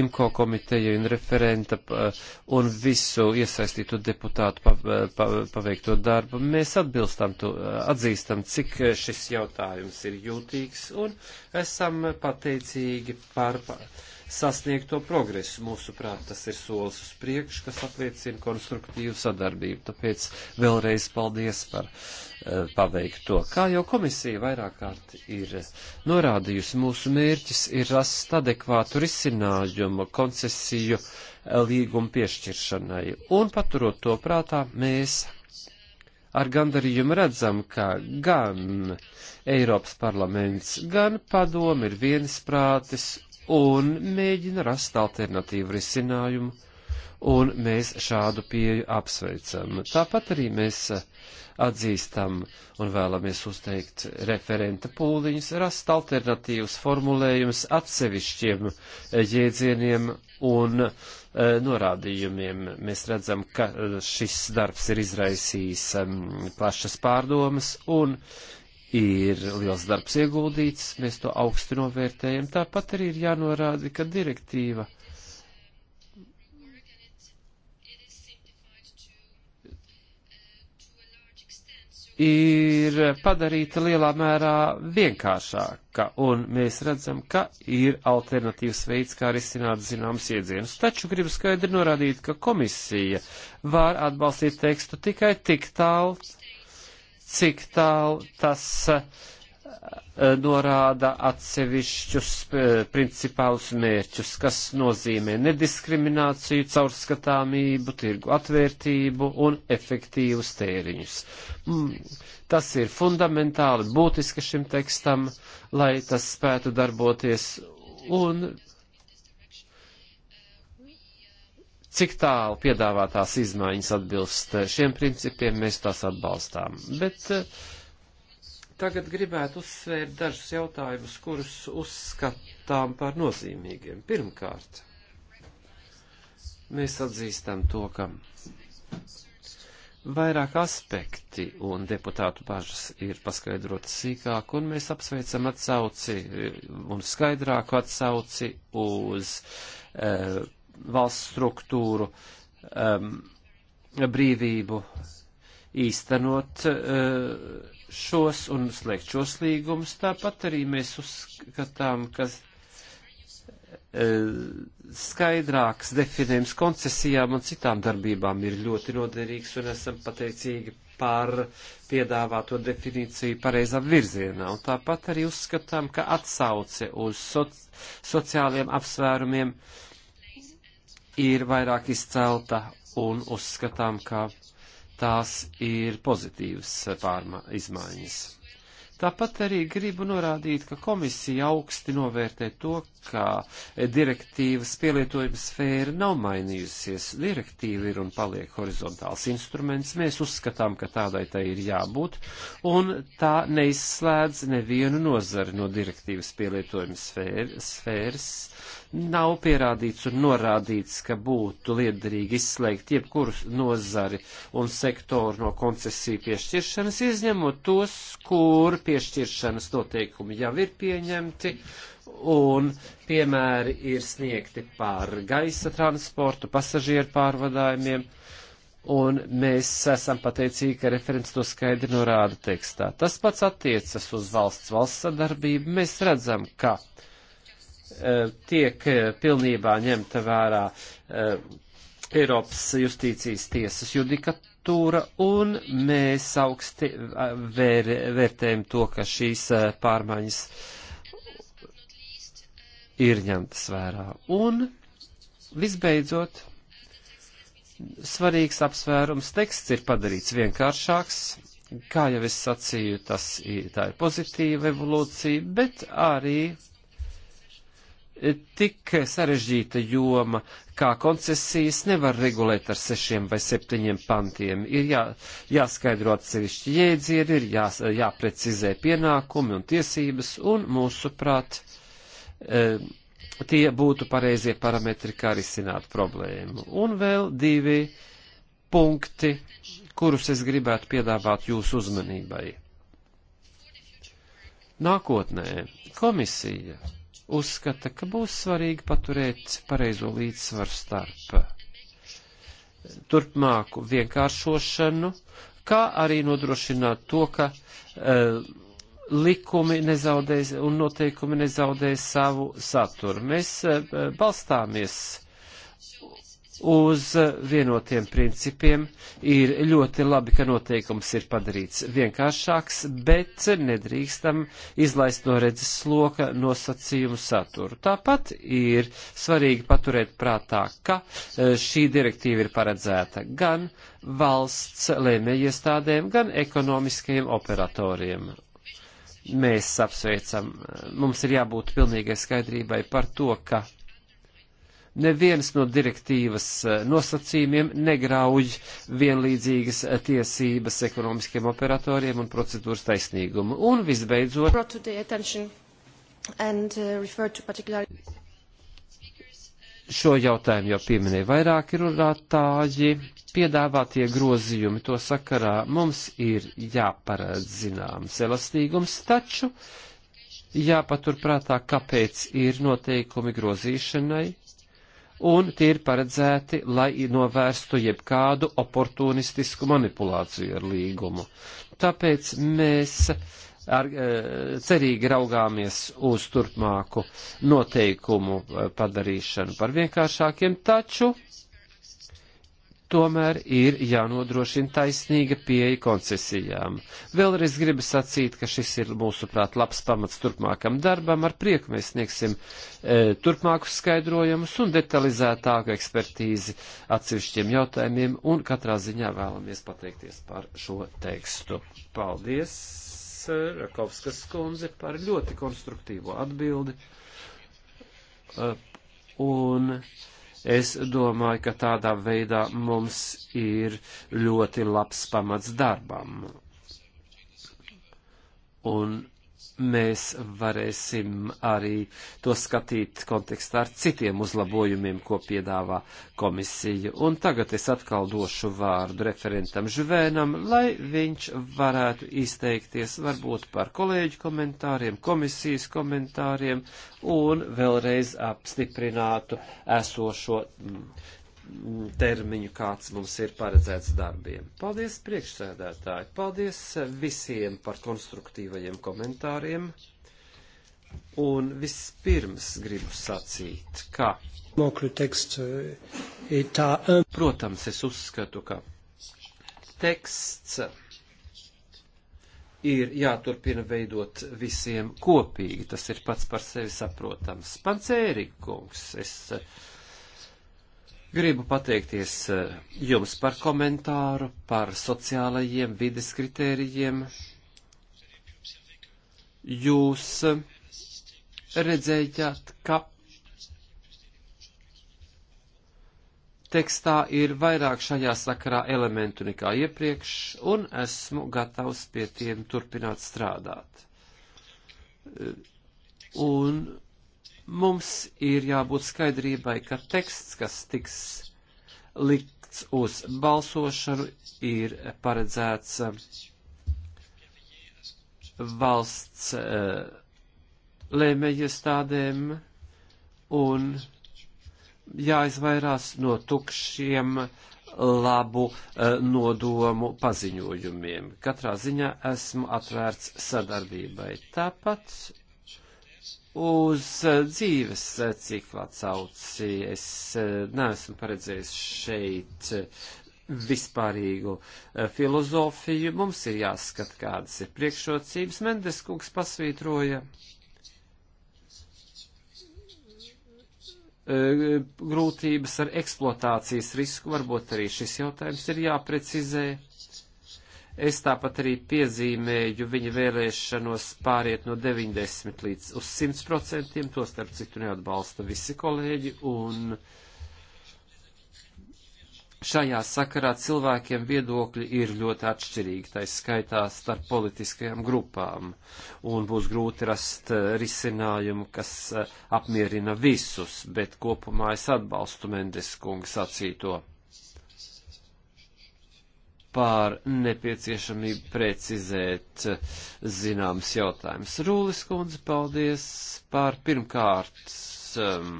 S3: IMCO komiteju un referenta un visu iesaistīto deputātu paveikto darbu. Mēs atbilstam to, atzīstam, cik šis jautājums ir jūtīgs un esam pateicīgi par. par sasniegto progresu. Mūsuprāt, tas ir solis uz priekšu, kas apliecina konstruktīvu sadarbību. Tāpēc vēlreiz paldies par uh, paveikto. Kā jau komisija vairāk kārt ir norādījusi, mūsu mērķis ir rast adekvātu risinājumu koncesiju eh, līgumu piešķiršanai. Un paturot to prātā, mēs ar gandarījumu redzam, ka gan Eiropas parlaments, gan padomi ir viensprātis un mēģina rast alternatīvu risinājumu, un mēs šādu pieju apsveicam. Tāpat arī mēs eh, atzīstam un vēlamies uzteikt referenta pūliņus, rast alternatīvas formulējumus atsevišķiem eh, jēdzieniem un e, norādījumiem. Mēs redzam, ka šis darbs ir izraisījis e, plašas pārdomas un e, ir liels darbs ieguldīts, mēs to augstu novērtējam. Tāpat arī ir jānorāda, ka direktīva ir padarīta lielā mērā vienkāršāka, un mēs redzam, ka ir alternatīvs veids, kā risināt zināmas iedzienus. Taču gribu skaidri norādīt, ka komisija var atbalstīt tekstu tikai tik tālu, cik tālu tas eh, norāda atsevišķus eh, principālus mērķus, kas nozīmē nediskrimināciju, caurskatāmību, tirgu atvērtību un efektīvus tēriņus. Mm. Tas ir fundamentāli būtiski šim tekstam, lai tas spētu darboties un cik tālu piedāvātās izmaiņas atbilst eh, šiem principiem, mēs tās atbalstām. Bet eh, tagad gribētu uzsvērt dažus jautājumus, kurus uzskatām par nozīmīgiem. Pirmkārt, mēs atzīstam to, ka vairāk aspekti un deputātu bažas ir paskaidrotas sīkāk, un mēs apsveicam atsauci eh, un skaidrāku atsauci uz e, valsts struktūru um, brīvību īstenot uh, šos un slēgt šos līgumus. Tāpat arī mēs uzskatām, ka uh, skaidrāks definējums koncesijām un citām darbībām ir ļoti noderīgs un esam pateicīgi par piedāvāto definīciju pareizā virzienā. Un tāpat arī uzskatām, ka atsauce uz soci sociāliem apsvērumiem uh, ir vairāk izcelta un uzskatām, ka tās ir pozitīvas pārma izmaiņas. Tāpat arī gribu norādīt, ka komisija augsti novērtē to, ka direktīvas pielietojuma sfēra nav mainījusies. Direktīva ir un paliek horizontāls instruments. Mēs uzskatām, ka tādai tai ir jābūt, un tā neizslēdz nevienu nozari no direktīvas pielietojuma sfēras, sfēras Nav pierādīts un norādīts, ka būtu liederīgi izslēgt jebkuru nozari un sektoru no koncesiju piešķiršanas, izņemot tos, kur piešķiršanas noteikumi jau ir pieņemti un piemēri ir sniegti par gaisa transportu, pasažieru pārvadājumiem, un mēs esam pateicīgi, ka referents to skaidri norāda tekstā. Tas pats attiecas uz valsts valsts sadarbību. Mēs redzam, ka uh, Eh, tiek eh, pilnībā ņemta vērā eh, Eiropas justīcijas tiesas judikatūra, un mēs augsti vēr, vērtējam to, ka šīs pārmaiņas ir ņemtas vērā. Un visbeidzot, svarīgs apsvērums teksts ir padarīts vienkāršāks. Kā jau es sacīju, tas ir, tā ir pozitīva evolūcija, bet arī tik sarežģīta joma, kā koncesijas nevar regulēt ar sešiem vai septiņiem pantiem. Ir jā, jāskaidro atsevišķi jēdzieni, ir jā, jāprecizē pienākumi un tiesības, un mūsuprāt, e, tie būtu pareizie parametri, kā risināt problēmu. Un vēl divi punkti, kurus es gribētu piedāvāt jūsu uzmanībai. Nākotnē komisija uzskata, ka būs svarīgi paturēt pareizo līdzsvaru starp turpmāku vienkāršošanu, kā arī nodrošināt to, ka uh, likumi nezaudēs un noteikumi nezaudēs savu saturu. Mēs uh, balstāmies uz vienotiem principiem. Ir ļoti labi, ka noteikums ir padarīts vienkāršāks, bet nedrīkstam izlaist no redzes sloka nosacījumu saturu. Tāpat ir svarīgi paturēt prātā, ka e, šī direktīva ir paredzēta gan valsts lēmējiestādēm, gan ekonomiskajiem operatoriem mēs apsveicam. Mums ir jābūt pilnīgai skaidrībai par to, ka neviens no direktīvas eh, nosacījumiem negrauj vienlīdzīgas eh, tiesības ekonomiskiem operatoriem un procedūras taisnīgumu. Un visbeidzot.
S1: And, uh, particular...
S3: Šo jautājumu jau pieminēja vairāki runātāji. Piedāvātie grozījumi to sakarā mums ir jāparedz zināms elastīgums, taču jāpaturprātā, kāpēc ir noteikumi grozīšanai, un tie ir paredzēti, lai novērstu jebkādu oportunistisku manipulāciju ar līgumu. Tāpēc mēs ar, e, cerīgi raugāmies uz turpmāku noteikumu e, padarīšanu par vienkāršākiem, taču tomēr ir jānodrošina taisnīga pieeja koncesijām. Vēlreiz gribu sacīt, ka šis ir mūsuprāt labs pamats turpmākam darbam, ar prieku mēs sniegsim e, turpmākus skaidrojumus un detalizētāku ekspertīzi atsevišķiem jautājumiem, un katrā ziņā vēlamies pateikties par šo tekstu. Paldies, Rakovskas kundze, par ļoti konstruktīvo atbildi. E, un Es domāju, ka tādā veidā mums ir ļoti labs pamats darbam. Un mēs varēsim arī to skatīt kontekstā ar citiem uzlabojumiem, ko piedāvā komisija. Un tagad es atkal došu vārdu referentam Žuvēnam, lai viņš varētu izteikties varbūt par kolēģu komentāriem, komisijas komentāriem un vēlreiz apstiprinātu esošo mm, termiņu, kāds mums ir paredzēts darbiem. Paldies priekšsēdētāji, paldies visiem par konstruktīvajiem komentāriem. Un vispirms gribu sacīt, ka. Eh, eh, protams, es uzskatu, ka teksts ir jāturpina veidot visiem kopīgi. Tas ir pats par sevi saprotams. Pancērikungs, es eh, Gribu pateikties eh, jums par komentāru, par sociālajiem vides kritērijiem. Jūs eh, redzējāt, ka tekstā ir vairāk šajā sakarā elementu nekā iepriekš, un esmu gatavs pie tiem turpināt strādāt. Eh, un Mums ir jābūt skaidrībai, ka teksts, kas tiks likts uz balsošanu, ir paredzēts eh, valsts eh, lēmējiestādēm un jāizvairās no tukšiem labu eh, nodomu paziņojumiem. Katrā ziņā esmu atvērts sadarbībai. Tāpat uz eh, dzīves eh, ciklu atsauci. Es eh, neesmu paredzējis šeit vispārīgu filozofiju. Mums ir jāskata, kādas ir priekšrocības. Mendes kungs pasvītroja grūtības ar eksploatācijas risku. Varbūt arī šis jautājums ir jāprecizē Es tāpat arī piezīmēju viņa vēlēšanos pāriet no 90 līdz uz 100 procentiem, to starp citu neatbalsta visi kolēģi, un šajā sakarā cilvēkiem viedokļi ir ļoti atšķirīgi, tā skaitā starp politiskajām grupām, un būs grūti rast eh, risinājumu, kas eh, apmierina visus, bet kopumā es atbalstu Mendes kungu sacīto pār nepieciešamību precizēt zināmas jautājumas. Rūlis kundze, paldies pār pirmkārt um,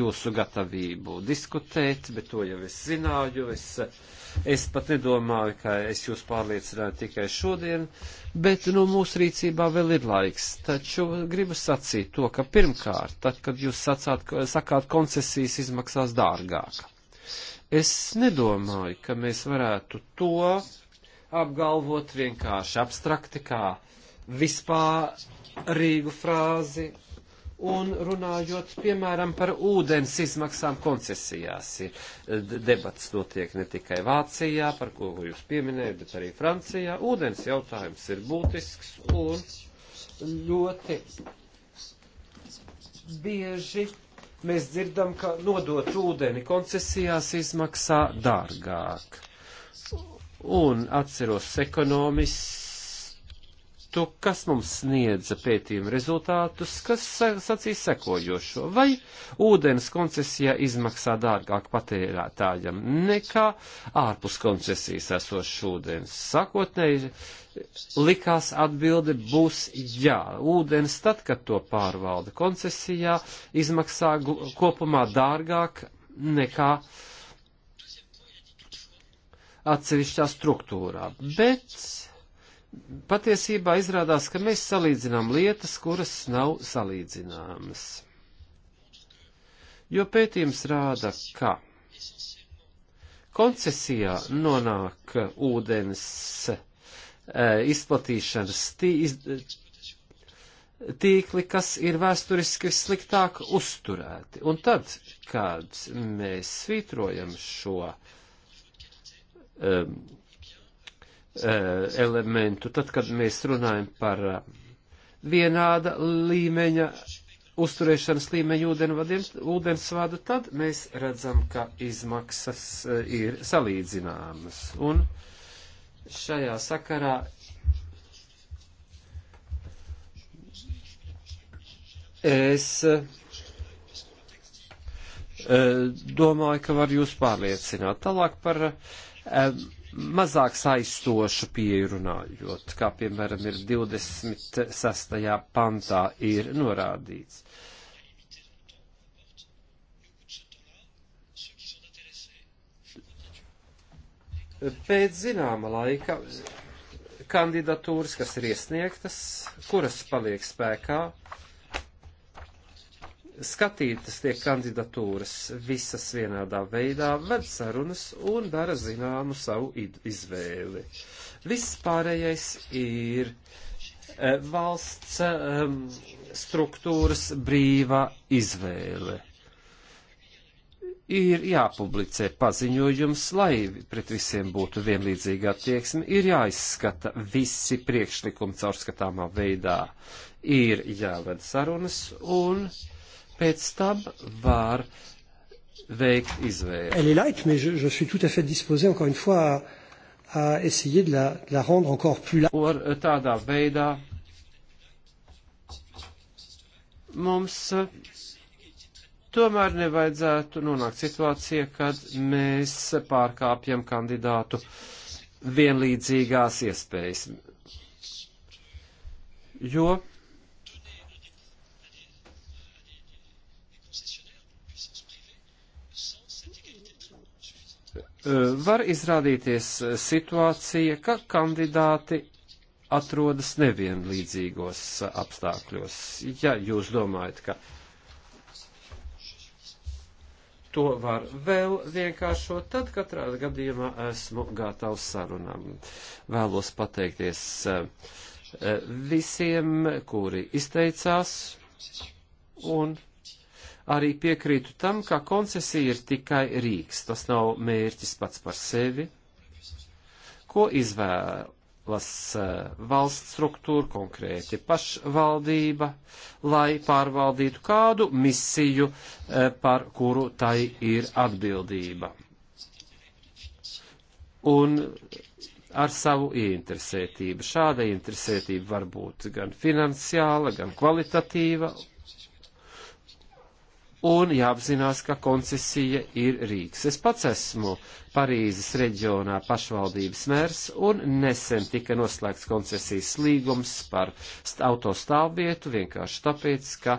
S3: jūsu gatavību diskutēt, bet to jau es zināju. Es, es pat nedomāju, ka es jūs pārliecināju tikai šodien, bet nu, mūsu rīcībā vēl ir laiks. Taču gribu sacīt to, ka pirmkārt, tad, kad jūs sacāt, sakāt, koncesijas izmaksās dārgāk. Es nedomāju, ka mēs varētu to apgalvot vienkārši abstrakti kā vispārīgu frāzi. Un runājot, piemēram, par ūdens izmaksām koncesijās, ir eh, debats notiek ne tikai Vācijā, par ko jūs pieminējat, bet arī Francijā. Ūdens jautājums ir būtisks un ļoti bieži mēs dzirdam, ka nodot ūdeni koncesijās izmaksā dārgāk. Un atceros ekonomistu, kas mums sniedza pētījuma rezultātus, kas sacīja sekojošo. Vai ūdens koncesijā izmaksā dārgāk patērētājam nekā ārpus koncesijas esošs ūdens? Sākotnēji likās atbilde būs jā. Ūdens tad, kad to pārvalda koncesijā, izmaksā kopumā dārgāk nekā atsevišķā struktūrā. Bet patiesībā izrādās, ka mēs salīdzinām lietas, kuras nav salīdzināmas. Jo pētījums rāda, ka koncesijā nonāk ūdens E, izplatīšanas tī, iz, tīkli, kas ir vēsturiski vissliktāk uzturēti. Un tad, kad mēs svītrojam šo um, elementu, tad, kad mēs runājam par vienāda līmeņa uzturēšanas līmeņa ūdenvadiem, ūdensvādu, tad mēs redzam, ka izmaksas e, ir salīdzināmas. Un, uh, šajā sakarā es eh, domāju, ka var jūs pārliecināt. Tālāk par eh, mazāk saistošu pieeju runājot, kā piemēram ir 26. pantā ir norādīts. Uh, Pēc zināma laika kandidatūras, kas ir iesniegtas, kuras paliek spēkā, skatītas tiek kandidatūras visas vienādā veidā, ved sarunas un dara zināmu savu izvēli. Viss pārējais ir eh, valsts um, struktūras brīva izvēle ir jāpublicē paziņojums, lai pret visiem būtu vienlīdzīga attieksme, ir jāizskata visi priekšlikumi caurskatāmā veidā, ir jāved sarunas un pēc tam var veikt izvēli. Elle est light, mais je, je suis tout à fait disposé encore une fois à, à essayer de la, de la rendre encore plus light. Or, tādā veidā mums uh, tomēr nevajadzētu nonākt situācija, kad mēs pārkāpjam kandidātu vienlīdzīgās iespējas. Jo var izrādīties situācija, ka kandidāti atrodas nevienlīdzīgos apstākļos. Ja jūs domājat, ka to var vēl vienkāršot, tad katrā gadījumā esmu gatavs sarunām. Vēlos pateikties eh, visiem, kuri izteicās, un arī piekrītu tam, ka koncesija ir tikai rīks, tas nav mērķis pats par sevi. Ko izvēl, vēlas eh, valsts struktūra, konkrēti pašvaldība, lai pārvaldītu kādu misiju, eh, par kuru tai ir atbildība. Un ar savu interesētību. Šāda interesētība var būt gan finansiāla, gan kvalitatīva, un jāapzinās, ka koncesija ir Rīgas. Es pats esmu Parīzes reģionā pašvaldības mērs, un nesen tika noslēgts koncesijas līgums par autostāvvietu vienkārši tāpēc, ka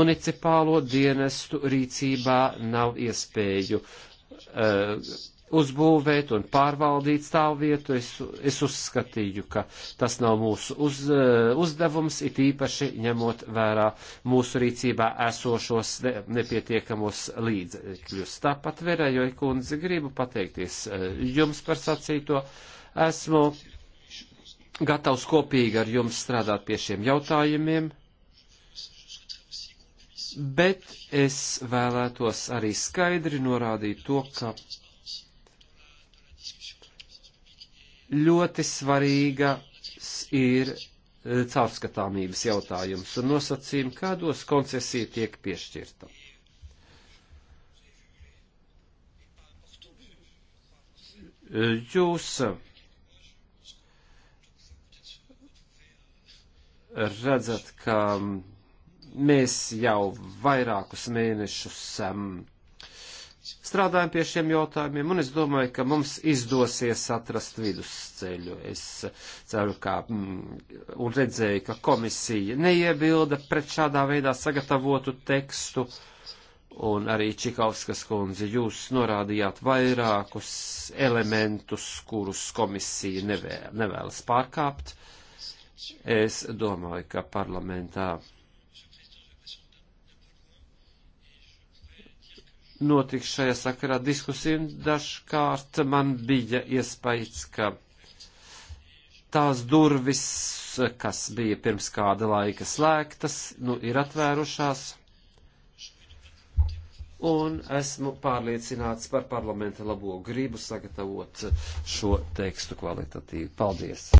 S3: municipālo dienestu rīcībā nav iespēju uh, uzbūvēt un pārvaldīt stāvvietu. Es, es uzskatīju, ka tas nav mūsu uz, eh, uzdevums, it īpaši ņemot vērā mūsu rīcībā esošos ne, nepietiekamos līdzekļus. Tāpat Verējoj kundze gribu pateikties eh, jums par sacīto. Esmu gatavs kopīgi ar jums strādāt pie šiem jautājumiem bet es vēlētos arī skaidri norādīt to, ka ļoti svarīgas ir e, caurskatāmības jautājums un nosacījumi, kādos koncesija tiek piešķirta. E, jūs e, redzat, ka mēs jau vairākus mēnešus um, strādājam pie šiem jautājumiem, un es domāju, ka mums izdosies atrast vidusceļu. Es ceru, ka mm, un redzēju, ka komisija neiebilda pret šādā veidā sagatavotu tekstu, un arī Čikauskas kundze, jūs norādījāt vairākus elementus, kurus komisija nevēlas pārkāpt. Es domāju, ka parlamentā notiks šajā sakarā diskusija. Dažkārt man bija iespējas, ka tās durvis, kas bija pirms kāda laika slēgtas, nu ir atvērušās. Un esmu pārliecināts par parlamenta labo gribu sagatavot šo tekstu kvalitatīvi. Paldies!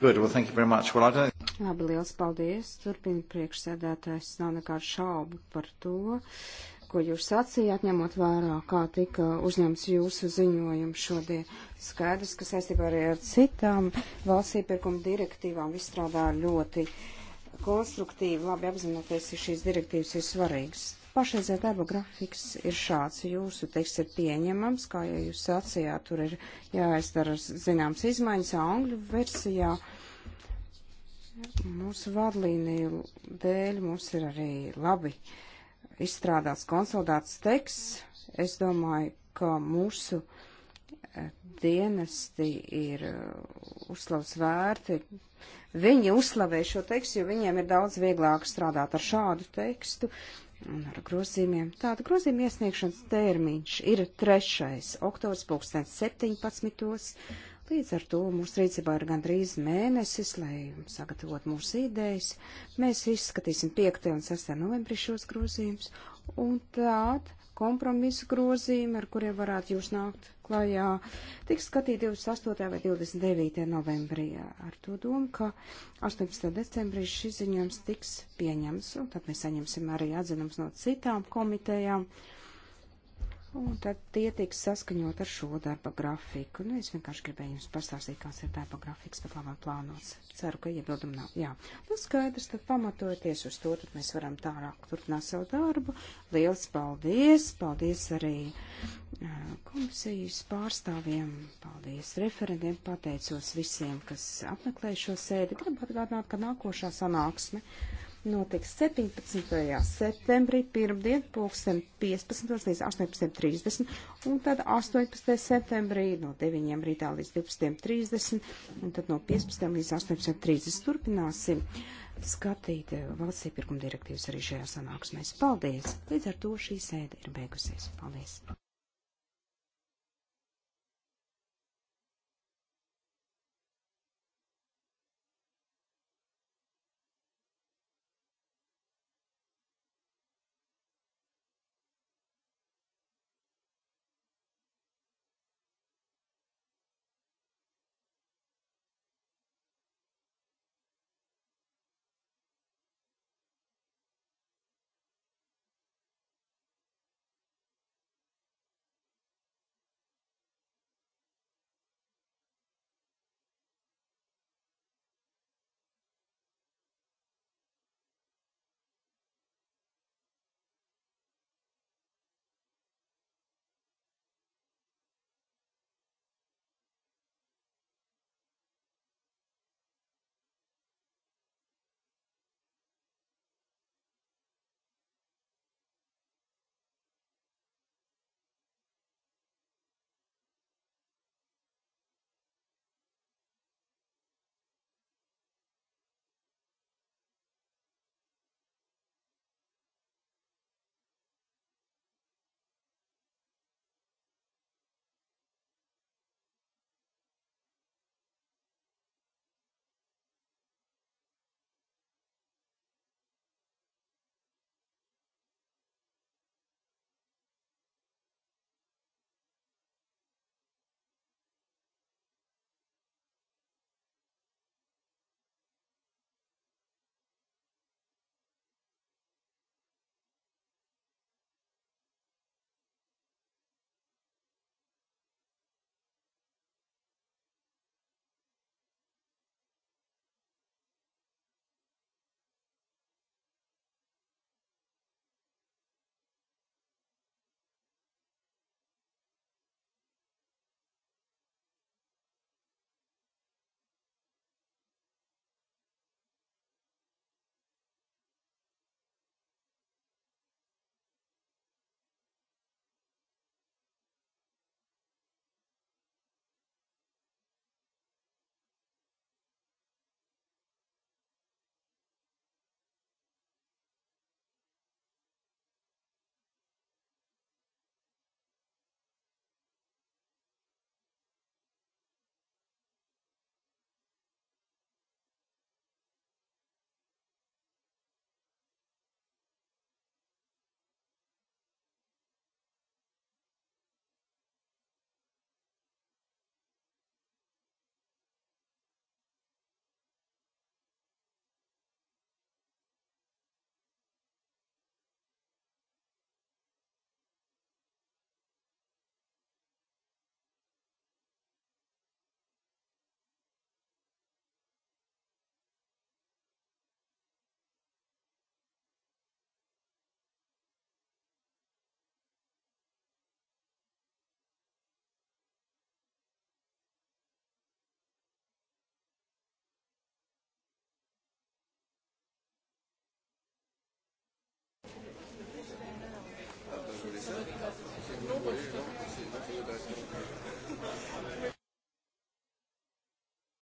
S3: Good. Well, thank you very much. Well, I don't...
S1: Labi, liels paldies. Turpina priekšsēdētājs. Nav nekādu šaubu par to, ko jūs sacījāt, ņemot vērā, kā tika uzņemts jūsu ziņojums šodien. Skaidrs, ka saistībā arī ar citām valsts iepirkuma direktīvām izstrādā ļoti konstruktīvi, labi apzinoties, ka šīs direktīvas ir svarīgas. Pašreizējā darba grafiks ir šāds. Jūsu teiks ir pieņemams, kā jau jūs sacījāt, tur ir jāizdara zināms izmaiņas angļu versijā. Uh, Mūsu vadlīniju dēļ mums ir arī labi izstrādāts konsolidēts teksts. Es domāju, ka mūsu eh, dienesti ir eh, uzslavs vērti. Viņi uzslavē šo tekstu, jo viņiem ir daudz vieglāk strādāt ar šādu tekstu un ar grozījumiem. Tāda grozījuma iesniegšanas termiņš ir 3. oktobrs 2017. Līdz ar to mūsu rīcībā ir gandrīz mēnesis, lai sagatavot mūsu idejas. Mēs izskatīsim 5. un 6. novembrī šos grozījumus, un tād kompromisu grozījumi, ar kuriem varētu jūs nākt klajā, tiks skatīti 28. vai 29. novembrī ar to domu, ka 18. decembrī šis ziņojums tiks pieņems, un tad mēs saņemsim arī atzinums no citām komitejām. Uh, Un tad tie tiks saskaņot ar šo darba grafiku. Nu, es vienkārši gribēju jums pastāstīt, kāds ir darba grafiks, bet labāk plānots. Ceru, ka iebildumu nav. Jā, nu skaidrs, tad pamatojoties uz to, tad mēs varam tālāk turpināt savu darbu. Liels paldies! Paldies arī komisijas pārstāvjiem, paldies referentiem, pateicos visiem, kas apmeklē šo sēdi. Gribu atgādināt, ka nākošā sanāksme notiks 17. septembrī, pirmdien, pulksten 15. līdz 18.30, un tad 18. septembrī no 9. rītā līdz 12.30, un tad no 15. līdz 18.30 turpināsim skatīt eh, valsts iepirkuma direktīvas arī šajā sanāksmēs. Paldies! Līdz ar to šī sēde ir beigusies. Paldies!